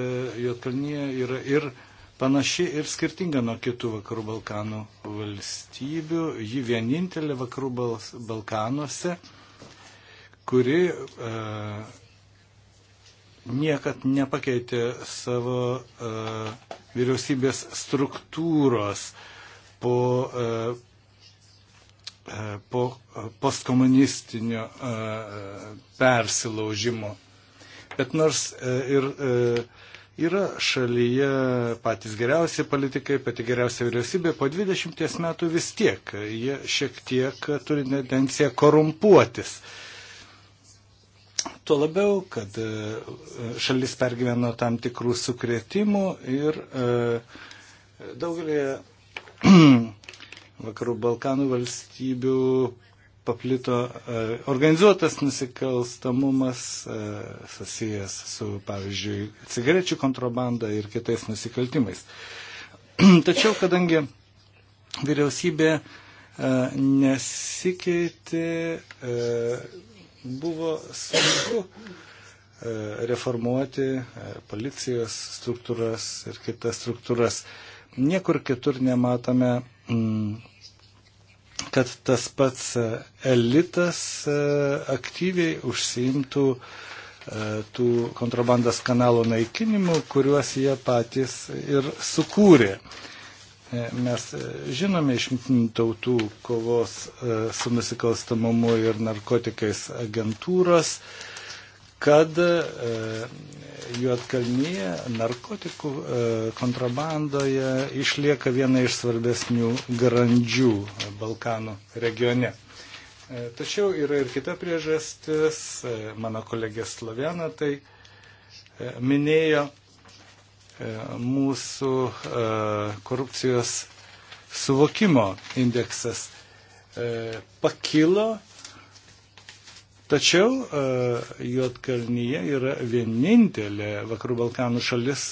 Jotkalnyje yra ir panaši ir skirtinga nuo kitų vakarų Balkanų valstybių. Ji vienintelė vakarų Balkanuose, kuri e, niekad nepakeitė savo e, vyriausybės struktūros po e, E, po e, postkomunistinio e, persilaužimo. Bet nors ir yra šalyje patys geriausi politikai, pati geriausia vyriausybė, po 20 metų vis tiek jie šiek tiek turi tendenciją korumpuotis. Tuo labiau, kad šalis pergyveno tam tikrų sukretimų ir daugelį vakarų Balkanų valstybių paplito e, organizuotas nusikalstamumas e, susijęs su, pavyzdžiui, cigarečių kontrabanda ir kitais nusikaltimais. Tačiau, kadangi vyriausybė e, nesikeitė, buvo sunku reformuoti policijos struktūras ir kitas struktūras niekur kitur nematome, mm, kad tas pats e, elitas e, aktyviai užsiimtų e, tų kontrabandas kanalų naikinimu, kuriuos jie patys ir sukūrė. Mes žinome iš tautų kovos su nusikalstamumu ir narkotikais agentūros, kad e, Juotkalnyje narkotikų e, kontrabandoje išlieka viena iš svarbesnių grandžių Balkanų regione. E, tačiau yra ir kita priežastis, mano kolegė Slovena tai minėjo mūsų korupcijos suvokimo indeksas pakilo Tačiau e, Juotkalnyje yra vienintelė Vakarų Balkanų šalis,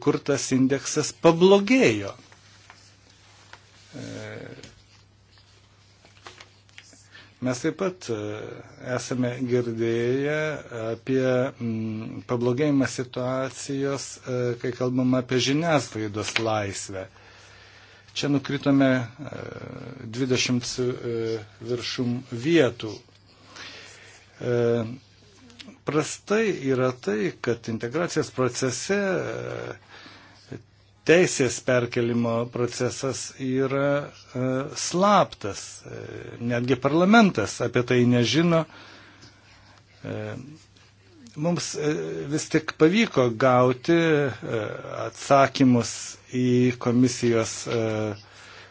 kur tas indeksas pablogėjo. E, mes taip pat e, esame girdėję apie mm, pablogėjimą situacijos, kai kalbam apie žiniasklaidos laisvę. Čia nukritome 20 viršum vietų E, prastai yra tai, kad integracijos procese e, teisės perkelimo procesas yra e, slaptas. Netgi parlamentas apie tai nežino mums vis tik pavyko gauti atsakymus į komisijos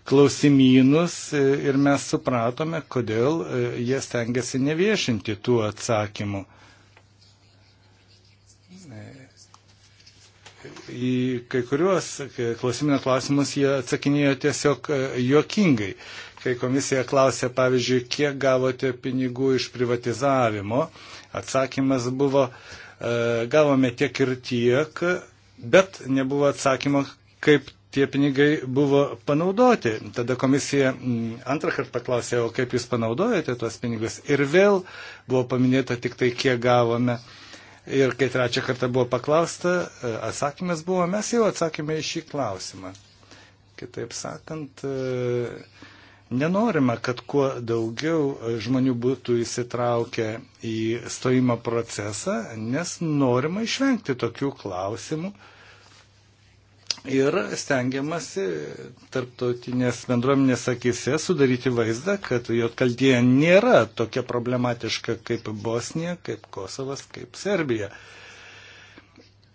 klausimynus ir mes supratome, kodėl e, jie stengiasi neviešinti tų atsakymų. E, į kai kuriuos e, klausimino klausimus jie atsakinėjo tiesiog juokingai. Kai komisija klausė, pavyzdžiui, kiek gavote pinigų iš privatizavimo, atsakymas buvo, gavome tiek ir tiek, bet nebuvo atsakymo, kaip tie pinigai buvo panaudoti. Tada komisija mm, antrą kartą paklausė, o kaip jūs panaudojate tuos pinigus. Ir vėl buvo paminėta tik tai, kiek gavome. Ir kai trečią kartą buvo paklausta, e, atsakymas buvo, mes jau atsakėme į šį klausimą. Kitaip sakant, e, nenorime, kad kuo daugiau žmonių būtų įsitraukę į stojimo procesą, nes norima išvengti tokių klausimų, Ir stengiamasi tarptautinės bendruomenės akise sudaryti vaizdą, kad Jotkaldyje nėra tokia problematiška kaip Bosnija, kaip Kosovas, kaip Serbija.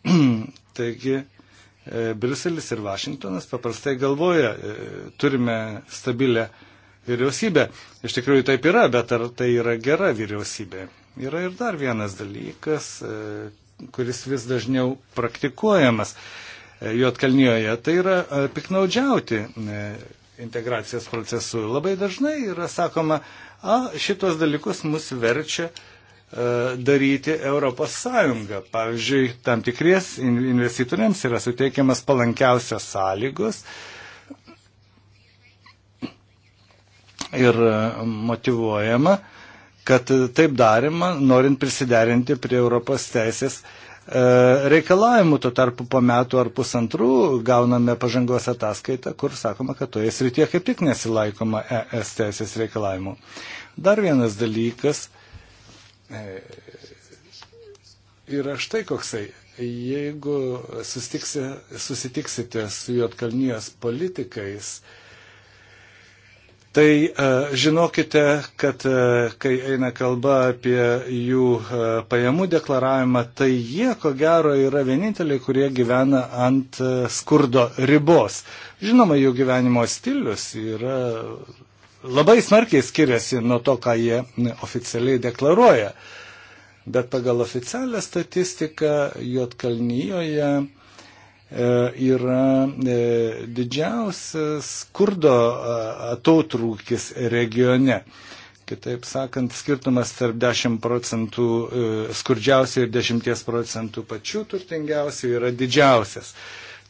Taigi, e, Briuselis ir Vašingtonas paprastai galvoja, e, turime stabilę vyriausybę. Iš tikrųjų taip yra, bet ar tai yra gera vyriausybė? Yra ir dar vienas dalykas, e, kuris vis dažniau praktikuojamas Juotkalnijoje, tai yra e, piknaudžiauti e, integracijos procesu. Labai dažnai yra sakoma, a, šitos dalykus mus verčia e, daryti Europos Sąjungą. Pavyzdžiui, tam tikries investitoriams yra suteikiamas palankiausios sąlygos ir motivuojama, kad taip darima, norint prisiderinti prie Europos teisės uh, E, reikalavimų, tuo tarpu po metų ar pusantrų gauname pažangos ataskaitą, kur sakoma, kad toje srityje kaip tik nesilaikoma ES teisės reikalavimų. Dar vienas dalykas e, yra štai koksai. Jeigu susitiksite su Jotkalnyjos politikais, e, Tai e, žinokite, kad e, kai eina kalba apie jų e, pajamų deklaravimą, tai jie ko gero yra vieninteliai, kurie gyvena ant skurdo ribos. Žinoma, jų gyvenimo stilius yra labai smarkiai skiriasi nuo to, ką jie oficialiai deklaruoja. Bet pagal oficialią statistiką Jotkalnyjoje E, yra e, didžiausias skurdo e, atotrūkis regione. Kitaip sakant, skirtumas tarp 10 procentų skurdžiausių ir 10 procentų pačių turtingiausių yra didžiausias.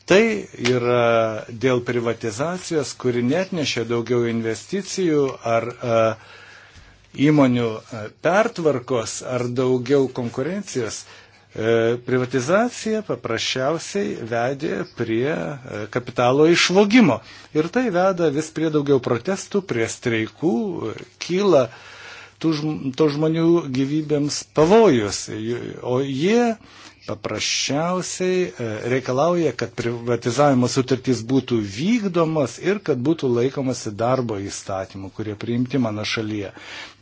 Tai yra dėl privatizacijos, kuri net nešia daugiau investicijų ar a, įmonių pertvarkos ar daugiau konkurencijos. A, E, privatizacija paprasčiausiai vedė prie e, kapitalo išvogimo. Ir tai veda vis prie daugiau protestų, prie streikų, e, kyla tų, to žmonių gyvybėms pavojus. O jie paprasčiausiai e, reikalauja, kad privatizavimo sutartys būtų vykdomos ir kad būtų laikomasi darbo įstatymų, kurie priimti mano šalyje.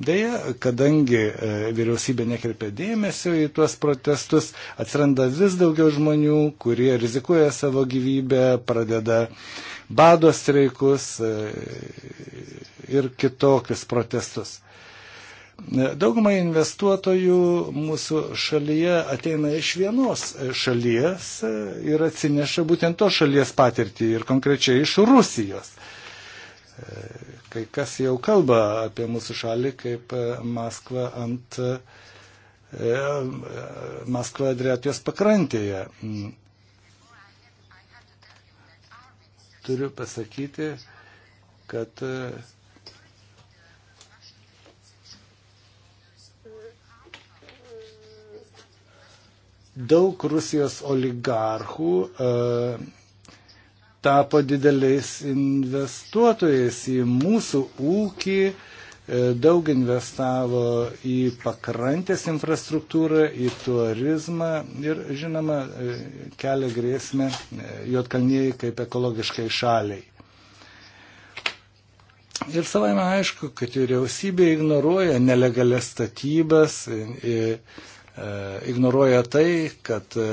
Deja, kadangi e, vyriausybė nekreipia dėmesio į tuos protestus, atsiranda vis daugiau žmonių, kurie rizikuoja savo gyvybę, pradeda bado streikus e, ir kitokius protestus. Dauguma investuotojų mūsų šalyje ateina iš vienos šalies ir atsineša būtent to šalies patirtį ir konkrečiai iš Rusijos. Kai kas jau kalba apie mūsų šalį kaip Maskvą ant Maskvą Adriatijos pakrantėje. Turiu pasakyti, kad daug Rusijos oligarchų e, tapo dideliais investuotojais į mūsų ūkį, e, daug investavo į pakrantės infrastruktūrą, į turizmą ir, žinoma, e, kelia grėsmę e, juotkalniai kaip ekologiškai šaliai. Ir savaime aišku, kad vyriausybė ignoruoja nelegalias statybas. E, e, E, ignoruoja tai, kad e,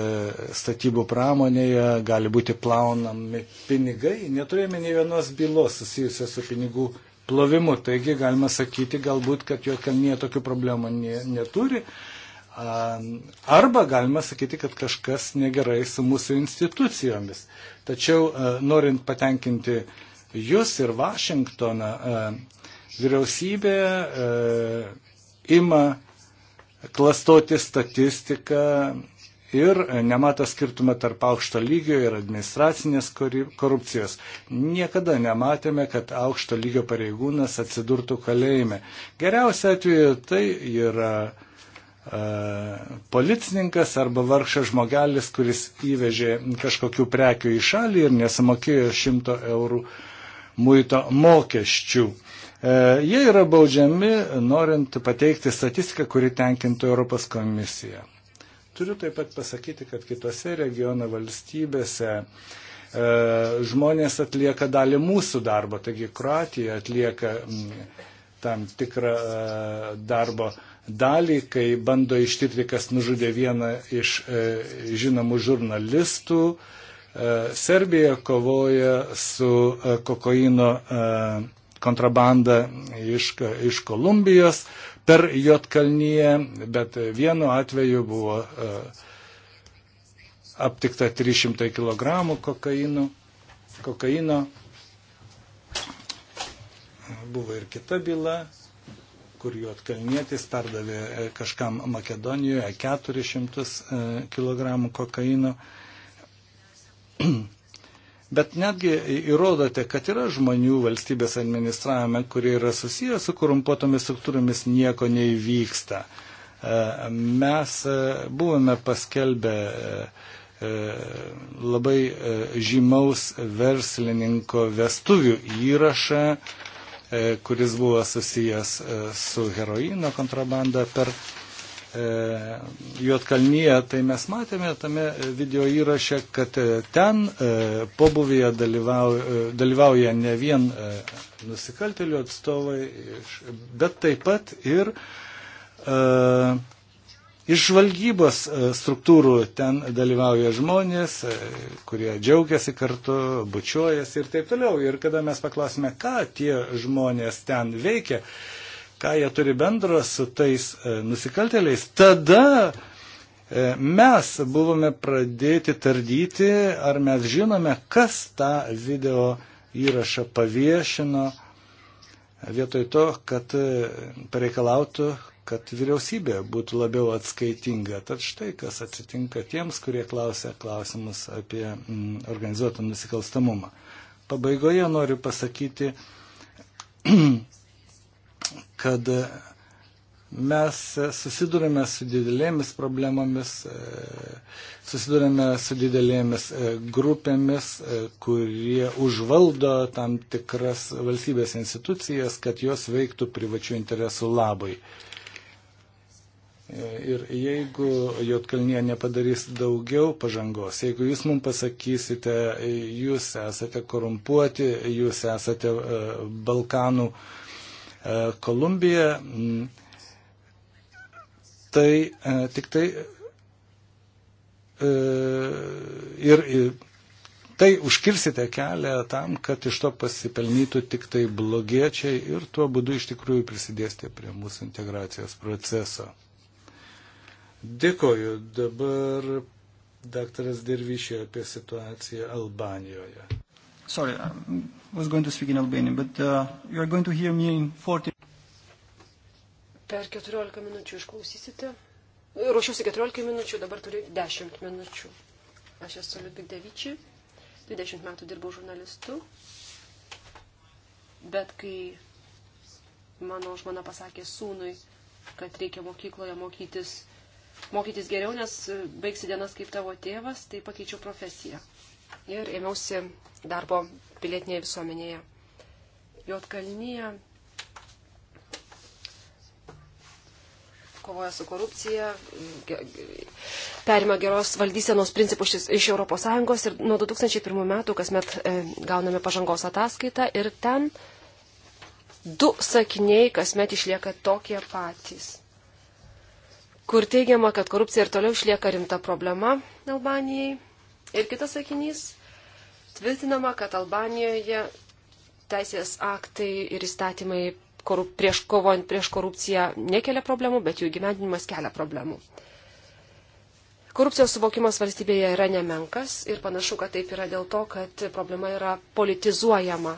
statybų pramonėje gali būti plaunami pinigai. Neturėjome nei vienos bylos susijusios su pinigų plovimu, taigi galima sakyti galbūt, kad juokalnie tokių problemų neturi. Arba galima sakyti, kad kažkas negerai su mūsų institucijomis. Tačiau e, norint patenkinti jūs ir Vašingtoną, vyriausybė ima klastoti statistiką ir nemato skirtumą tarp aukšto lygio ir administracinės korupcijos. Niekada nematėme, kad aukšto lygio pareigūnas atsidurtų kalėjime. Geriausia atveju tai yra e, policininkas arba vargšas žmogelis, kuris įvežė kažkokių prekių į šalį ir nesumokėjo šimto eurų muito mokesčių. E, jie yra baudžiami, norint pateikti statistiką, kuri tenkintų Europos komisiją. Turiu taip pat pasakyti, kad kitose regiono valstybėse e, žmonės atlieka dalį mūsų darbo, taigi Kroatija atlieka mm, tam tikrą e, darbo dalį, kai bando ištirti, kas nužudė vieną iš žinomų žurnalistų. Serbija kovoja su kokaino kontrabandą iš, iš Kolumbijos per Jotkalnyje, bet vienu atveju buvo e, aptikta 300 kg kokaino. kokaino. Buvo ir kita byla, kur Jotkalnietis perdavė e, kažkam Makedonijoje 400 e, kg kokaino. Bet netgi įrodote, kad yra žmonių valstybės administravime, kurie yra susiję su korumpuotomis struktūromis, nieko neįvyksta. E, mes e, buvome paskelbę e, labai žymaus verslininko vestuvių įrašą, kuris buvo susijęs su heroino kontrabanda per E, Juotkalnyje, tai mes matėme tame video įraše, kad ten e, pobuvėje dalyvauja, e, dalyvauja ne vien nusikaltelių atstovai, bet taip pat ir iš žvalgybos struktūrų ten dalyvauja žmonės, kurie džiaugiasi kartu, bučiuojasi ir taip toliau. Ir kada mes paklausime, ką tie žmonės ten veikia, ką jie turi bendro su tais e, nusikaltėliais, tada e, mes buvome pradėti tardyti, ar mes žinome, kas tą video įrašą paviešino, vietoj to, kad e, pareikalautų, kad vyriausybė būtų labiau atskaitinga. Tad štai kas atsitinka tiems, kurie klausia klausimus apie mm, organizuotą nusikalstamumą. Pabaigoje noriu pasakyti, kad e, mes susidurime su didelėmis problemomis, e, susidurime su didelėmis e, grupėmis, kurie užvaldo tam tikras valstybės institucijas, kad jos veiktų privačių interesų labai. Ir jeigu Jotkalnie nepadarys daugiau pažangos, jeigu jūs mums pasakysite, jūs esate korumpuoti, jūs esate Balkanų uh, E, Kolumbija tai e, tik tai e, ir, ir tai užkirsite kelią tam, kad iš to pasipelnytų tik tai blogiečiai ir tuo būdu iš tikrųjų prisidėsite prie mūsų integracijos proceso. Dėkoju. Dabar daktaras Dervišė apie situaciją Albanijoje. Sorry, I was going to speak in Albanian, but uh, you are going to hear me in 40. Per 14 minučių išklausysite. Ruošiuosi 14 minučių, dabar turiu 10 minučių. Aš esu Liudvik Devičiai, 20 metų dirbau žurnalistu, bet kai mano žmona pasakė sūnui, kad reikia mokykloje mokytis, mokytis geriau, nes baigsi dienas kaip tavo tėvas, tai pakeičiau profesiją ir ėmiausi darbo pilietinėje visuomenėje. Jotkalnyje kovoja su korupcija, perima geros valdysenos principus iš ES ir nuo 2001 metų kasmet e, gauname pažangos ataskaitą ir ten du sakiniai kasmet išlieka tokie patys, kur teigiama, kad korupcija ir toliau išlieka rimta problema Albanijai Ir kitas sakinys - tvirtinama, kad Albanijoje teisės aktai ir įstatymai korup, prieš kovojant prieš korupciją nekelia problemų, bet jų gyvendinimas kelia problemų. Korupcijos suvokimas valstybėje yra nemenkas ir panašu, kad taip yra dėl to, kad problema yra politizuojama.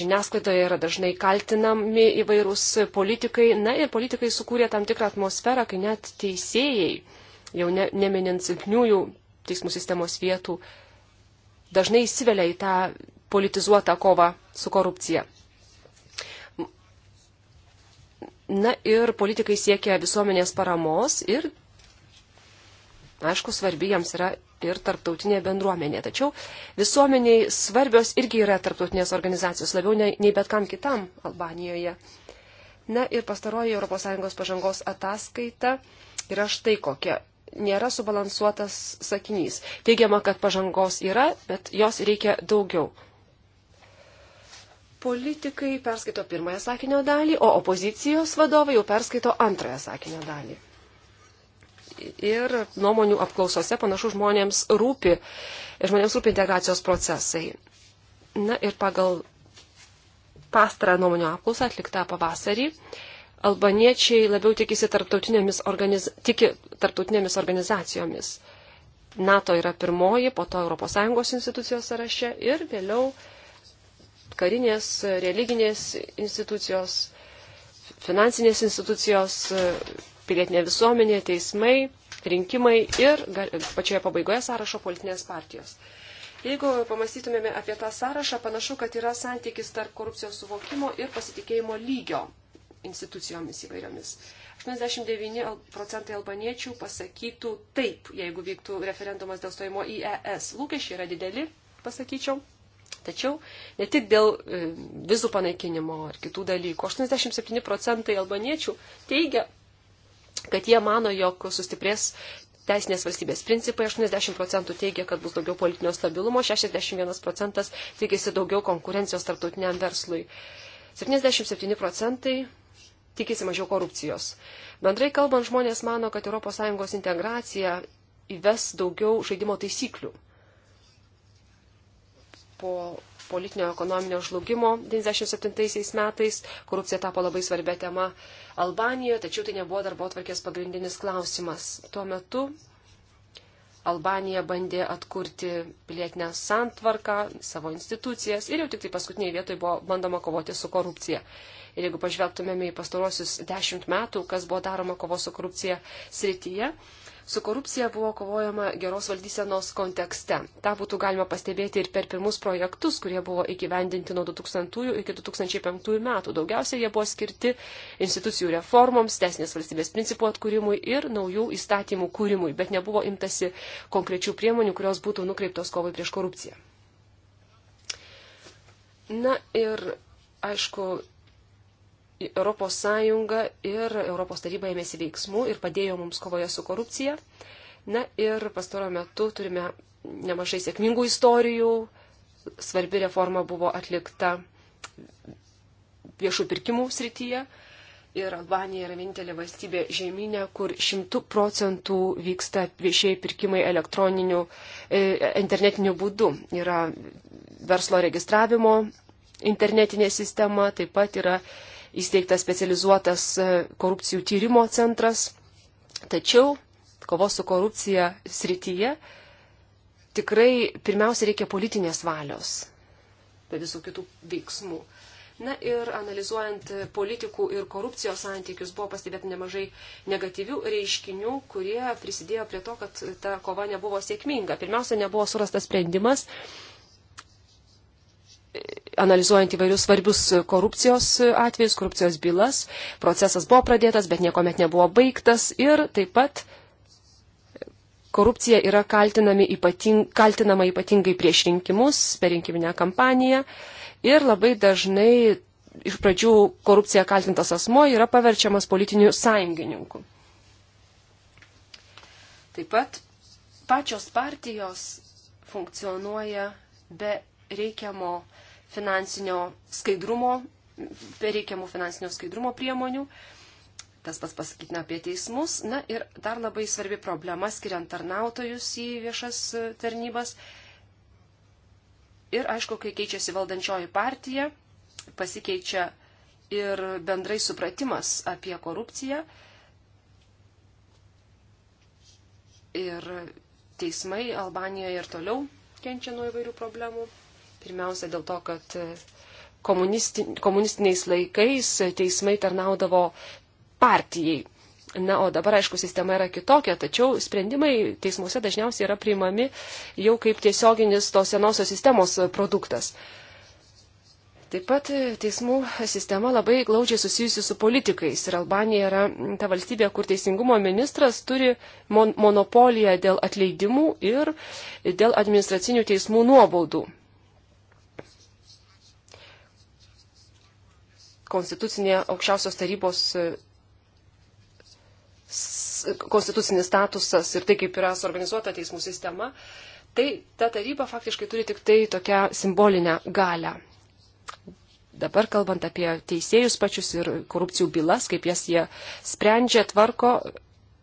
Žiniasklaidoje yra dažnai kaltinami įvairūs politikai, na ir politikai sukūrė tam tikrą atmosferą, kai net teisėjai, jau ne, neminint silpniųjų teismų sistemos vietų dažnai įsivelia į tą politizuotą kovą su korupcija. Na ir politikai siekia visuomenės paramos ir, aišku, svarbi jiems yra ir tarptautinė bendruomenė. Tačiau visuomeniai svarbios irgi yra tarptautinės organizacijos, labiau nei, nei bet kam kitam Albanijoje. Na ir pastaroji ES pažangos ataskaita yra štai kokia nėra subalansuotas sakinys. Teigiama, kad pažangos yra, bet jos reikia daugiau. Politikai perskaito pirmąją sakinio dalį, o opozicijos vadovai jau perskaito antrąją sakinio dalį. Ir nuomonių apklausose panašu žmonėms rūpi, žmonėms rūpi integracijos procesai. Na ir pagal pastarą nuomonio apklausą atliktą pavasarį, uh, albaniečiai labiau tikisi tarptautinėmis, organiz... tiki tarptautinėmis organizacijomis. NATO yra pirmoji, po to ES institucijos sąraše ir vėliau karinės, religinės institucijos, finansinės institucijos, pilietinė visuomenė, teismai, rinkimai ir pačioje pabaigoje sąrašo politinės partijos. Jeigu pamastytumėme apie tą sąrašą, panašu, kad yra santykis tarp korupcijos suvokimo ir pasitikėjimo lygio institucijomis įvairiomis. 89 procentai albaniečių pasakytų taip, jeigu vyktų referendumas dėl stojimo į ES. Lūkesčiai yra dideli, pasakyčiau. Tačiau ne tik dėl e, vizų panaikinimo ar kitų dalykų. 87 procentai albaniečių teigia, kad jie mano, jog sustiprės teisinės valstybės principai, 80 procentų teigia, kad bus daugiau politinio stabilumo, 61 procentas tikisi daugiau konkurencijos tarptautiniam verslui. 77 procentai tikisi mažiau korupcijos. Bendrai kalbant, žmonės mano, kad ES integracija įves daugiau žaidimo taisyklių. Po politinio ekonominio žlugimo 1997 metais korupcija tapo labai svarbia tema Albanijoje, tačiau tai nebuvo darbo atvarkės pagrindinis klausimas. Tuo metu Albanija bandė atkurti pilietinę santvarką, savo institucijas ir jau tik tai paskutiniai vietoj buvo bandoma kovoti su korupcija. Ir jeigu pažvelgtumėme į pastarosius dešimt metų, kas buvo daroma kovos su korupcija srityje, su korupcija buvo kovojama geros valdysenos kontekste. Ta būtų galima pastebėti ir per pirmus projektus, kurie buvo įgyvendinti nuo 2000 iki 2005 metų. Daugiausiai jie buvo skirti institucijų reformoms, tesnės valstybės principų atkūrimui ir naujų įstatymų kūrimui, bet nebuvo imtasi konkrečių priemonių, kurios būtų nukreiptos kovai prieš korupciją. Na ir, aišku, Europos Sąjunga ir Europos taryba ėmėsi veiksmų ir padėjo mums kovoje su korupcija. Na ir pastaruoju metu turime nemažai sėkmingų istorijų. Svarbi reforma buvo atlikta viešų pirkimų srityje. Ir Albanija yra vienintelė valstybė žemynė, kur šimtų procentų vyksta viešieji pirkimai elektroniniu, e, internetiniu būdu. Yra verslo registravimo internetinė sistema, taip pat yra įsteigtas specializuotas e, korupcijų tyrimo centras. Tačiau kovos su korupcija srityje tikrai pirmiausia reikia politinės valios be visų kitų veiksmų. Na ir analizuojant politikų ir korupcijos santykius buvo pastebėta nemažai negatyvių reiškinių, kurie prisidėjo prie to, kad ta kova nebuvo sėkminga. Pirmiausia, nebuvo surastas sprendimas, analizuojant įvairius svarbius korupcijos atvejus, korupcijos bylas. Procesas buvo pradėtas, bet niekuomet nebuvo baigtas ir taip pat korupcija yra ypating, kaltinama ypatingai prieš rinkimus, per rinkiminę kampaniją ir labai dažnai iš pradžių korupcija kaltintas asmo yra paverčiamas politiniu sąjungininku. Taip pat pačios partijos funkcionuoja be reikiamo uh, finansinio skaidrumo, reikiamų finansinio skaidrumo priemonių. Tas pats pasakytina apie teismus. Na ir dar labai svarbi problema skiriant tarnautojus į viešas e, tarnybas. Ir aišku, kai keičiasi valdančioji partija, pasikeičia ir bendrai supratimas apie korupciją. Ir teismai Albanijoje ir toliau kenčia nuo įvairių problemų. Pirmiausia dėl to, kad e, komunisti, komunistiniais laikais e, teismai tarnaudavo partijai. Na, o dabar, aišku, sistema yra kitokia, tačiau sprendimai teismuose dažniausiai yra priimami jau kaip tiesioginis tos senosios sistemos produktas. Taip pat e, teismų sistema labai glaudžiai susijusi su politikais ir Albanija yra ta valstybė, kur teisingumo ministras turi mon monopoliją dėl atleidimų ir dėl administracinių teismų nuobaudų. konstitucinė aukščiausios tarybos e, konstitucinis statusas ir tai, kaip yra suorganizuota teismų sistema, tai ta taryba faktiškai turi tik tai tokią simbolinę galę. Dabar kalbant apie teisėjus pačius ir korupcijų bylas, kaip jas jie sprendžia, tvarko,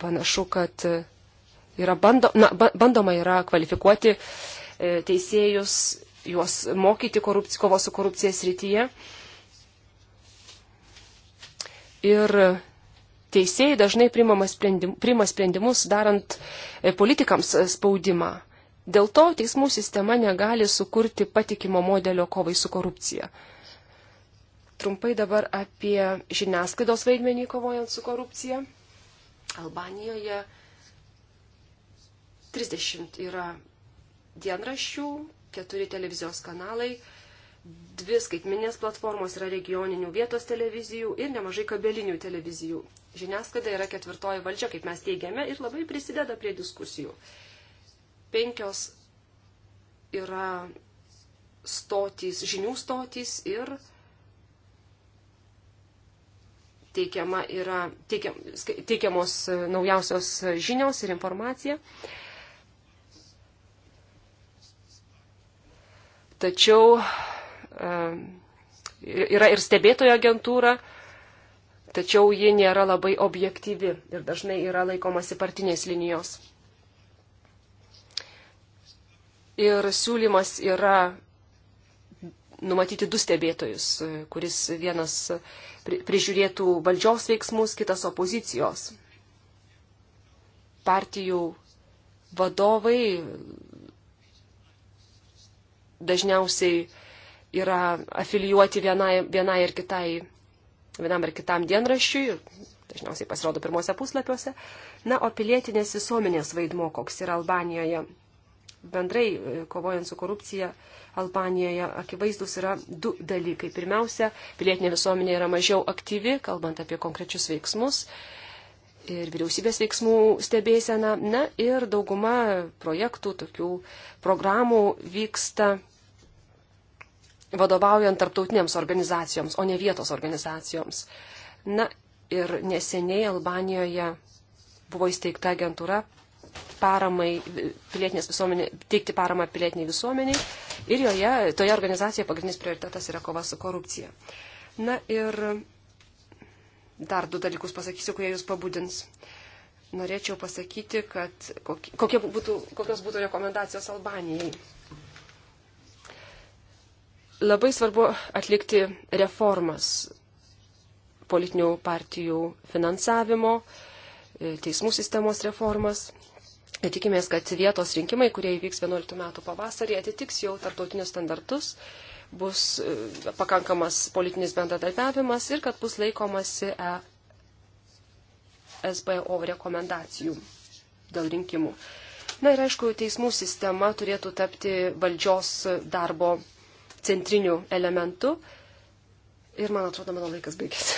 panašu, kad yra bando, na, bandoma yra kvalifikuoti e, teisėjus, juos mokyti korupci, kovos su korupcija srityje. E, ir teisėjai dažnai priima sprendimus, sprendimus darant e, politikams e, spaudimą. Dėl to teismų sistema negali sukurti patikimo modelio kovai su korupcija. Trumpai dabar apie žiniasklaidos vaidmenį kovojant su korupcija. Albanijoje 30 yra dienraščių, 4 televizijos kanalai, Dvi skaitminės platformos yra regioninių vietos televizijų ir nemažai kabelinių televizijų. Žiniasklaida yra ketvirtoji valdžia, kaip mes teigiame, ir labai prisideda prie diskusijų. Penkios yra stotys, žinių stotys ir teikiama yra, teikiam, teikiamos e, naujausios žinios ir informacija. Tačiau E, yra ir stebėtojo agentūra, tačiau ji nėra labai objektyvi ir dažnai yra laikomasi partinės linijos. Ir siūlymas yra numatyti du stebėtojus, kuris vienas prižiūrėtų valdžios veiksmus, kitas opozicijos. Partijų vadovai dažniausiai yra afilijuoti vienai, vienai ir kitai, vienam ir kitam dienraščiui, dažniausiai pasirodo pirmose puslapiuose. Na, o pilietinės visuomenės vaidmo, koks yra Albanijoje, bendrai e, kovojant su korupcija, Albanijoje akivaizdus yra du dalykai. Pirmiausia, pilietinė visuomenė yra mažiau aktyvi, kalbant apie konkrečius veiksmus ir vyriausybės veiksmų stebėseną. Na ir dauguma projektų, tokių programų vyksta vadovaujant tarptautinėms organizacijoms, o ne vietos organizacijoms. Na ir neseniai Albanijoje buvo įsteigta agentūra paramai pilietinės visuomenė, teikti paramą pilietiniai visuomeniai ir joje, toje organizacijoje pagrindinis prioritetas yra kova su korupcija. Na ir dar du dalykus pasakysiu, kurie jūs pabudins. Norėčiau pasakyti, kad kokie būtų, kokios būtų rekomendacijos Albanijai. Labai svarbu atlikti reformas politinių partijų finansavimo, e, teismų sistemos reformas. Ir tikimės, kad vietos rinkimai, kurie įvyks 11 metų pavasarį, atitiks jau tarptautinius standartus, bus e, pakankamas politinis bendradarbiavimas ir kad bus laikomasi e, SBO rekomendacijų dėl rinkimų. Na ir aišku, teismų sistema turėtų tapti valdžios darbo centriniu elementu. Ir man atrodo, mano laikas baigėsi.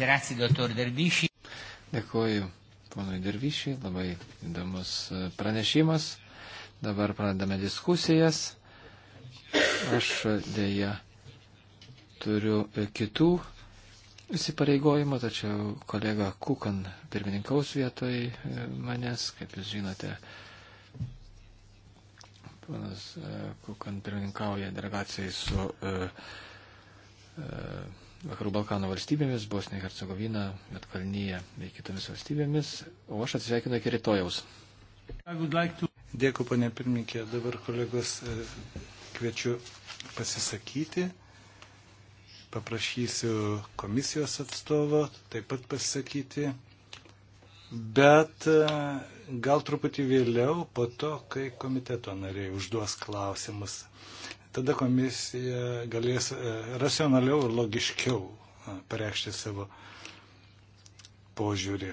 Grazie, doktor Dervišį. Dėkuoju, ponui Dervišį, labai įdomus e, pranešimas. Dabar pradame diskusijas. Aš e, dėja turiu e, kitų įsipareigojimų, tačiau kolega Kukan pirmininkaus vietoj manęs, kaip jūs žinote, Panas e, Kukan pirmininkauja delegacijai su uh, uh, Vakarų Balkanų valstybėmis, Bosnija, Hercegovina, Metkalnyje bei kitomis valstybėmis, o aš atsisveikinu iki rytojaus. Like to... Dėkui, ponė pirmininkė, dabar kolegos kviečiu pasisakyti. Paprašysiu komisijos atstovo taip pat pasisakyti. Bet gal truputį vėliau, po to, kai komiteto nariai užduos klausimus. Tada komisija galės e, racionaliau ir logiškiau e, pareikšti savo požiūrį.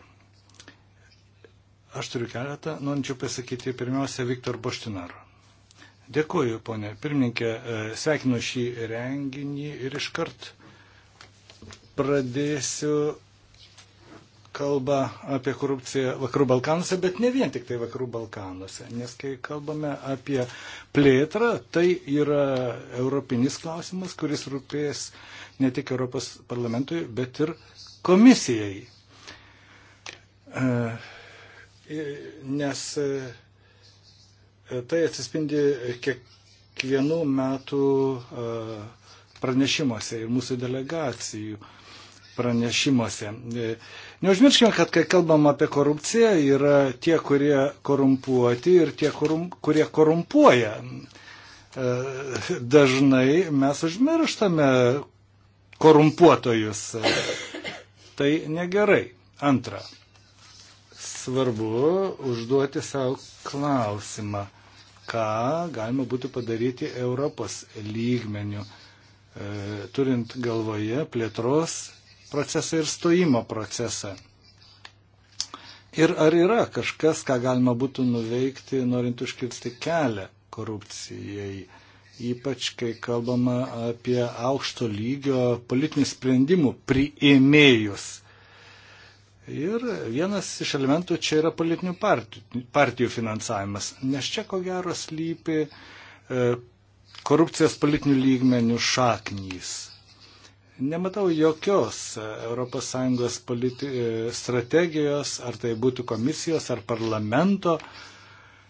Aš turiu keletą, norinčiau pasakyti pirmiausia Viktor Boštinaru. Dėkuoju, ponė pirmininkė, e, sveikinu šį renginį ir iškart pradėsiu kalba apie korupciją Vakarų Balkanuose, bet ne vien tik tai Vakarų Balkanuose, nes kai kalbame apie plėtrą, tai yra europinis klausimas, kuris rūpės ne tik Europos parlamentui, bet ir komisijai. E, nes e, tai atsispindi kiekvienų metų e, pranešimuose ir mūsų delegacijų pranešimuose. Neužmirškime, kad kai kalbam apie korupciją, yra tie, kurie korumpuoti ir tie, korum, kurie korumpuoja. E, dažnai mes užmirštame korumpuotojus. Tai negerai. Antra, svarbu užduoti savo klausimą, ką galima būtų padaryti Europos lygmeniu, e, turint galvoje plėtros procesą ir stojimo procesą. Ir ar yra kažkas, ką galima būtų nuveikti, norint užkirsti kelią korupcijai, ypač kai kalbama apie aukšto lygio politinių sprendimų priėmėjus. Ir vienas iš elementų čia yra politinių partijų, partijų finansavimas, nes čia ko gero slypi e, korupcijos politinių lygmenių šaknys. Nematau jokios e, ES politi... E, strategijos, ar tai būtų komisijos ar parlamento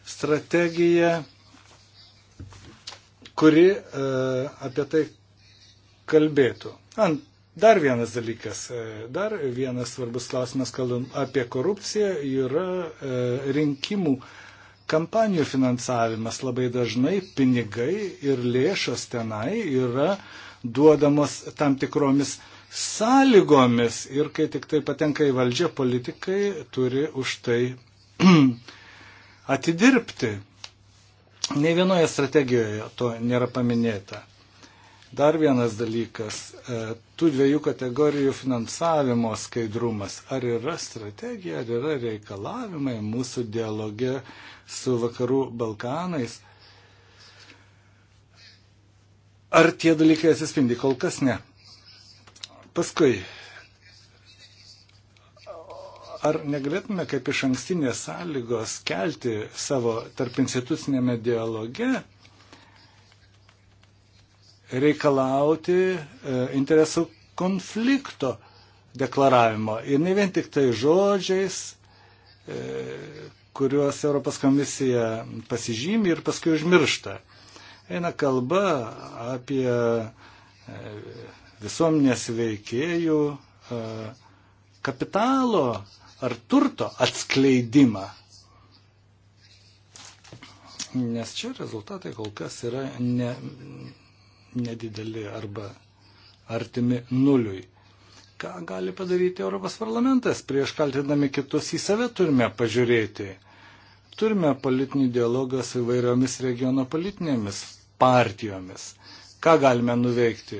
strategija, kuri e, apie tai kalbėtų. Ant Dar vienas dalykas, dar vienas svarbus klausimas, kalbant apie korupciją, yra rinkimų kampanijų finansavimas. Labai dažnai pinigai ir lėšos tenai yra duodamos tam tikromis sąlygomis ir kai tik tai patenka į valdžią, politikai turi už tai atidirbti. Ne vienoje strategijoje to nėra paminėta. Dar vienas dalykas e, - tų dviejų kategorijų finansavimo skaidrumas. Ar yra strategija, ar yra reikalavimai mūsų dialoge su vakarų Balkanais Ar tie dalykai atsispindi? Kol kas ne. Paskui, ar negalėtume kaip iš ankstinės sąlygos kelti savo tarp institucinėme dialoge reikalauti e, interesų konflikto deklaravimo ir ne vien tik tai žodžiais, e, kuriuos Europos komisija pasižymi ir paskui užmiršta. Eina kalba apie e, visuomenės veikėjų e, kapitalo ar turto atskleidimą. Nes čia rezultatai kol kas yra ne, nedideli arba artimi nuliui. Ką gali padaryti Europos parlamentas? Prieš kaltinami kitus į save turime pažiūrėti. Turime politinį dialogą su įvairiomis regiono politinėmis partijomis. Ką galime nuveikti?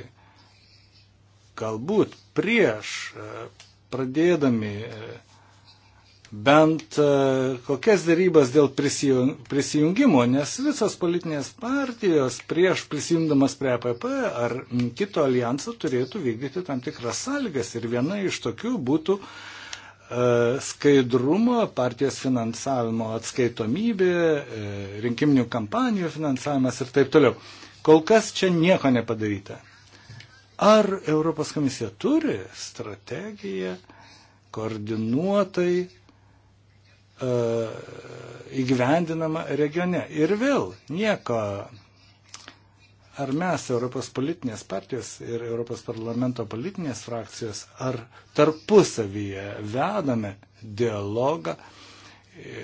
Galbūt prieš e, pradėdami e, bent e, kokias darybas dėl prisijungimo, nes visas politinės partijos prieš prisijungdamas prie APP ar kito alijanso turėtų vykdyti tam tikras sąlygas ir viena iš tokių būtų uh, E, skaidrumo, partijos finansavimo atskaitomybė, e, rinkiminių kampanijų finansavimas ir taip toliau. Kol kas čia nieko nepadaryta. Ar Europos komisija turi strategiją koordinuotai e, įgyvendinama regione? Ir vėl nieko ar mes, Europos politinės partijos ir Europos parlamento politinės frakcijos, ar tarpusavyje vedame dialogą e,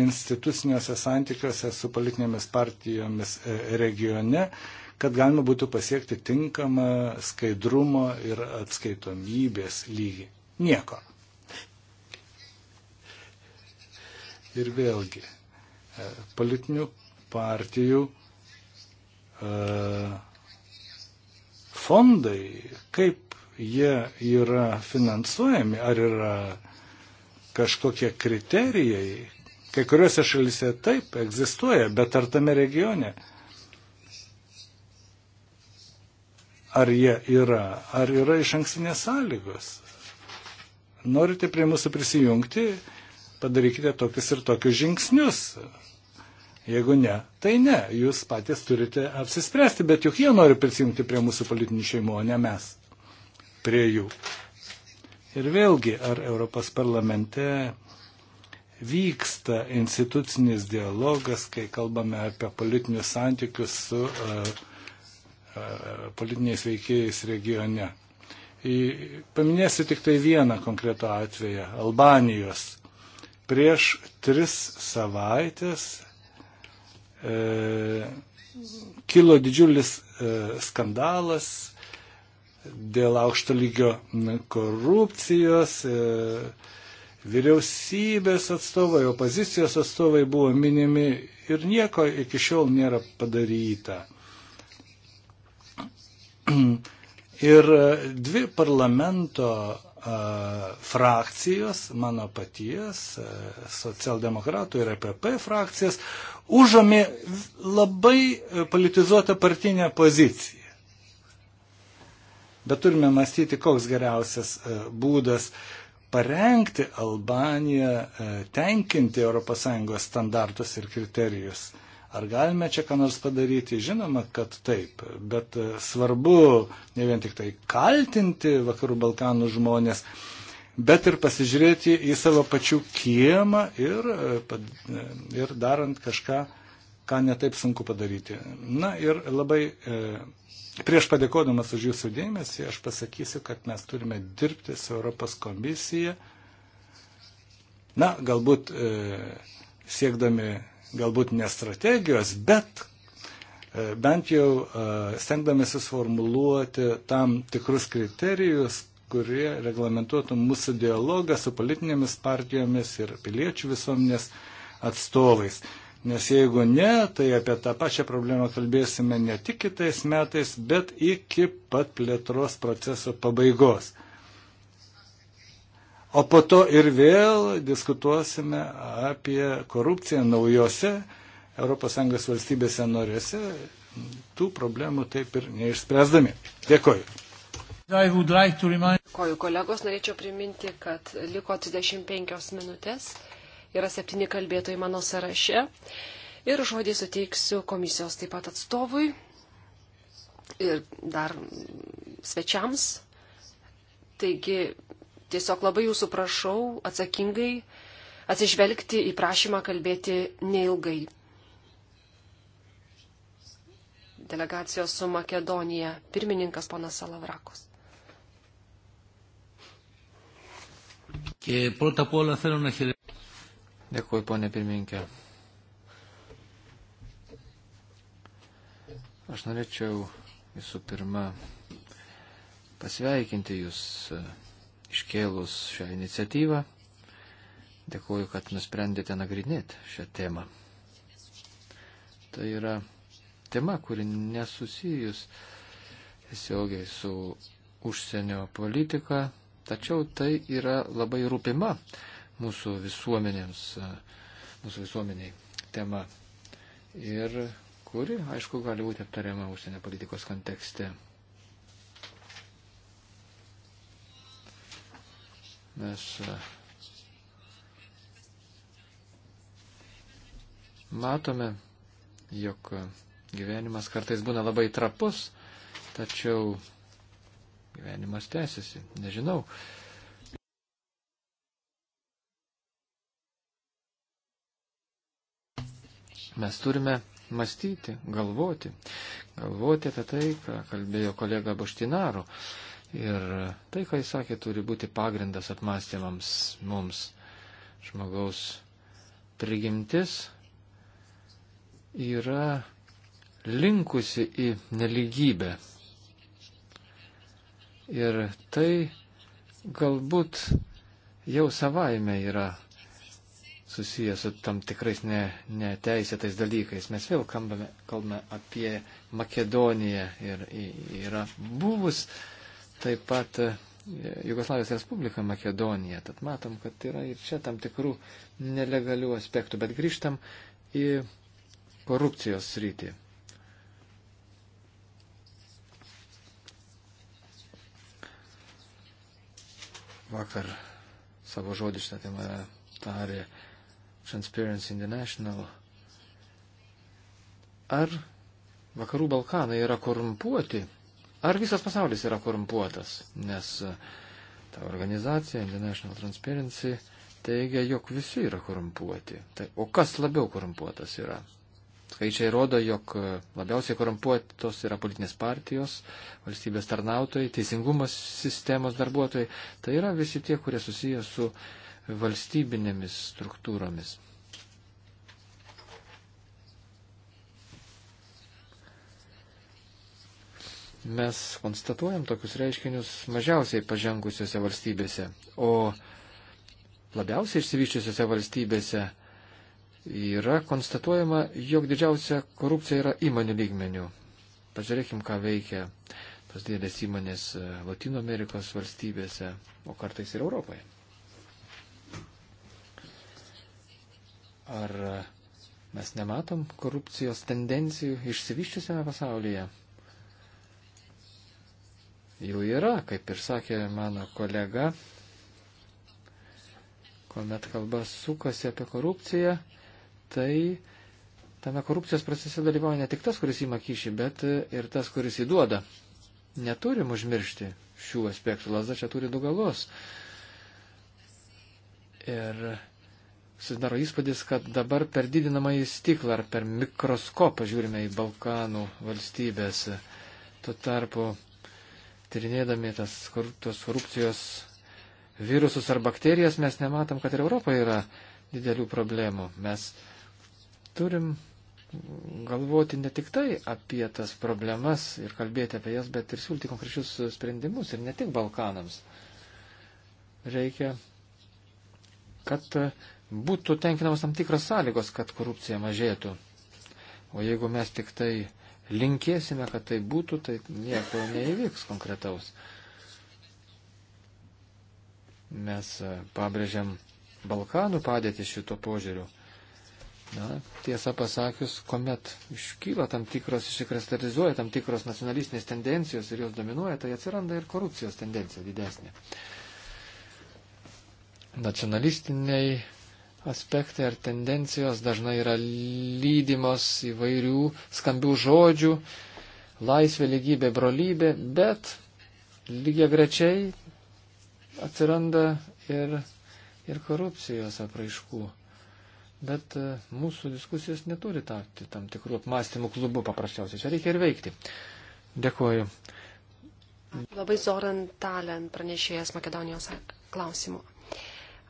instituciniuose santykiuose su politinėmis partijomis e, regione, kad galima būtų pasiekti tinkamą skaidrumo ir atskaitomybės lygį. Nieko. Ir vėlgi, e, politinių partijų E, fondai, kaip jie yra finansuojami, ar yra kažkokie kriterijai. Kai kuriuose šalise taip egzistuoja, bet ar tame regione? Ar jie yra, ar yra iš anksinės sąlygos? Norite prie mūsų prisijungti, padarykite tokius ir tokius žingsnius. Jeigu ne, tai ne, jūs patys turite apsispręsti, bet juk jie nori prisijungti prie mūsų politinių šeimų, o ne mes prie jų. Ir vėlgi, ar Europos parlamente vyksta institucinis dialogas, kai kalbame apie politinius santykius su uh, uh, politiniais veikėjais regione. Į, paminėsiu tik tai vieną konkretų atveją - Albanijos. Prieš tris savaitės E, kilo didžiulis e, skandalas dėl aukšto lygio korupcijos. E, vyriausybės atstovai, opozicijos atstovai buvo minimi ir nieko iki šiol nėra padaryta. Ir dvi parlamento frakcijos, mano paties, socialdemokratų ir EPP frakcijas, užėmė labai politizuotą partinę poziciją. Bet turime mąstyti, koks geriausias e, būdas parengti Albaniją, e, tenkinti ES standartus ir kriterijus. Ar galime čia ką nors padaryti? Žinoma, kad taip, bet e, svarbu ne vien tik tai kaltinti Vakarų Balkanų žmonės, bet ir pasižiūrėti į savo pačių kiemą ir, e, e, ir darant kažką, ką netaip sunku padaryti. Na ir labai Prieš padėkodamas už jūsų dėmesį, aš pasakysiu, kad mes turime dirbti su Europos komisija. Na, galbūt e, siekdami galbūt ne strategijos, bet e, bent jau e, stengdami suformuluoti tam tikrus kriterijus, kurie reglamentuotų mūsų dialogą su politinėmis partijomis ir piliečių visuomenės atstovais. Nes jeigu ne, tai apie tą pačią problemą kalbėsime ne tik kitais metais, bet iki pat plėtros proceso pabaigos. O po to ir vėl diskutuosime apie korupciją naujose ES valstybėse norėse, tų problemų taip ir neišspręsdami. Dėkoju. Dėkoju kolegos, norėčiau priminti, kad liko 35 minutės, yra septyni kalbėtojai mano sąraše ir žodį suteiksiu komisijos taip pat atstovui ir dar svečiams. Taigi tiesiog labai jūsų prašau atsakingai atsižvelgti į prašymą kalbėti neilgai. Delegacijos su Makedonija pirmininkas ponas Salavrakos. Dėkuoju, ponė pirmininkė. Aš norėčiau visų pirma pasveikinti Jūs iškėlus šią iniciatyvą. Dėkuoju, kad nusprendėte nagrinėti šią temą. Tai yra tema, kuri nesusijus tiesiogiai su užsienio politika, tačiau tai yra labai rūpima mūsų visuomenėms, mūsų visuomeniai tema. Ir kuri, aišku, gali būti aptariama užsienio politikos kontekste. Nes e, matome, jog e, gyvenimas kartais būna labai trapus, tačiau gyvenimas tęsiasi. Nežinau. Mes turime mąstyti, galvoti. Galvoti apie tai, ką kalbėjo kolega Baštinaru. Ir tai, ką jis sakė, turi būti pagrindas apmąstymams mums. Žmogaus prigimtis yra linkusi į neligybę. Ir tai galbūt jau savaime yra susijęs su tam tikrais ne, neteisėtais dalykais. Mes vėl kalbame, kalbame apie Makedoniją ir yra buvus uh, taip pat e, Jugoslavijos Respublika Makedonija. Tad matom, kad yra ir čia tam tikrų nelegalių aspektų. Bet grįžtam į korupcijos sritį. Vakar savo žodį šitą temą tarė Transparency International. Ar vakarų Balkanai yra korumpuoti? Ar visas pasaulis yra korumpuotas? Nes e, ta organizacija, International Transparency, teigia, jog visi yra korumpuoti. Tai, o kas labiau korumpuotas yra? Skaičiai rodo, jog e, labiausiai korumpuotos yra politinės partijos, valstybės tarnautojai, teisingumas sistemos darbuotojai. Tai yra visi tie, kurie susiję su valstybinėmis struktūromis. mes konstatuojam tokius reiškinius mažiausiai pažengusiose valstybėse, o labiausiai išsivyščiusiose valstybėse yra konstatuojama, jog didžiausia korupcija yra įmonių lygmenių. Pažiūrėkim, ką veikia tos didelės įmonės e, Latino Amerikos valstybėse, o kartais ir Europoje. Ar mes nematom korupcijos tendencijų išsivyščiusiame pasaulyje? jų yra, kaip ir sakė mano kolega, kuomet kalba sukasi apie korupciją, tai tame korupcijos procese dalyvauja ne tik tas, kuris įma kyšį, bet ir tas, kuris įduoda. Neturim užmiršti šių aspektų, lazda čia turi du galus. Ir susidaro įspūdis, kad dabar per didinamą į stiklą ar per mikroskopą žiūrime į Balkanų valstybės. Tuo tarpu tyrinėdami tas tos korupcijos virusus ar bakterijas, mes nematom, kad ir Europoje yra didelių problemų. Mes turim galvoti ne tik tai apie tas problemas ir kalbėti apie jas, bet ir siūlyti konkrečius sprendimus ir ne tik Balkanams. Reikia, kad būtų tenkinamos tam tikros sąlygos, kad korupcija mažėtų. O jeigu mes tik tai linkėsime, kad tai būtų, tai nieko neįvyks konkretaus. Mes e, pabrėžiam Balkanų padėtį šito požiūriu. Na, tiesą pasakius, kuomet iškyla tam tikros, išsikristalizuoja tam tikros nacionalistinės tendencijos ir jos dominuoja, tai atsiranda ir korupcijos tendencija didesnė. Nacionalistiniai aspektai ar tendencijos dažnai yra lydimos įvairių skambių žodžių, laisvė, lygybė, brolybė, bet lygiai grečiai atsiranda ir, ir korupcijos apraiškų. Bet e, mūsų diskusijos neturi tapti tam tikrų apmąstymų klubų paprasčiausiai. Čia reikia ir veikti. Dėkuoju. Labai Zoran Talen pranešėjas Makedonijos klausimų.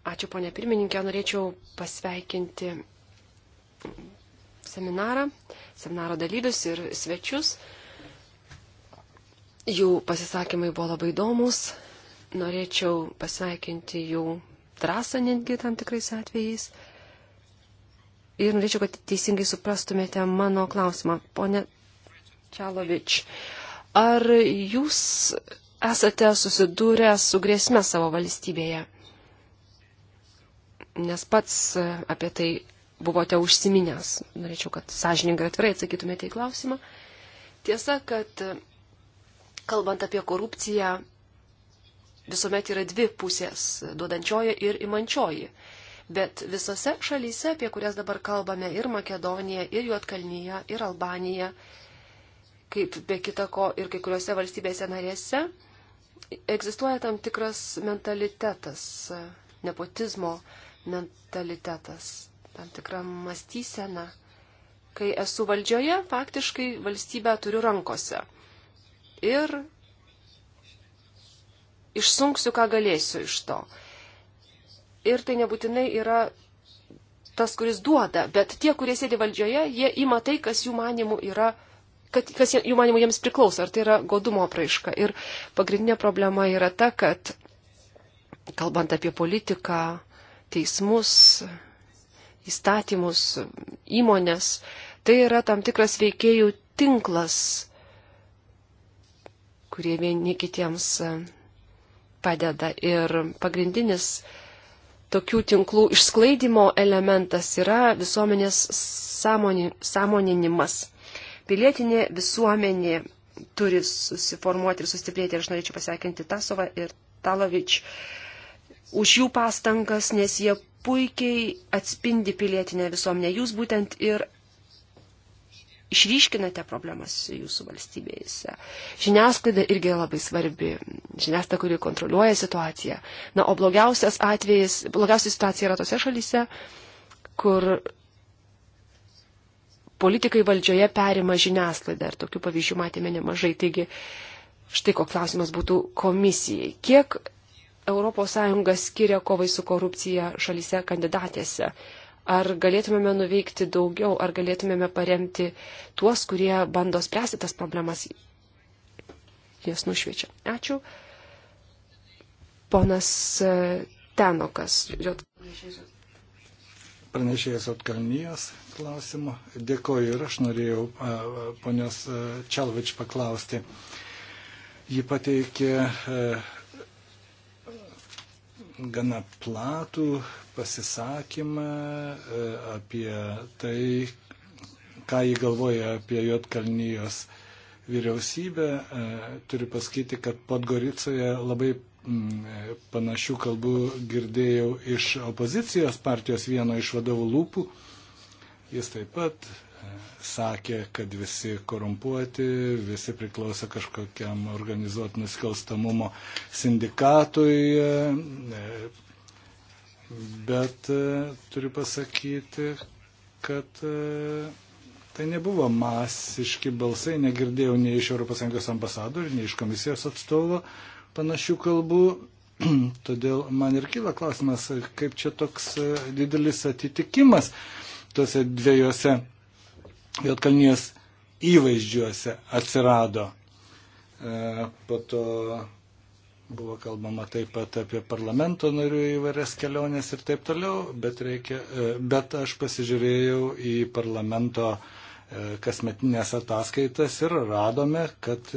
Ačiū, ponė pirmininkė. Norėčiau pasveikinti seminarą, seminaro dalyvius ir svečius. Jų pasisakymai buvo labai įdomus. Norėčiau pasveikinti jų drąsą netgi tam tikrais atvejais. Ir norėčiau, kad teisingai suprastumėte mano klausimą. Pone Čalovič, ar jūs esate susidūrę su grėsme savo valstybėje? nes pats e, apie tai buvote užsiminęs. Norėčiau, kad sąžininkai atvirai atsakytumėte į klausimą. Tiesa, kad e, kalbant apie korupciją, visuomet yra dvi pusės - duodančioji ir imančioji. Bet visose šalyse, apie kurias dabar kalbame, ir Makedonija, ir Juotkalnyje, ir Albanija, kaip be kitako ir kai kuriuose valstybėse narėse, egzistuoja tam tikras mentalitetas e, nepotizmo mentalitetas, tam tikra mąstysena. Kai esu valdžioje, faktiškai valstybę turiu rankose. Ir išsunksiu, ką galėsiu iš to. Ir tai nebūtinai yra tas, kuris duoda, bet tie, kurie sėdi valdžioje, jie ima tai, kas jų manimų yra, kad, kas jų manimų jiems priklauso, ar tai yra godumo praiška. Ir pagrindinė problema yra ta, kad kalbant apie politiką, teismus, įstatymus, įmonės. Tai yra tam tikras veikėjų tinklas, kurie vieni kitiems e, padeda. Ir pagrindinis tokių tinklų išsklaidimo elementas yra visuomenės sąmoni, sąmoninimas. Pilietinė visuomenė turi susiformuoti ir sustiprėti. Ir aš norėčiau pasveikinti Tasovą ir Talovič. Uh, už jų pastangas, nes jie puikiai atspindi pilietinę visuomenę. Jūs būtent ir išryškinate problemas jūsų valstybėse. Žiniasklaida irgi labai svarbi. Žiniasklaida, kuri kontroliuoja situaciją. Na, o blogiausias atvejis, blogiausia situacija yra tose šalyse, kur politikai valdžioje perima žiniasklaidą. Ir tokių pavyzdžių matėme nemažai. Taigi, štai koks klausimas būtų komisijai. Kiek ES skiria kovai su korupcija šalyse kandidatėse? Ar galėtumėme nuveikti daugiau, ar galėtumėme paremti tuos, kurie bando spręsti tas problemas, jas nušviečia? Ačiū. Ponas e, Tenokas. Pranešėjas Otkalnyjas klausimų. Dėkoju ir aš norėjau e, ponios e, Čelvič paklausti. Ji pateikė gana platų pasisakymą e, apie tai, ką jį galvoja apie Jotkalnyjos vyriausybę. E, turiu pasakyti, kad Podgoricoje labai mm, e, panašių kalbų girdėjau iš opozicijos partijos vieno iš vadovų lūpų. Jis taip pat sakė, kad visi korumpuoti, visi priklauso kažkokiam organizuot nusikalstamumo sindikatui, bet e, turiu pasakyti, kad e, tai nebuvo masiški balsai, negirdėjau nei iš ES ambasadorių, nei iš komisijos atstovo panašių kalbų. Todėl man ir kyla klausimas, kaip čia toks e, didelis atitikimas tuose dviejose Jotkalnijos įvaizdžiuose atsirado. E, po to buvo kalbama taip pat apie parlamento narių įvairias keliones ir taip toliau, bet, reikia, e, bet aš pasižiūrėjau į parlamento e, kasmetinės ataskaitas ir radome, kad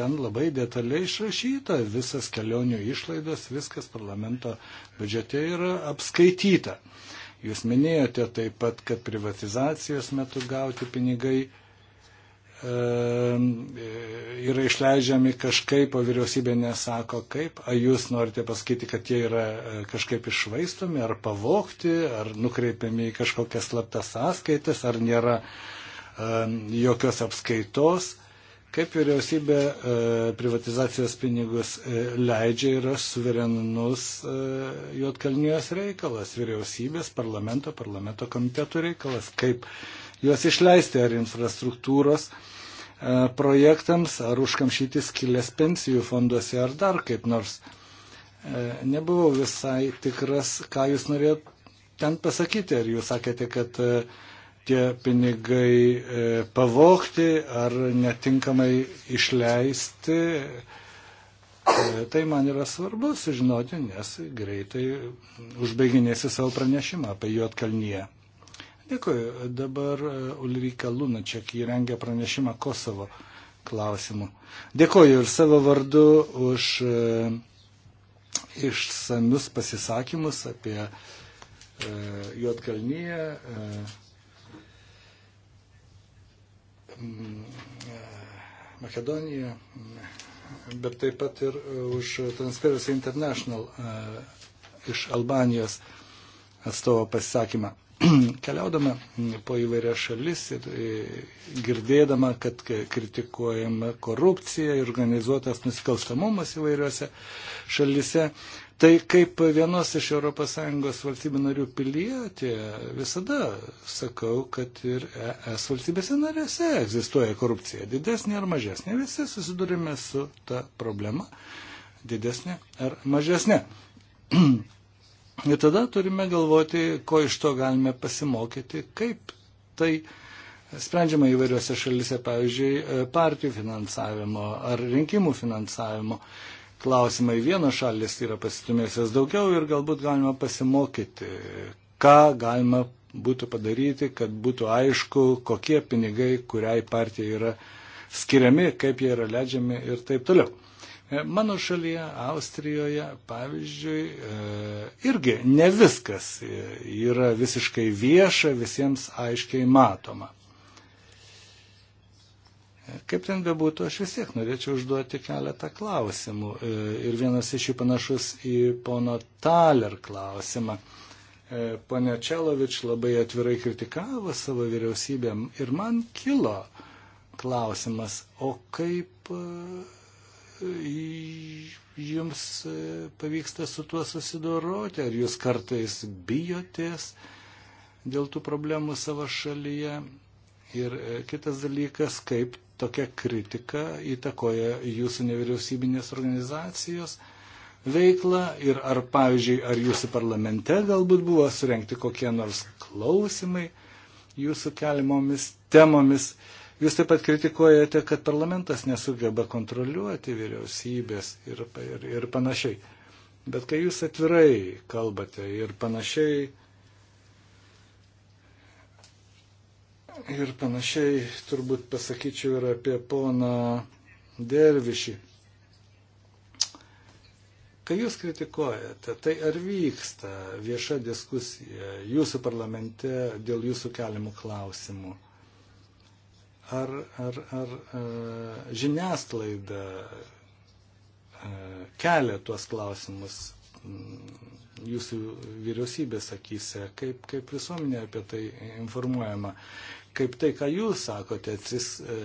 ten labai detaliai išrašyta visas kelionių išlaidos, viskas parlamento biudžete yra apskaityta. Jūs minėjote taip pat, kad privatizacijos metu gauti pinigai ehm, e, yra išleidžiami kažkaip, o vyriausybė nesako kaip. Ar jūs norite pasakyti, kad jie yra e, kažkaip išvaistomi, ar pavokti, ar nukreipiami į kažkokias slaptas sąskaitas, ar nėra e, jokios apskaitos? Kaip vyriausybė e, privatizacijos pinigus e, leidžia yra suverenus e, Juotkalnijos reikalas, vyriausybės, parlamento, parlamento komitetų reikalas, kaip juos išleisti ar infrastruktūros projektams, ar užkamšyti skilės pensijų fonduose, ar dar kaip nors. Nebuvau visai tikras, ką jūs norėjot ten pasakyti. Ar jūs sakėte, kad uh, tie pinigai e, pavokti ar netinkamai išleisti. E, tai man yra svarbu sužinoti, nes greitai užbaiginėsi savo pranešimą apie Juotkalnyje. Dėkui. Dabar e, Ulrika Lunačiak įrengė pranešimą Kosovo klausimu. Dėkoju ir savo vardu už išsamius pasisakymus apie Juotkalnyje. E, Mm, e, Makedoniją, mm, bet taip pat ir e, už Transparency International e, iš Albanijos atstovo pasisakymą. Keliaudama mm, po įvairias šalis ir girdėdama, kad kritikuojama korupcija ir organizuotas nusikalstamumas įvairiose šalise, Tai kaip vienos iš ES valstybių narių pilietė visada sakau, kad ir ES valstybėse narėse egzistuoja korupcija. Didesnė ar mažesnė. Visi susidurime su ta problema. Didesnė ar mažesnė. ir tada turime galvoti, ko iš to galime pasimokyti, kaip tai sprendžiama įvairiuose šalise, pavyzdžiui, e, partijų finansavimo ar rinkimų finansavimo. Uh, klausimą į vieną šalis yra pasitumėsias daugiau ir galbūt galima pasimokyti, ką galima būtų padaryti, kad būtų aišku, kokie pinigai, kuriai partijai yra skiriami, kaip jie yra leidžiami ir taip toliau. E, mano šalyje, Austrijoje, pavyzdžiui, e, irgi ne viskas e, yra visiškai vieša, visiems aiškiai matoma. Kaip ten bebūtų, aš vis tiek norėčiau užduoti keletą klausimų. E, ir vienas iš jų panašus į pono Taler klausimą. E, pone Čelovič labai atvirai kritikavo savo vyriausybėm ir man kilo klausimas, o kaip e, jums pavyksta su tuo susidoroti, ar jūs kartais bijotės dėl tų problemų savo šalyje. Ir kitas dalykas, kaip tokia kritika įtakoja jūsų nevyriausybinės organizacijos veiklą ir ar, pavyzdžiui, ar jūsų parlamente galbūt buvo surenkti kokie nors klausimai jūsų keliamomis temomis. Jūs taip pat kritikuojate, kad parlamentas nesugeba kontroliuoti vyriausybės ir, ir, ir panašiai. Bet kai jūs atvirai kalbate ir panašiai, Ir panašiai turbūt pasakyčiau ir apie poną Dervišį. Kai jūs kritikuojate, tai ar vyksta vieša diskusija jūsų parlamente dėl jūsų keliamų klausimų? Ar, ar, ar e, žiniasklaida e, kelia tuos klausimus jūsų vyriausybės akise, kaip, kaip visuomenė apie tai informuojama kaip tai, ką jūs sakote, atsis, e,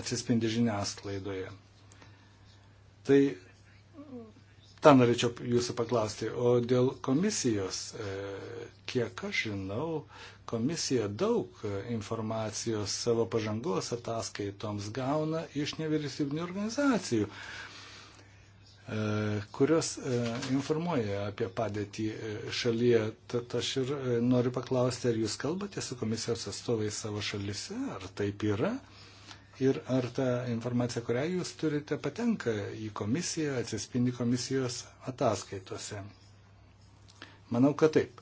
atsispindi žiniasklaidoje. Tai tą norėčiau jūsų paklausti. O dėl komisijos, e, kiek aš žinau, komisija daug informacijos savo pažangos ataskaitoms gauna iš nevyriausybinių organizacijų. E, kurios e, informuoja apie padėtį e, šalyje. Tad aš ir noriu paklausti, ar jūs kalbate su komisijos atstovais savo šalise, ar taip yra? Ir ar ta informacija, kurią jūs turite, patenka į komisiją, atsispindi komisijos ataskaitose? Manau, kad taip.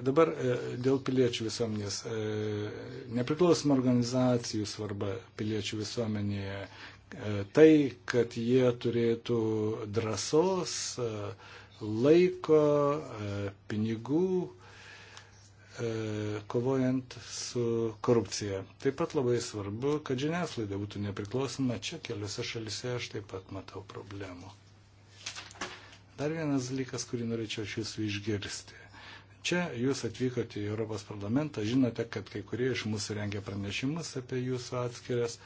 Dabar dėl piliečių visuomenės. Nepriklausomų organizacijų svarba piliečių visuomenėje. Tai, kad jie turėtų drąsos, laiko, pinigų, kovojant su korupcija. Taip pat labai svarbu, kad žiniasklaida būtų nepriklausoma. Čia keliose šalise aš taip pat matau problemų. Dar vienas dalykas, kurį norėčiau iš jūsų išgirsti. Čia jūs atvykote į Europos parlamentą, žinote, kad kai kurie iš mūsų rengia pranešimus apie jūsų atskiras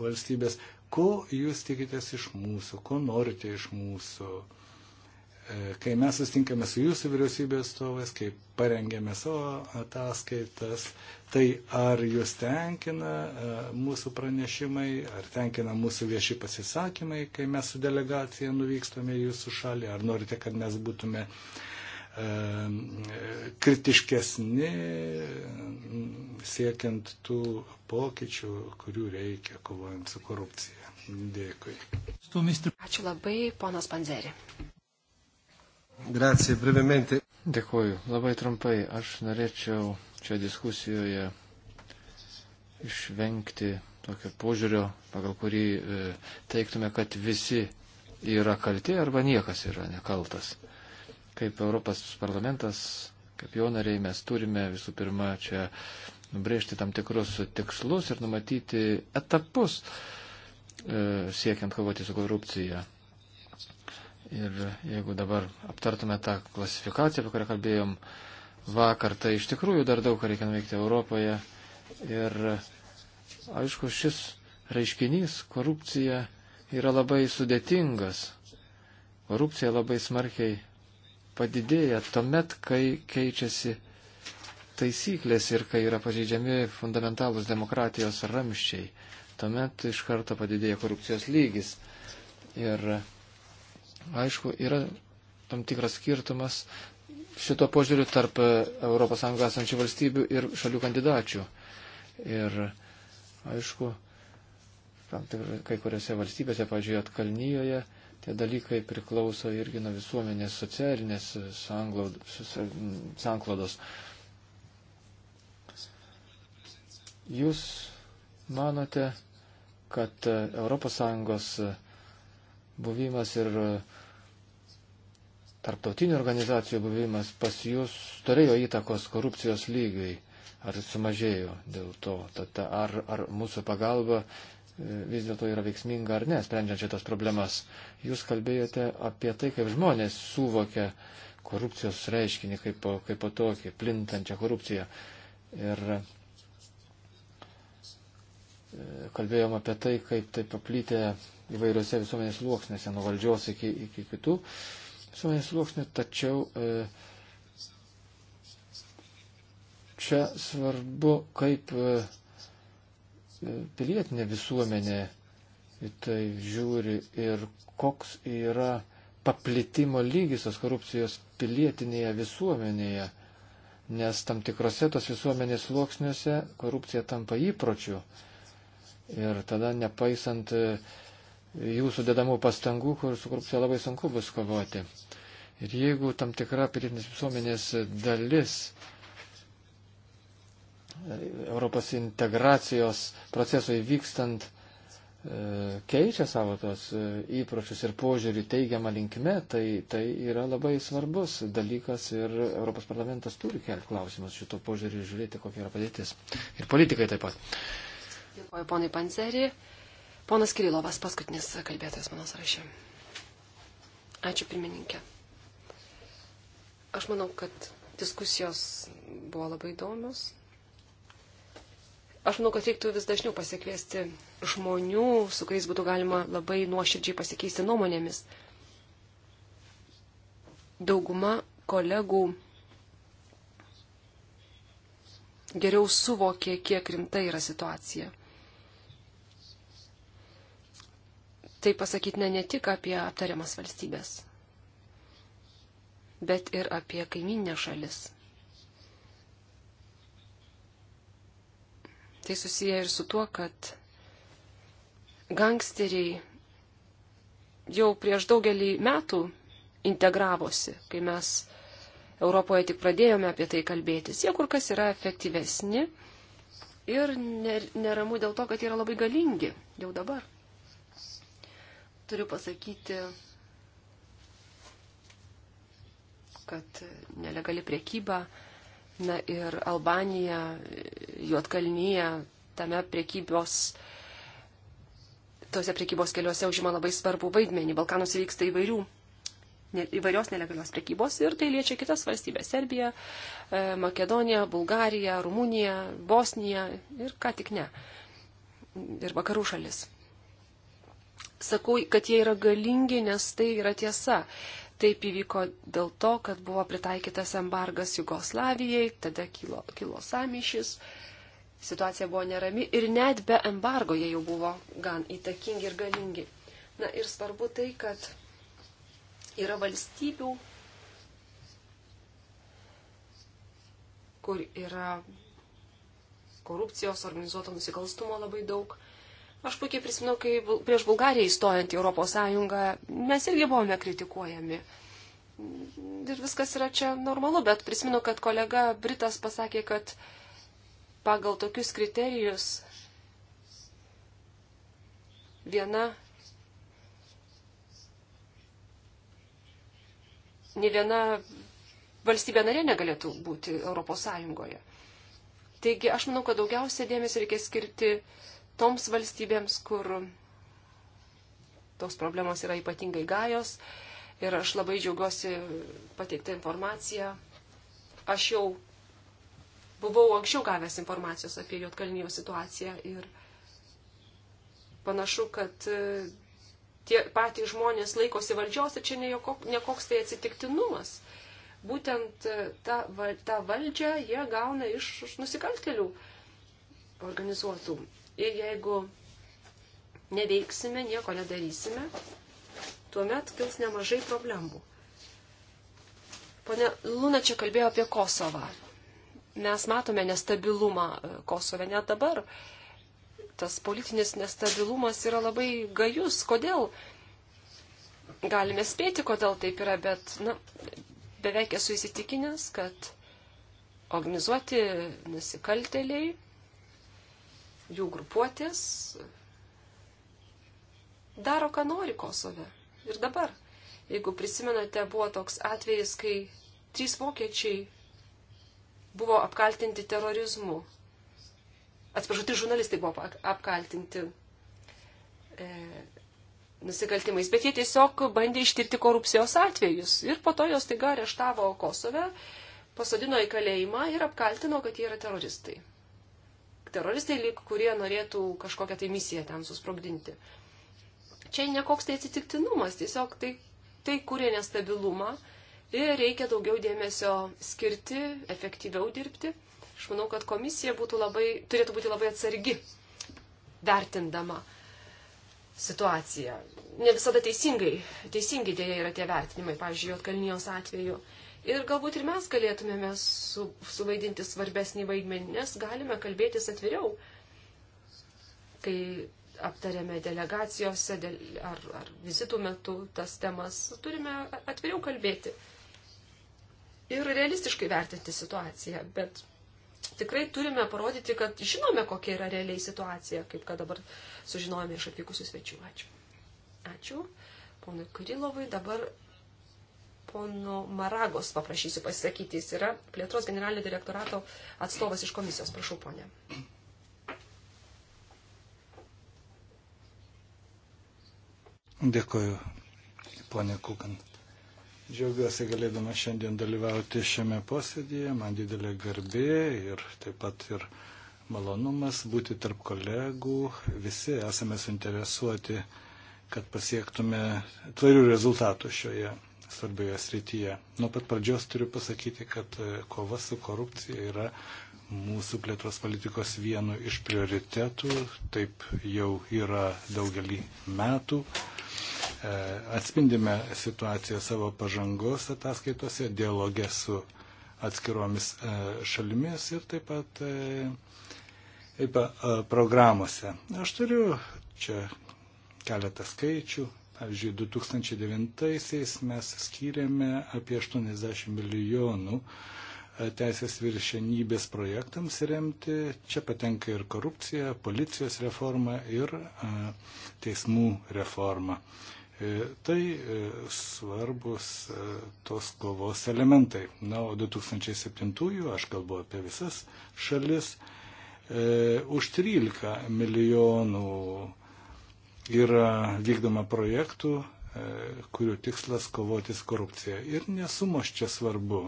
valstybės, ko jūs tikitės iš mūsų, ko norite iš mūsų. E, kai mes sustinkame su jūsų vyriausybės atstovais, kai parengėme savo ataskaitas, tai ar jūs tenkina e, mūsų pranešimai, ar tenkina mūsų vieši pasisakymai, kai mes su delegacija nuvykstame į jūsų šalį, ar norite, kad mes būtume e, kritiškesni siekiant tų pokyčių, kurių reikia kovojant su korupcija. Dėkui. Ačiū labai, ponas Panzeri. Grazie, brevemente. Dėkuoju. Labai trumpai. Aš norėčiau čia diskusijoje išvengti tokio požiūrio, pagal kurį e, teiktume, kad visi yra kalti arba niekas yra nekaltas. Kaip Europos parlamentas, kaip jo nariai, mes turime visų pirma čia nubrėžti tam tikrus tikslus ir numatyti etapus, E, siekiant kovoti su korupcija. Ir jeigu dabar aptartume tą klasifikaciją, apie kurią kalbėjom vakar, tai iš tikrųjų dar daug ką reikia nuveikti Europoje. Ir aišku, šis reiškinys korupcija yra labai sudėtingas. Korupcija labai smarkiai padidėja tuomet, kai keičiasi taisyklės ir kai yra pažeidžiami fundamentalūs demokratijos ramščiai tuomet iš karto padidėja korupcijos lygis. Ir aišku, yra tam tikras skirtumas šito požiūriu tarp ES esančių valstybių ir šalių kandidačių. Ir aišku, tikrai, kai kuriuose valstybėse, pažiūrėjau, Kalnyjoje, tie dalykai priklauso irgi nuo visuomenės socialinės sanklodos. Jūs manote, kad ES e, buvimas ir e, tarptautinių organizacijų buvimas pas jūs turėjo įtakos korupcijos lygiai? Ar sumažėjo dėl to? Tad ar, ar mūsų pagalba e, vis dėlto yra veiksminga ar ne, sprendžiant šitas problemas. Jūs kalbėjote apie tai, kaip žmonės suvokia korupcijos reiškinį kaip, kaip po tokį, plintančią korupciją. Ir kalbėjom apie tai, kaip tai paplytė įvairiose visuomenės sluoksnėse, nuo valdžios iki, iki kitų visuomenės sluoksnių, tačiau e, čia svarbu, kaip e, pilietinė visuomenė į tai žiūri ir koks yra paplitimo lygis tos korupcijos pilietinėje visuomenėje, nes tam tikrose tos visuomenės sluoksniuose korupcija tampa įpročiu. Ir tada, nepaisant e, jūsų dedamų pastangų, kur su korupcija labai sunku bus kovoti. Ir jeigu tam tikra pilietinės visuomenės dalis e, Europos integracijos procesui vykstant e, keičia savo tos įpročius ir požiūrį teigiamą linkme, tai, tai yra labai svarbus dalykas ir Europos parlamentas turi kelti klausimus šito požiūrį ir žiūrėti, kokia yra padėtis. Ir politikai taip pat. Dėkuoju ponai Panzerį. Ponas Kirilovas, paskutinis kalbėtojas mano sąraše. Ačiū pirmininkė. Aš manau, kad diskusijos buvo labai įdomios. Aš manau, kad reiktų vis dažniau pasikviesti žmonių, su kuriais būtų galima labai nuoširdžiai pasikeisti nuomonėmis. Dauguma kolegų geriau suvokė, kiek rimta yra situacija. tai pasakytina ne tik apie aptariamas valstybės, bet ir apie kaiminę šalis. Tai susiję ir su tuo, kad gangsteriai jau prieš daugelį metų integravosi, kai mes Europoje tik pradėjome apie tai kalbėtis. Jie kur kas yra efektyvesni ir neramu dėl to, kad jie yra labai galingi jau dabar. Turiu pasakyti, kad nelegali priekyba, na ir Albanija, Juotkalnyje, tame priekybos, tose priekybos keliuose užima labai svarbu vaidmenį. Balkanuose vyksta įvairių įvairios nelegalios prekybos ir tai liečia kitas valstybės - Serbija, e, Makedonija, Bulgarija, Rumunija, Bosnija ir ką tik ne. Ir vakarų šalis sakau, kad jie yra galingi, nes tai yra tiesa. Taip įvyko dėl to, kad buvo pritaikytas embargas Jugoslavijai, tada kilo, kilo samyšis, situacija buvo nerami ir net be embargo jie jau buvo gan įtakingi ir galingi. Na ir svarbu tai, kad yra valstybių, kur yra korupcijos, organizuoto nusikalstumo labai daug. Aš puikiai prisimenu, kai prieš Bulgariją įstojant į Europos Sąjungą mes irgi buvome kritikuojami. Ir viskas yra čia normalu, bet prisimenu, kad kolega Britas pasakė, kad pagal tokius kriterijus viena ne viena valstybė narė negalėtų būti Europos Sąjungoje. Taigi aš manau, kad daugiausia dėmesio reikia skirti uh, toms valstybėms, kur tos problemos yra ypatingai gajos. Ir aš labai džiaugiuosi pateiktą informaciją. Aš jau buvau anksčiau gavęs informacijos apie Jotkalnijos situaciją ir panašu, kad e, tie patys žmonės laikosi valdžios ir čia ne koks tai atsitiktinumas. Būtent tą, e, tą valdžią jie gauna iš, iš nusikaltelių organizuotų. Ir jeigu neveiksime, nieko nedarysime, tuomet kils nemažai problemų. Pone Luna čia kalbėjo apie Kosovą. Mes matome nestabilumą e, Kosove net dabar. Tas politinis nestabilumas yra labai gajus. Kodėl? Galime spėti, kodėl taip yra, bet na, beveik esu įsitikinęs, kad organizuoti nusikaltėliai jų grupuotės daro, ką nori Kosove. Ir dabar, jeigu prisimenate, buvo toks atvejis, kai trys vokiečiai buvo apkaltinti terorizmu. Atsiprašau, trys žurnalistai buvo apkaltinti e, nusikaltimais, bet jie tiesiog bandė ištirti korupcijos atvejus. Ir po to jos taiga areštavo Kosove, pasodino į kalėjimą ir apkaltino, kad jie yra teroristai teroristai, lyg kurie norėtų kažkokią tai misiją ten susprogdinti. Čia nekoks tai atsitiktinumas, tiesiog tai, tai kuria nestabilumą ir reikia daugiau dėmesio skirti, efektyviau dirbti. Aš manau, kad komisija būtų labai, turėtų būti labai atsargi vertindama situaciją. Ne visada teisingai, teisingi dėja yra tie vertinimai, pavyzdžiui, Jotkalnijos atveju. Uh, Ir galbūt ir mes galėtumėme su, suvaidinti svarbesnį vaidmenį, nes galime kalbėtis atviriau, kai aptarėme delegacijose dėl, ar, ar vizitų metu tas temas, turime atviriau kalbėti ir realistiškai vertinti situaciją, bet tikrai turime parodyti, kad žinome, kokia yra realiai situacija, kaip kad dabar sužinojome iš atvykusių svečių. Ačiū. Ačiū. Ponui Kirilovui dabar pono Maragos paprašysiu pasisakyti. Jis yra plėtros generalinio direktorato atstovas iš komisijos. Prašau, ponė. Dėkuoju, ponė Kukan. Džiaugiuosi galėdama šiandien dalyvauti šiame posėdėje. Man didelė garbė ir taip pat ir malonumas būti tarp kolegų. Visi esame suinteresuoti kad pasiektume tvarių rezultatų šioje svarbioje srityje. Nuo pat pradžios turiu pasakyti, kad e, kova su korupcija yra mūsų plėtros politikos vienu iš prioritetų, taip jau yra daugelį metų. E, atspindime situaciją savo pažangos ataskaitose, dialogė su atskiromis e, šalimis ir taip pat taip, programuose. Aš turiu čia keletą skaičių, Pavyzdžiui, 2009-aisiais mes skyrėme apie 80 milijonų e, teisės viršenybės projektams remti. Čia patenka ir korupcija, policijos reforma ir e, teismų reforma. E, tai svarbus tos kovos elementai. Na, o 2007-ųjų, aš kalbu apie visas šalis, už 13 milijonų yra vykdoma projektų, e, kurių tikslas kovoti su korupcija. Ir nesumos čia svarbu.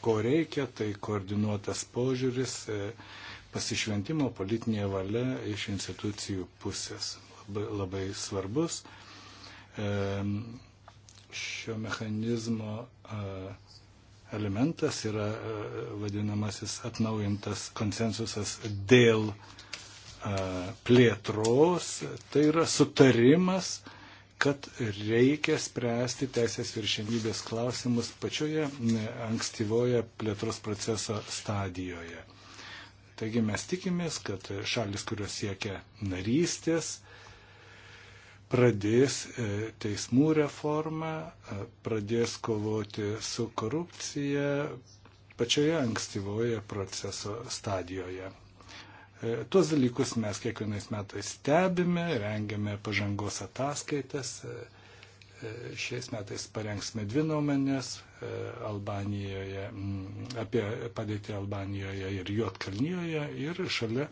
Ko reikia, tai koordinuotas požiūris, e, pasišventimo politinė valia iš institucijų pusės. Labai, labai svarbus e, šio mechanizmo elementas yra vadinamasis atnaujintas konsensusas dėl uh, plėtros, tai yra sutarimas, kad reikia spręsti teisės viršenybės klausimus pačioje ankstyvoje plėtros proceso stadijoje. Taigi mes tikimės, kad šalis, kurios siekia narystės, pradės e, teismų reformą, e, pradės kovoti su korupcija pačioje ankstyvoje proceso stadijoje. E, tuos dalykus mes kiekvienais metais stebime, rengiame pažangos ataskaitas. E, e, šiais metais parengsime dvi nuomonės Albanijoje, apie padėtį Albanijoje ir Juotkalnyjoje. Ir šalia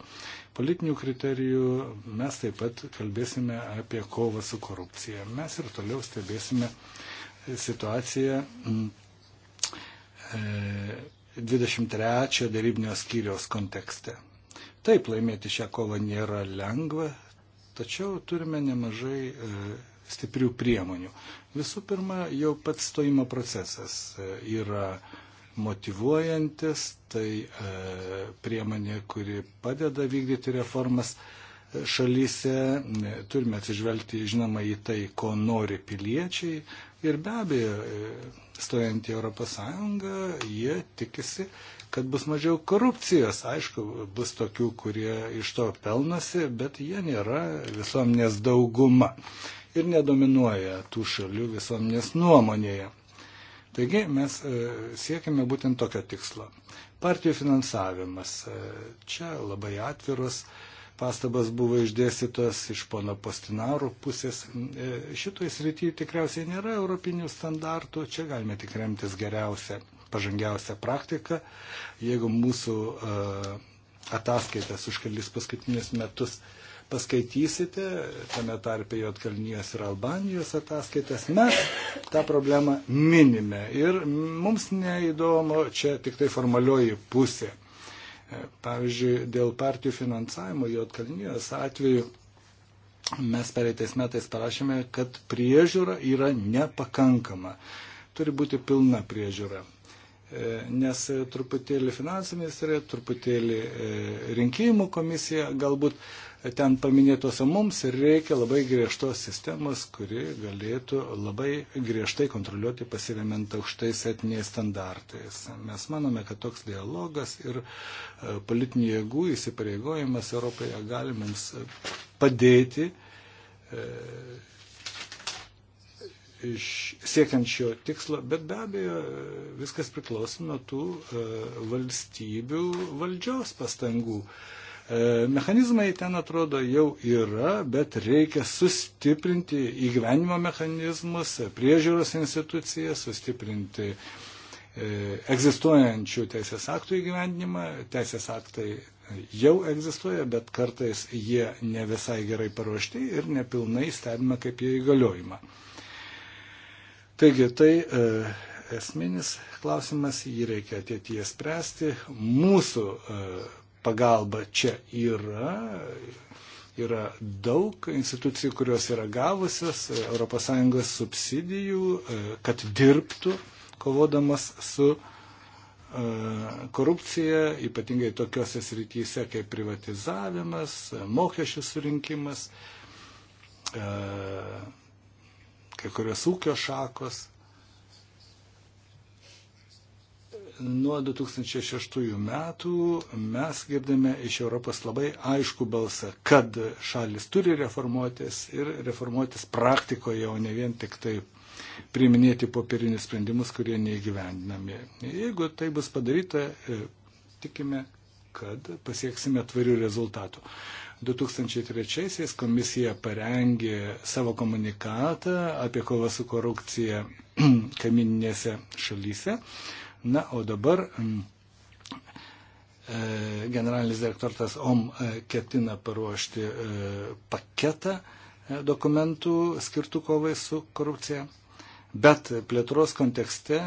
politinių kriterijų mes taip pat kalbėsime apie kovą su korupcija. Mes ir toliau stebėsime situaciją 23 darybinio skyriaus kontekste. Taip, laimėti šią kovą nėra lengva, tačiau turime nemažai e, stiprių priemonių. Visų pirma, jau pats stojimo procesas e, yra motivuojantis, tai e, priemonė, kuri padeda vykdyti reformas šalyse, turime atsižvelgti žinoma į tai, ko nori piliečiai ir be abejo, stojant į ES, jie tikisi, kad bus mažiau korupcijos. Aišku, bus tokių, kurie iš to pelnosi, bet jie nėra visuomenės dauguma ir nedominuoja tų šalių visuomenės nuomonėje. Taigi mes e, siekime būtent tokio tikslo. Partijų finansavimas. E, čia labai atviros pastabas buvo išdėstytos iš pono Postinarų pusės. E, Šitoje srityje tikriausiai nėra europinių standartų, čia galime tik remtis geriausią, pažangiausią praktiką. Jeigu mūsų e, ataskaitas už kelis paskutinius metus paskaitysite, tame tarpe Jotkalnyjos ir Albanijos ataskaitas, mes tą problemą minime. Ir mums neįdomu čia tik tai formalioji pusė. Pavyzdžiui, dėl partijų finansavimo Jotkalnyjos atveju mes pereitais metais parašėme, kad priežiūra yra nepakankama. Turi būti pilna priežiūra. E, nes truputėlį finansų ministerija, truputėlį e, rinkimų komisija galbūt ten paminėtos, mums reikia labai griežtos sistemos, kuri galėtų labai griežtai kontroliuoti pasiremiant aukštais etiniais standartais. Mes manome, kad toks dialogas ir e, politinių jėgų įsipareigojimas Europoje gali mums padėti e, siekiant šio tikslo, bet be abejo viskas priklauso nuo tų e, valstybių valdžios pastangų. E, mechanizmai ten atrodo jau yra, bet reikia sustiprinti įgyvenimo mechanizmus, priežiūros institucijas, sustiprinti e, egzistuojančių teisės aktų įgyvendinimą. Teisės aktai jau egzistuoja, bet kartais jie ne visai gerai paruošti ir nepilnai stebime, kaip jie įgaliojama. Taigi tai e, esminis klausimas, jį reikia ateityje spręsti. Mūsų pagalba čia yra. Yra daug institucijų, kurios yra gavusios e, ES subsidijų, e, kad dirbtų kovodamas su e, korupcija, ypatingai tokiuose srityse kaip privatizavimas, mokesčių surinkimas, kai kurios ūkio šakos nuo 2006 metų mes girdime iš Europos labai aišku balsą, kad šalis turi reformuotis ir reformuotis praktikoje, o ne vien tik tai priiminėti popierinius sprendimus, kurie neįgyvendinami. Jeigu tai bus padaryta, e, tikime, kad pasieksime tvarių rezultatų. 2003-aisiais komisija parengė savo komunikatą apie kovą su korupcija kamininėse šalyse. Na, o dabar e, generalinis direktortas OM e, ketina paruošti e, paketą dokumentų skirtų kovai su korupcija. Bet plėtros kontekste,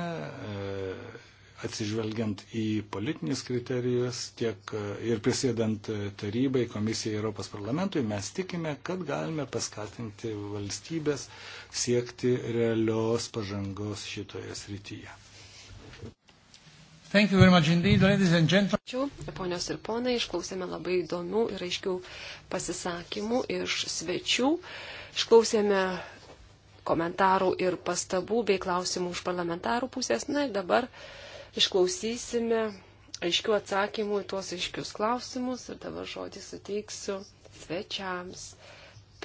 atsižvelgiant į politinius kriterijus tiek ir prisėdant tarybai, komisijai, Europos parlamentui, mes tikime, kad galime paskatinti valstybės siekti realios pažangos šitoje srityje. Indeed, Ačiū, ponios ir ponai, išklausėme labai įdomių ir aiškių pasisakymų iš svečių. Išklausėme komentarų ir pastabų bei klausimų už parlamentarų pusės. Na ir dabar išklausysime aiškių atsakymų į tuos aiškius klausimus ir dabar žodį suteiksiu svečiams.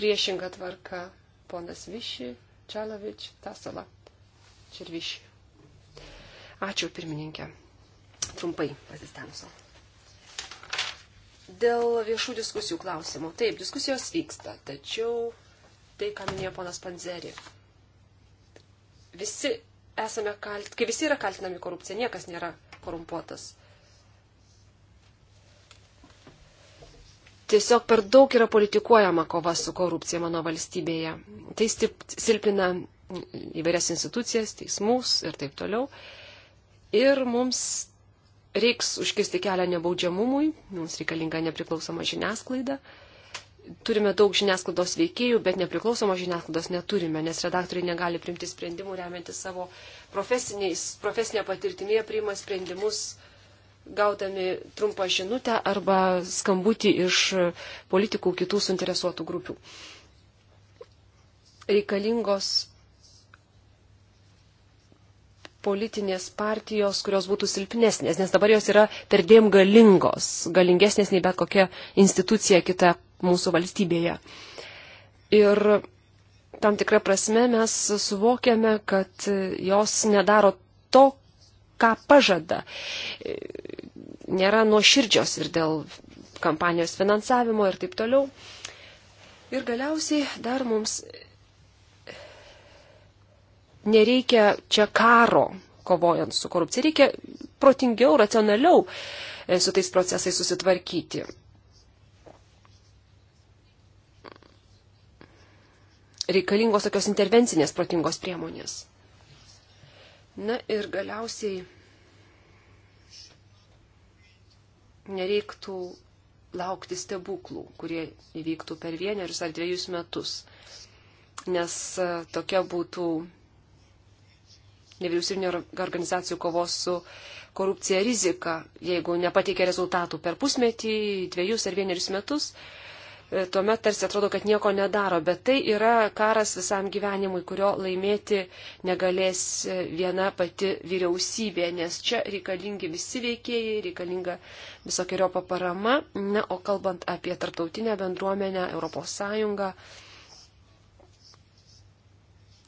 Priešinga tvarka ponas Viši, Čalovič, Tasola, Červiši. Ačiū pirmininkė trumpai pasistengsiu. Dėl viešų diskusijų klausimų. Taip, diskusijos vyksta, tačiau tai, ką minėjo ponas Panzeri. Visi esame kalt, kai visi yra kaltinami korupcija, niekas nėra korumpuotas. Tiesiog per daug yra politikuojama kova su korupcija mano valstybėje. Tai stip, silpina įvairias institucijas, teismus ir taip toliau. Ir mums reiks užkisti kelią nebaudžiamumui, mums reikalinga nepriklausoma žiniasklaida. Turime daug žiniasklaidos veikėjų, bet nepriklausomos žiniasklaidos neturime, nes redaktoriai negali priimti sprendimų remiantis savo profesinė patirtimė, priima sprendimus gaudami trumpą žinutę arba skambutį iš politikų kitų suinteresuotų grupių. Reikalingos politinės partijos, kurios būtų silpnesnės, nes dabar jos yra perdėm galingos, galingesnės nei bet kokia institucija kita mūsų valstybėje. Ir tam tikrą prasme mes suvokiame, kad jos nedaro to, ką pažada. Nėra nuoširdžios ir dėl kampanijos finansavimo ir taip toliau. Ir galiausiai dar mums nereikia čia karo kovojant su korupcija, reikia protingiau, racionaliau e, su tais procesais susitvarkyti. Reikalingos tokios intervencinės protingos priemonės. Na ir galiausiai nereiktų laukti stebuklų, kurie įvyktų per vienerius ar dviejus metus, nes e, tokia būtų nevyriausybinio organizacijų kovos su korupcija rizika, jeigu nepateikia rezultatų per pusmetį, dviejus ar vienerius metus, e, tuomet tarsi atrodo, kad nieko nedaro, bet tai yra karas visam gyvenimui, kurio laimėti negalės e, viena pati vyriausybė, nes čia reikalingi visi veikėjai, reikalinga visokiojo paparama. Na, o kalbant apie tarptautinę bendruomenę, ES,